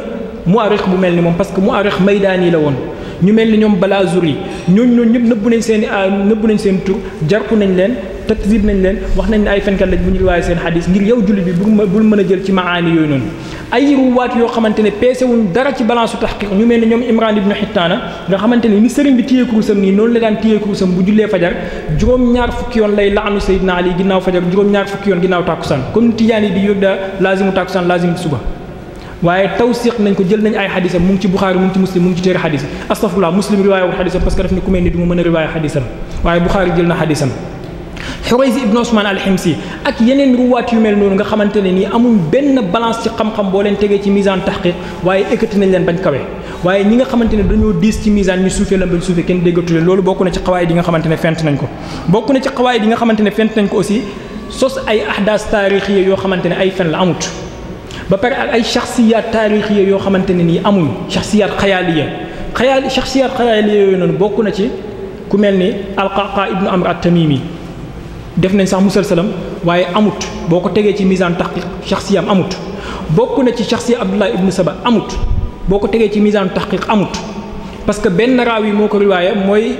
muarix bu mel ni moom parce que muarix maydaani la woon ñu mel ni ñoom Balaazuri ñooñu ñooñu ñëpp nëbbu nañ seen i ah, nëbbu nañ seen tur jarku nañ leen takzib nañ leen wax nañ ne ay fenkat lañ bu ñu waaye seen xadis ngir a jël ci maani yooyu yoo xamante ne peese dara ci balance su taxqiq ñu mel ni ñoom Imran ibnu Hittaana nga xamante ne ni sëriñ bi téye kurusam nii noonu la daan téye kurusam bu jullee fajar juróom-ñaar fukki yoon lay laanu Seydina Ali ginnaaw fajar juróom-ñaar fukki yoon ginnaaw waaye tawsiq nañ ko jël nañ ay xadisam mu ngi ci Buxaari mu ci muslim mu ci téere xadis astafurlah muslim riwaayé wul xadisam parce que daf ne ku mel ni du ma mën a riwaayé xadisam na xam-xam leen tegee ci misaan taxqiq waaye ekkati nañ leen bañ kawe ne dañoo diis ci misaan ñu suufee lan bañ suufee kenn déggatu leen loolu bokk na ci xawaay yi nga na ci xawaay aussi sos ay ahdaas taarix yoo xamante ne ay fen la amut ba pare ak ay shaxsiyaat taarixiya yoo xamante ne nii amuñ shaxsiyaat xayaaliya xayaal shaxsiyaat xayaaliya yooyu noonu bokk na ci ku mel ni alqaqa ibnu amr at-tamimi def nañ sax musalsalam waaye amut boo ko tegee ci misaan taxqiq shaxsiyam amut bokk na ci shaxsiya abdullah ibnu saba amut boo ko tegee ci misaan taxqiq amut parce que benn raaw yi moo ko riwaaya mooy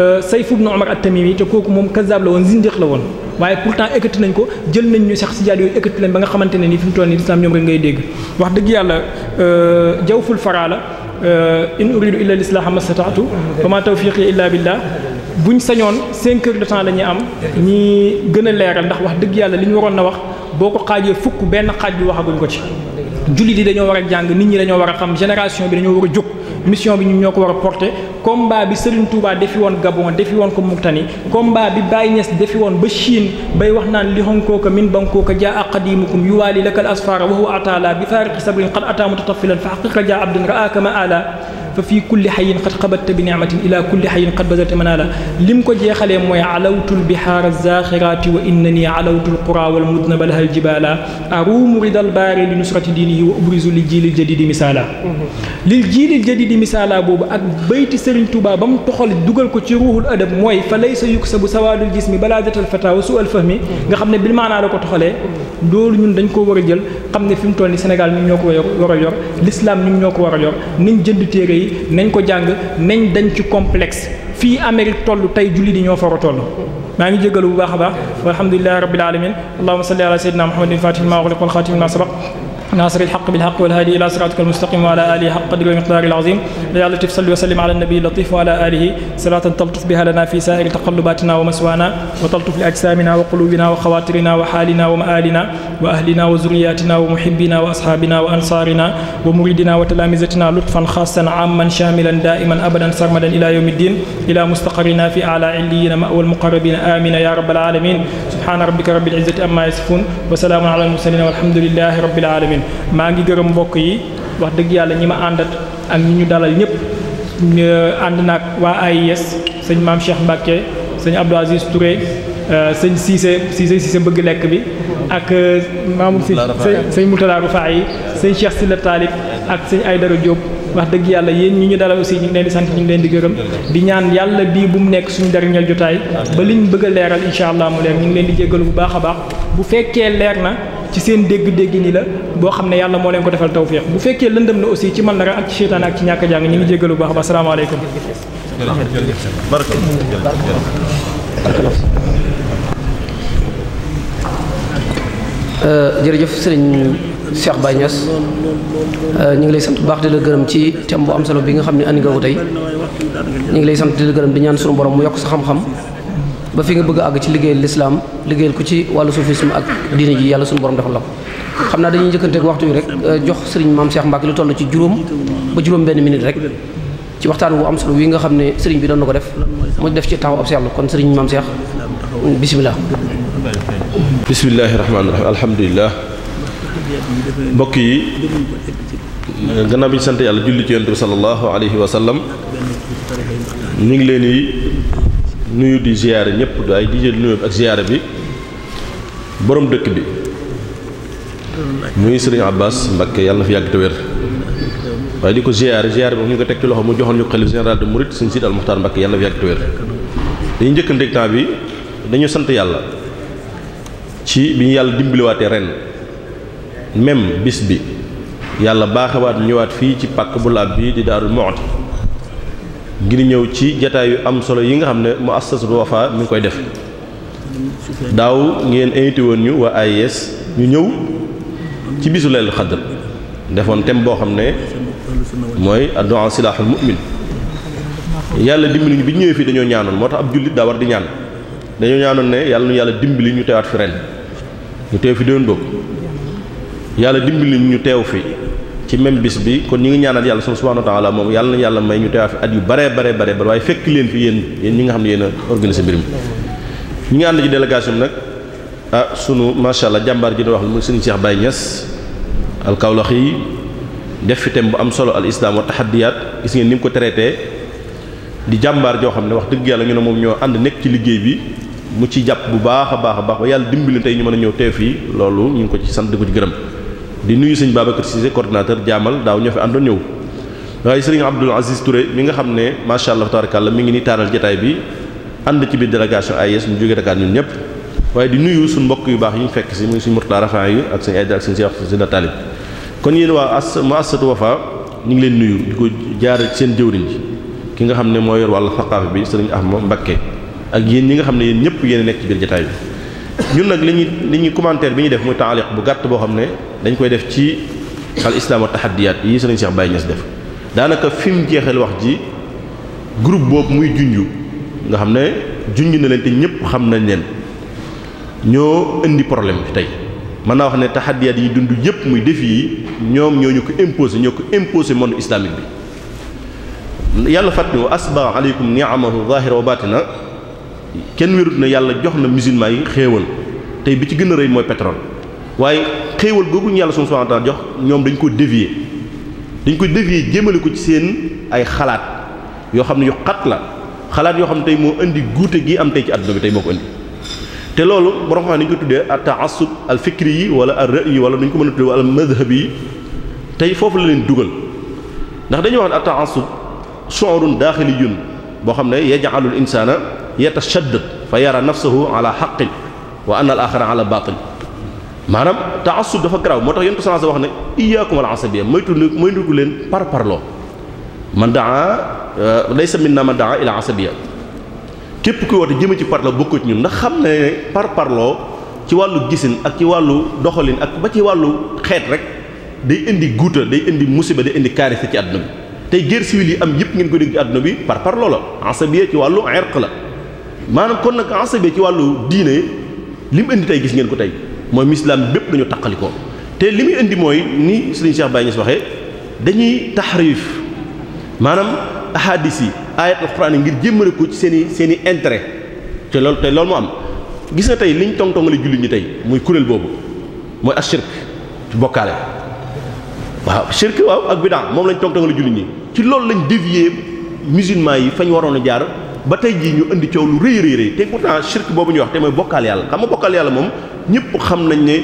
Euh, Sayf ibn Omar at-Tamimi te kooku moom kazaab la woon zindiq la woon waaye pourtant ekkati nañ ko jël nañ ñu sax si jaad yooyu ekkati nañ ba nga xamante nii fi mu toll nii lislaam ñoom rek ngay dégg wax dëgg yàlla euh, jawful faraa la euh, in uridu illa lislaaha mastataatu wa ma tawfiqi illa billah buñ sañoon cinq heures de temps la ñuy am ñi gën a leeral ndax wax dëgg yàlla li ñu waroon na wax boo ko xaajee fukk benn xaaj bi waxaguñ ko ci jullit yi dañoo war a jàng nit ñi dañoo war a xam génération bi dañoo war a jóg bi ñun ñoo ko war a porter combat bi Serigne Touba defi woon Gabon defi woon ko Mauritanie combat bi Baye Niass defi woon ba Chine bay wax naan li honkooka min bankooka jaa qadimukum yuwaali laka al wa huwa atala bi faariqi sabrin qad ataamu tatafilan fa haqiqa jaa abdin raaka ma ala fa fii kulli xayin xat xabatta bi nicmatin ila kulli xayin xat bazarta manaala lim ko jeexalee mooy alawtul bihaara zaaxiraati wa innani alawtul qura wal mudna balahal jibaala aruumu ridal baari li nusrati diinihi wa ubrisu mm-hmm. lil jiilil jadidi misaala lil jiilil jadidi misaala boobu ak bayti Sëriñ Tuubaa ba mu toxal dugal ko ci ruuxul adab mooy fa laysa yuksabu sawaadul jismi balaa datal fataa wa sual fahmi mm-hmm. nga xam ne bil maanaa la ko toxalee mm-hmm. loolu ñun dañ ko war a jël xam ne fi mu toll ni Sénégal ñun ñoo ko war a yor l'islam ñun ñoo ko war a yor nañ ko jàng nañ dañ ci complexe fii Amérique toll tey julli di ñoo fara toll maa ngi jégalu bu baax baax walhamdulillahi rabbil alamin allahumma salli ala sayyidina muhammadin fatihil maa ughliqa sabaq ناصر الحق بالحق والهادي إلى صراطك المستقيم وعلى آله حق قدره ومقداره العظيم يا الله تفصل وسلم على النبي اللطيف وعلى آله صلاة تلطف بها لنا في سائر تقلباتنا ومسوانا وتلطف لأجسامنا وقلوبنا وخواطرنا وحالنا ومآلنا وأهلنا وزرياتنا ومحبنا وأصحابنا وأنصارنا ومريدنا وتلامذتنا لطفا خاصا عاما شاملا دائما أبدا سرمدا إلى يوم الدين إلى مستقرنا في أعلى عليين مأوى المقربين آمين يا رب العالمين سبحان ربك رب العزة أما يصفون وسلام على المرسلين والحمد لله رب العالمين maa ngi gërëm mbokk yi wax dëgg yàlla ñi ma àndat ak ñi ñu dalal ñëpp euh, ànd naag waa ay AIS sëñ maam Cheikh Mbacke sëñ Abdou Aziz Touré euh, sëñ Cissé Cissé Cissé bëgg lekk bi ak euh, maam si sëñ Moutala Rufa yi sëñ Cheikh la Talib ak ay Aydara Diop wax dëgg yàlla yéen ñi ñu dalal aussi ñu ngi leen di sant ñu ngi leen di gërëm di ñaan yàlla bii bu mu nekk suñu dernier jotaay ba liñ bëgg a leeral incha allah mu leer ñu ngi leen di jéggalu bu baax a baax bu fekkee leer na ci seen dégg-dégg nii la boo xam ne yàlla moo leen ko defal tawfiq bu fekkee lëndëm na aussi ci man rek ak ci seytaane ak ci ñàkk jàng ñu ngi jéggalu bu euh, jërëjëf sëriñ Cheikh Baye euh, lay sant baax di la gërëm ci thème bu am solo bi nga xam ne andi nga ko tey ñu ngi lay sant di la gërëm di ñaan suñu borom mu yokk sa xam-xam ba fi nga bëgg a àgg ci liggéeyal lislaam liggéeyal ko ci wàllu soufisme ak diine ji yàlla suñu borom defal la ko xam naa dañuy njëkkanteeg waxtu wi rek euh, jox sëriñ maam Cheikh Mbacke lu toll ci juróom ba juróom benn minute rek ci waxtaan wu am solo wi nga xam ne sëriñ bi doon na ko def mu def ci taxaw ab seetlu kon sëriñ maam seex bisimilah. bisimilahi rahmaani rahiim alhamdulilah mbokk yi gannaaw bi ñu sant yàlla julli ci yonent bi sallallahu alayhi wa nuyu di ziyaare ñëpp ay di jël nuyu ak ziyaare bi boroom dëkk bi muy sëriñ Abbas Mbakke yàlla fi yàgg te wér waaye di ko ziyaare ziyaare bi ñu ko teg ci loxo mu joxoon ñu xalif général de Mouride sëriñ Sidi Almuxtaar Mbakke yàlla na fi yàgg te wér dañuy njëkkanteeg bi dañu sant yàlla ci bi ñu yàlla dimbaliwaatee ren même bis bi yàlla baaxewaat ñëwaat fii ci pàkk bu laab bi di Daaru Muxti ngir ñëw ci jataay yu am solo yi nga xam ne mu assasatul Wafa mi ngi koy def daaw ngeen invité woon ñu waa AIS ñu ñëw ci bisu Laylatul Qadr defoon tem boo xam ne mooy addu'a silahul mu'min yàlla dimbali ñu bi ñëwee fii dañoo ñaanoon moo tax ab jullit daa di ñaan dañoo ñaanoon ne yàlla nu yàlla dimbili ñu teewaat fi ren ñu teew fi déwén boobu yàlla dimbali ñu teew fii ci même bis bi kon ñu ngi ñaanal yàlla sunu subhanahu wa ta'ala moom yàlla na yàlla may ñu teewaa fi at yu bare bare bare bare waaye fekk leen fi yéen yéen ñi nga xam ne yéen a organisé mbir mi ñi ngi ànd ci délégation nag ah sunu macha allah jàmbaar ji di wax mu sëriñ seex bay Niass al Kawlax yi def fi thème bu am solo al islam wa tahaddiyat gis ngeen ni mu ko traité di jàmbaar joo xam ne wax dëgg yàlla ñu ne moom ñoo ànd nekk ci liggéey bi mu ci jàpp bu baax a baax a baax yàlla dimbali tey ñu mën a ñëw teew fii loolu ñu ngi ko ci sant di gërëm di nuyu sëñ Babacar Cissé coordinateur jaamal daaw ñoo fi àndoon ñëw waaye sëriñ Abdoul Aziz Touré mi nga xam ne macha allah tabarakallah mi ngi ni taaral jotaay bi ànd ci biir délégation AIS ñu jógee Dakar ñun ñëpp waaye di nuyu suñ mbokk yu baax yi ñu fekk si muy suñ Mourtada Rafa yi ak sëñ Aïda ak sëñ Cheikh Sina Talib kon yéen waa as Muassasatu Wafa ñu ngi leen nuyu di ko jaare seen jëwriñ ji ki nga xam ne moo yor wàllu saqaafa bi sëriñ Ahmad Mbacké ak yéen ñi nga xam ne yéen ñëpp yéen nekk ci biir ñun nag li ñuy li ñuy commentaire bi ñuy def muy taaliq bu gàtt boo xam ne dañ koy def ci al islam wa tahaddiyaat yi sëriñ Cheikh Baye Niass def daanaka fi mu jeexal wax ji groupe boobu muy junju nga xam ne junj na leen te ñëpp xam nañ leen ñoo indi problème bi tey mën naa wax ne tahaddiyaat yi dund yëpp muy défi yi ñoom ñoo ñu ko imposé ñoo ko imposé monde islamique bi yàlla fàttali wa asbagha alaykum ni'amahu zahira wa batina kenn wérut na yàlla jox na musulman yi xéewal tey bi ci gën a rëy mooy pétrole waaye xéewal googu ñu yàlla suñu subhanahu wa jox ñoom dañ ko dévier dañ ko dévier jéemale ko ci seen ay xalaat yoo xam ne yu xat la xalaat yoo xam ne tey moo indi guute gi am tey ci àdduna bi tey moo ko indi te loolu borom xam ne dañ ko tuddee al ta'assub al fikri yi wala al yi wala dañ ko mën a tuddee al madhhab yi tey foofu la leen dugal ndax dañuy wax ne al ta'assub boo xam ne yatashaddad fa yara nafsahu ala haqqin wa anna al akhara ala batil maanaam taassub dafa garaaw moo tax yontu sens wax ne iyyakum al asabiyya moytu moytu leen par parloo man daa euh, laysa minna man daa ila asabiyya képp kuy woote jëm ci parloo bokkut ñun ndax xam ne par parloo ci wàllu gisin ak ci wàllu doxalin ak ba ci wàllu xeet rek day indi guuta day indi musiba day indi kaarisa ci àdduna bi tey guerre civile yi am yëpp ngeen ko ci àdduna bi par parloo la ci wàllu irq maanaam kon nag enseigné ci wàllu diine li mu indi tey gis ngeen ko tey mooy mislaam bépp dañoo taqalikoo te li muy indi mooy ni Serigne Cheikh Baye Niass waxee dañuy taxriif maanaam ahadis yi ayat alxuraan yi ngir jëmmale ko ci seen i seen i intérêt te loolu tey loolu moo am gis nga tey liñ tong-tongale jullit ñi tey muy kuréel boobu mooy ashirk ci bokkaale waaw shirk waaw ak bidaa moom lañ tong-tongale jullit ñi ci loolu lañ dévier musulman yi fañ waroon a jaar ba tey jii ñu indi coow lu rëy rëy rëy te pourtant shirk boobu ñu wax te mooy bokkaal yàlla xam nga bokkaal yàlla moom ñëpp xam nañ ne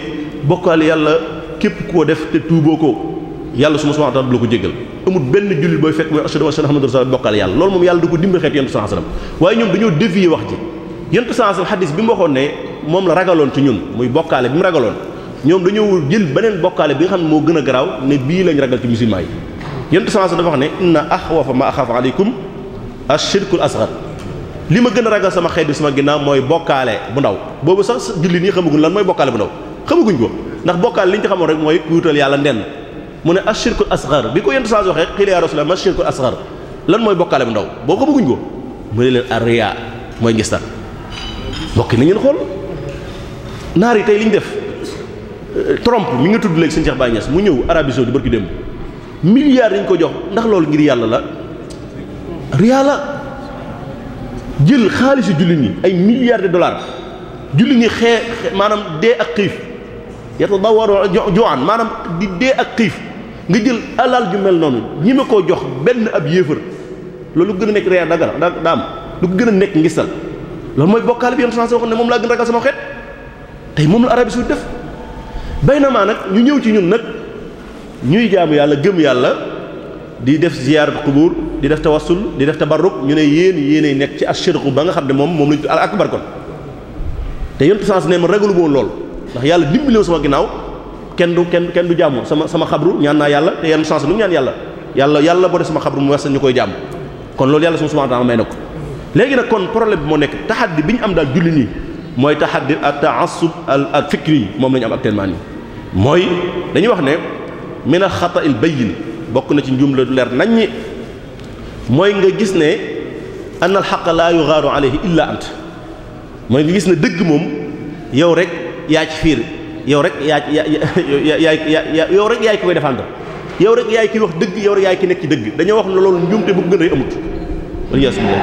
bokkaal yàlla képp ku koo def te tuuboo ko yàlla su ma subhanahu wa ta'ala du la ko jéggal amul benn jullit booy fekk mooy ashhadu anna muhammadan rasulullah bokkaal yàlla loolu moom yàlla du ko dimbali xeet yentu sallallahu alayhi wax ji yentu sallallahu bi mu waxoon ne moom la ragaloon ci ñun muy bokkaale bi ragaloon ñoom dañoo jël beneen bokkaale bi nga moo gën a garaaw ne bii lañ ragal ci musulman yi yentu sallallahu alayhi wasallam dafa wax ne inna axwafa ma axaafu aleykum ashirkul asghar li ma gën a ragal sama xeet bi sama ginnaaw mooy bokkaale bu ndaw boobu sax julli nii xamaguñ lan mooy bokkaale bu ndaw xamaguñ ko ndax bokkaale li ñu ci xamoon rek mooy wuutal yàlla ndenn mu ne ashirkul asghar bi ko yenn saa waxee xiila ya rasulullah ma ashirkul asghar lan mooy bokkaale bu ndaw boobu xamaguñ ko mu ne leen arriya mooy ngistal bokki na ngeen xool naar yi tey li def Trump mi nga tudd léegi seen Cheikh Baye Niass mu ñëw Arabie Saoudite barki démb milliards yi ñu ko jox ndax loolu ngir yàlla la jël xaalisu jullit ñi ay milliards de dollars jullit ñi xee maanaam dee ak xiif yatadawaru juan maanaam di dee ak xiif nga jël alal ju mel noonu ñi ma koo jox benn ab yéefar loolu gën a nekk reer dagal daam lu ko gën a nekk ngisal loolu mooy bokkaale bi yam sanc waxoon ne moom laa gën ragal sama xeet tey moom la Arabie Saoudite def bay na maa nag ñu ñëw ci ñun nag ñuy jaamu yàlla gëm yàlla di def ziyaaratul qubur di def tawassul di def tabarruk ñu ne yéen yéenay nekk ci ashirku ba nga xam ne moom moom lañu al akbar kon te yontu sens ne ma ragalu woon lool ndax yàlla dimbaliwu sama ginnaaw kenn du kenn kenn du jàmm sama sama xabru ñaan naa yàlla te yenn sens lu mu ñaan yàlla yàlla yàlla boo def sama xabru mu wesa ñu koy jàmm kon loolu yàlla subhanahu wa ta'ala may na ko léegi nag kon problème bi moo nekk taxaddi bi ñu am daal julli nii mooy taxaddi ak taassub al fikri yi moom la ñu am actuellement nii mooy dañuy wax ne min al xata il bayyin bokk na ci njuum la du leer nañ ñi mooy nga gis ne anal xaq laa yughaaru alayhi illa ant mooy nga gis ne dëgg moom yow rek yaa ci fiir yow rek yaa yaa yow rek yaay ki koy défendre yow rek yaay ki wax dëgg yow rek yaay ki nekk ci dëgg dañoo wax ne loolu njuumte bu nga a amut waliasubillah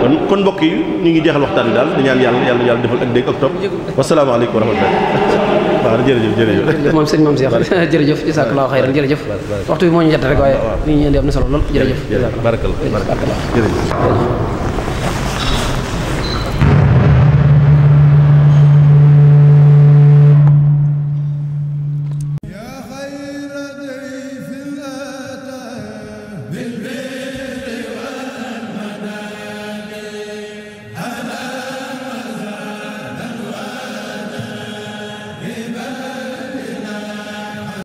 kon kon mbokk yi ñu ngi jeexal waxtaan daal di ñaan yàlla yàlla yàlla defal ak dégg ak topp wasalaamaaleykum wa rahmatullah waaw jërëjëf jërëjëf moom sëñ moom Seex jërëjëf jazakallahu xayran jërëjëf waxtu bi moo ñu jot rek waaye ñu indi am na solo lool jërëjëf jazakallahu barakallahu jërëjëf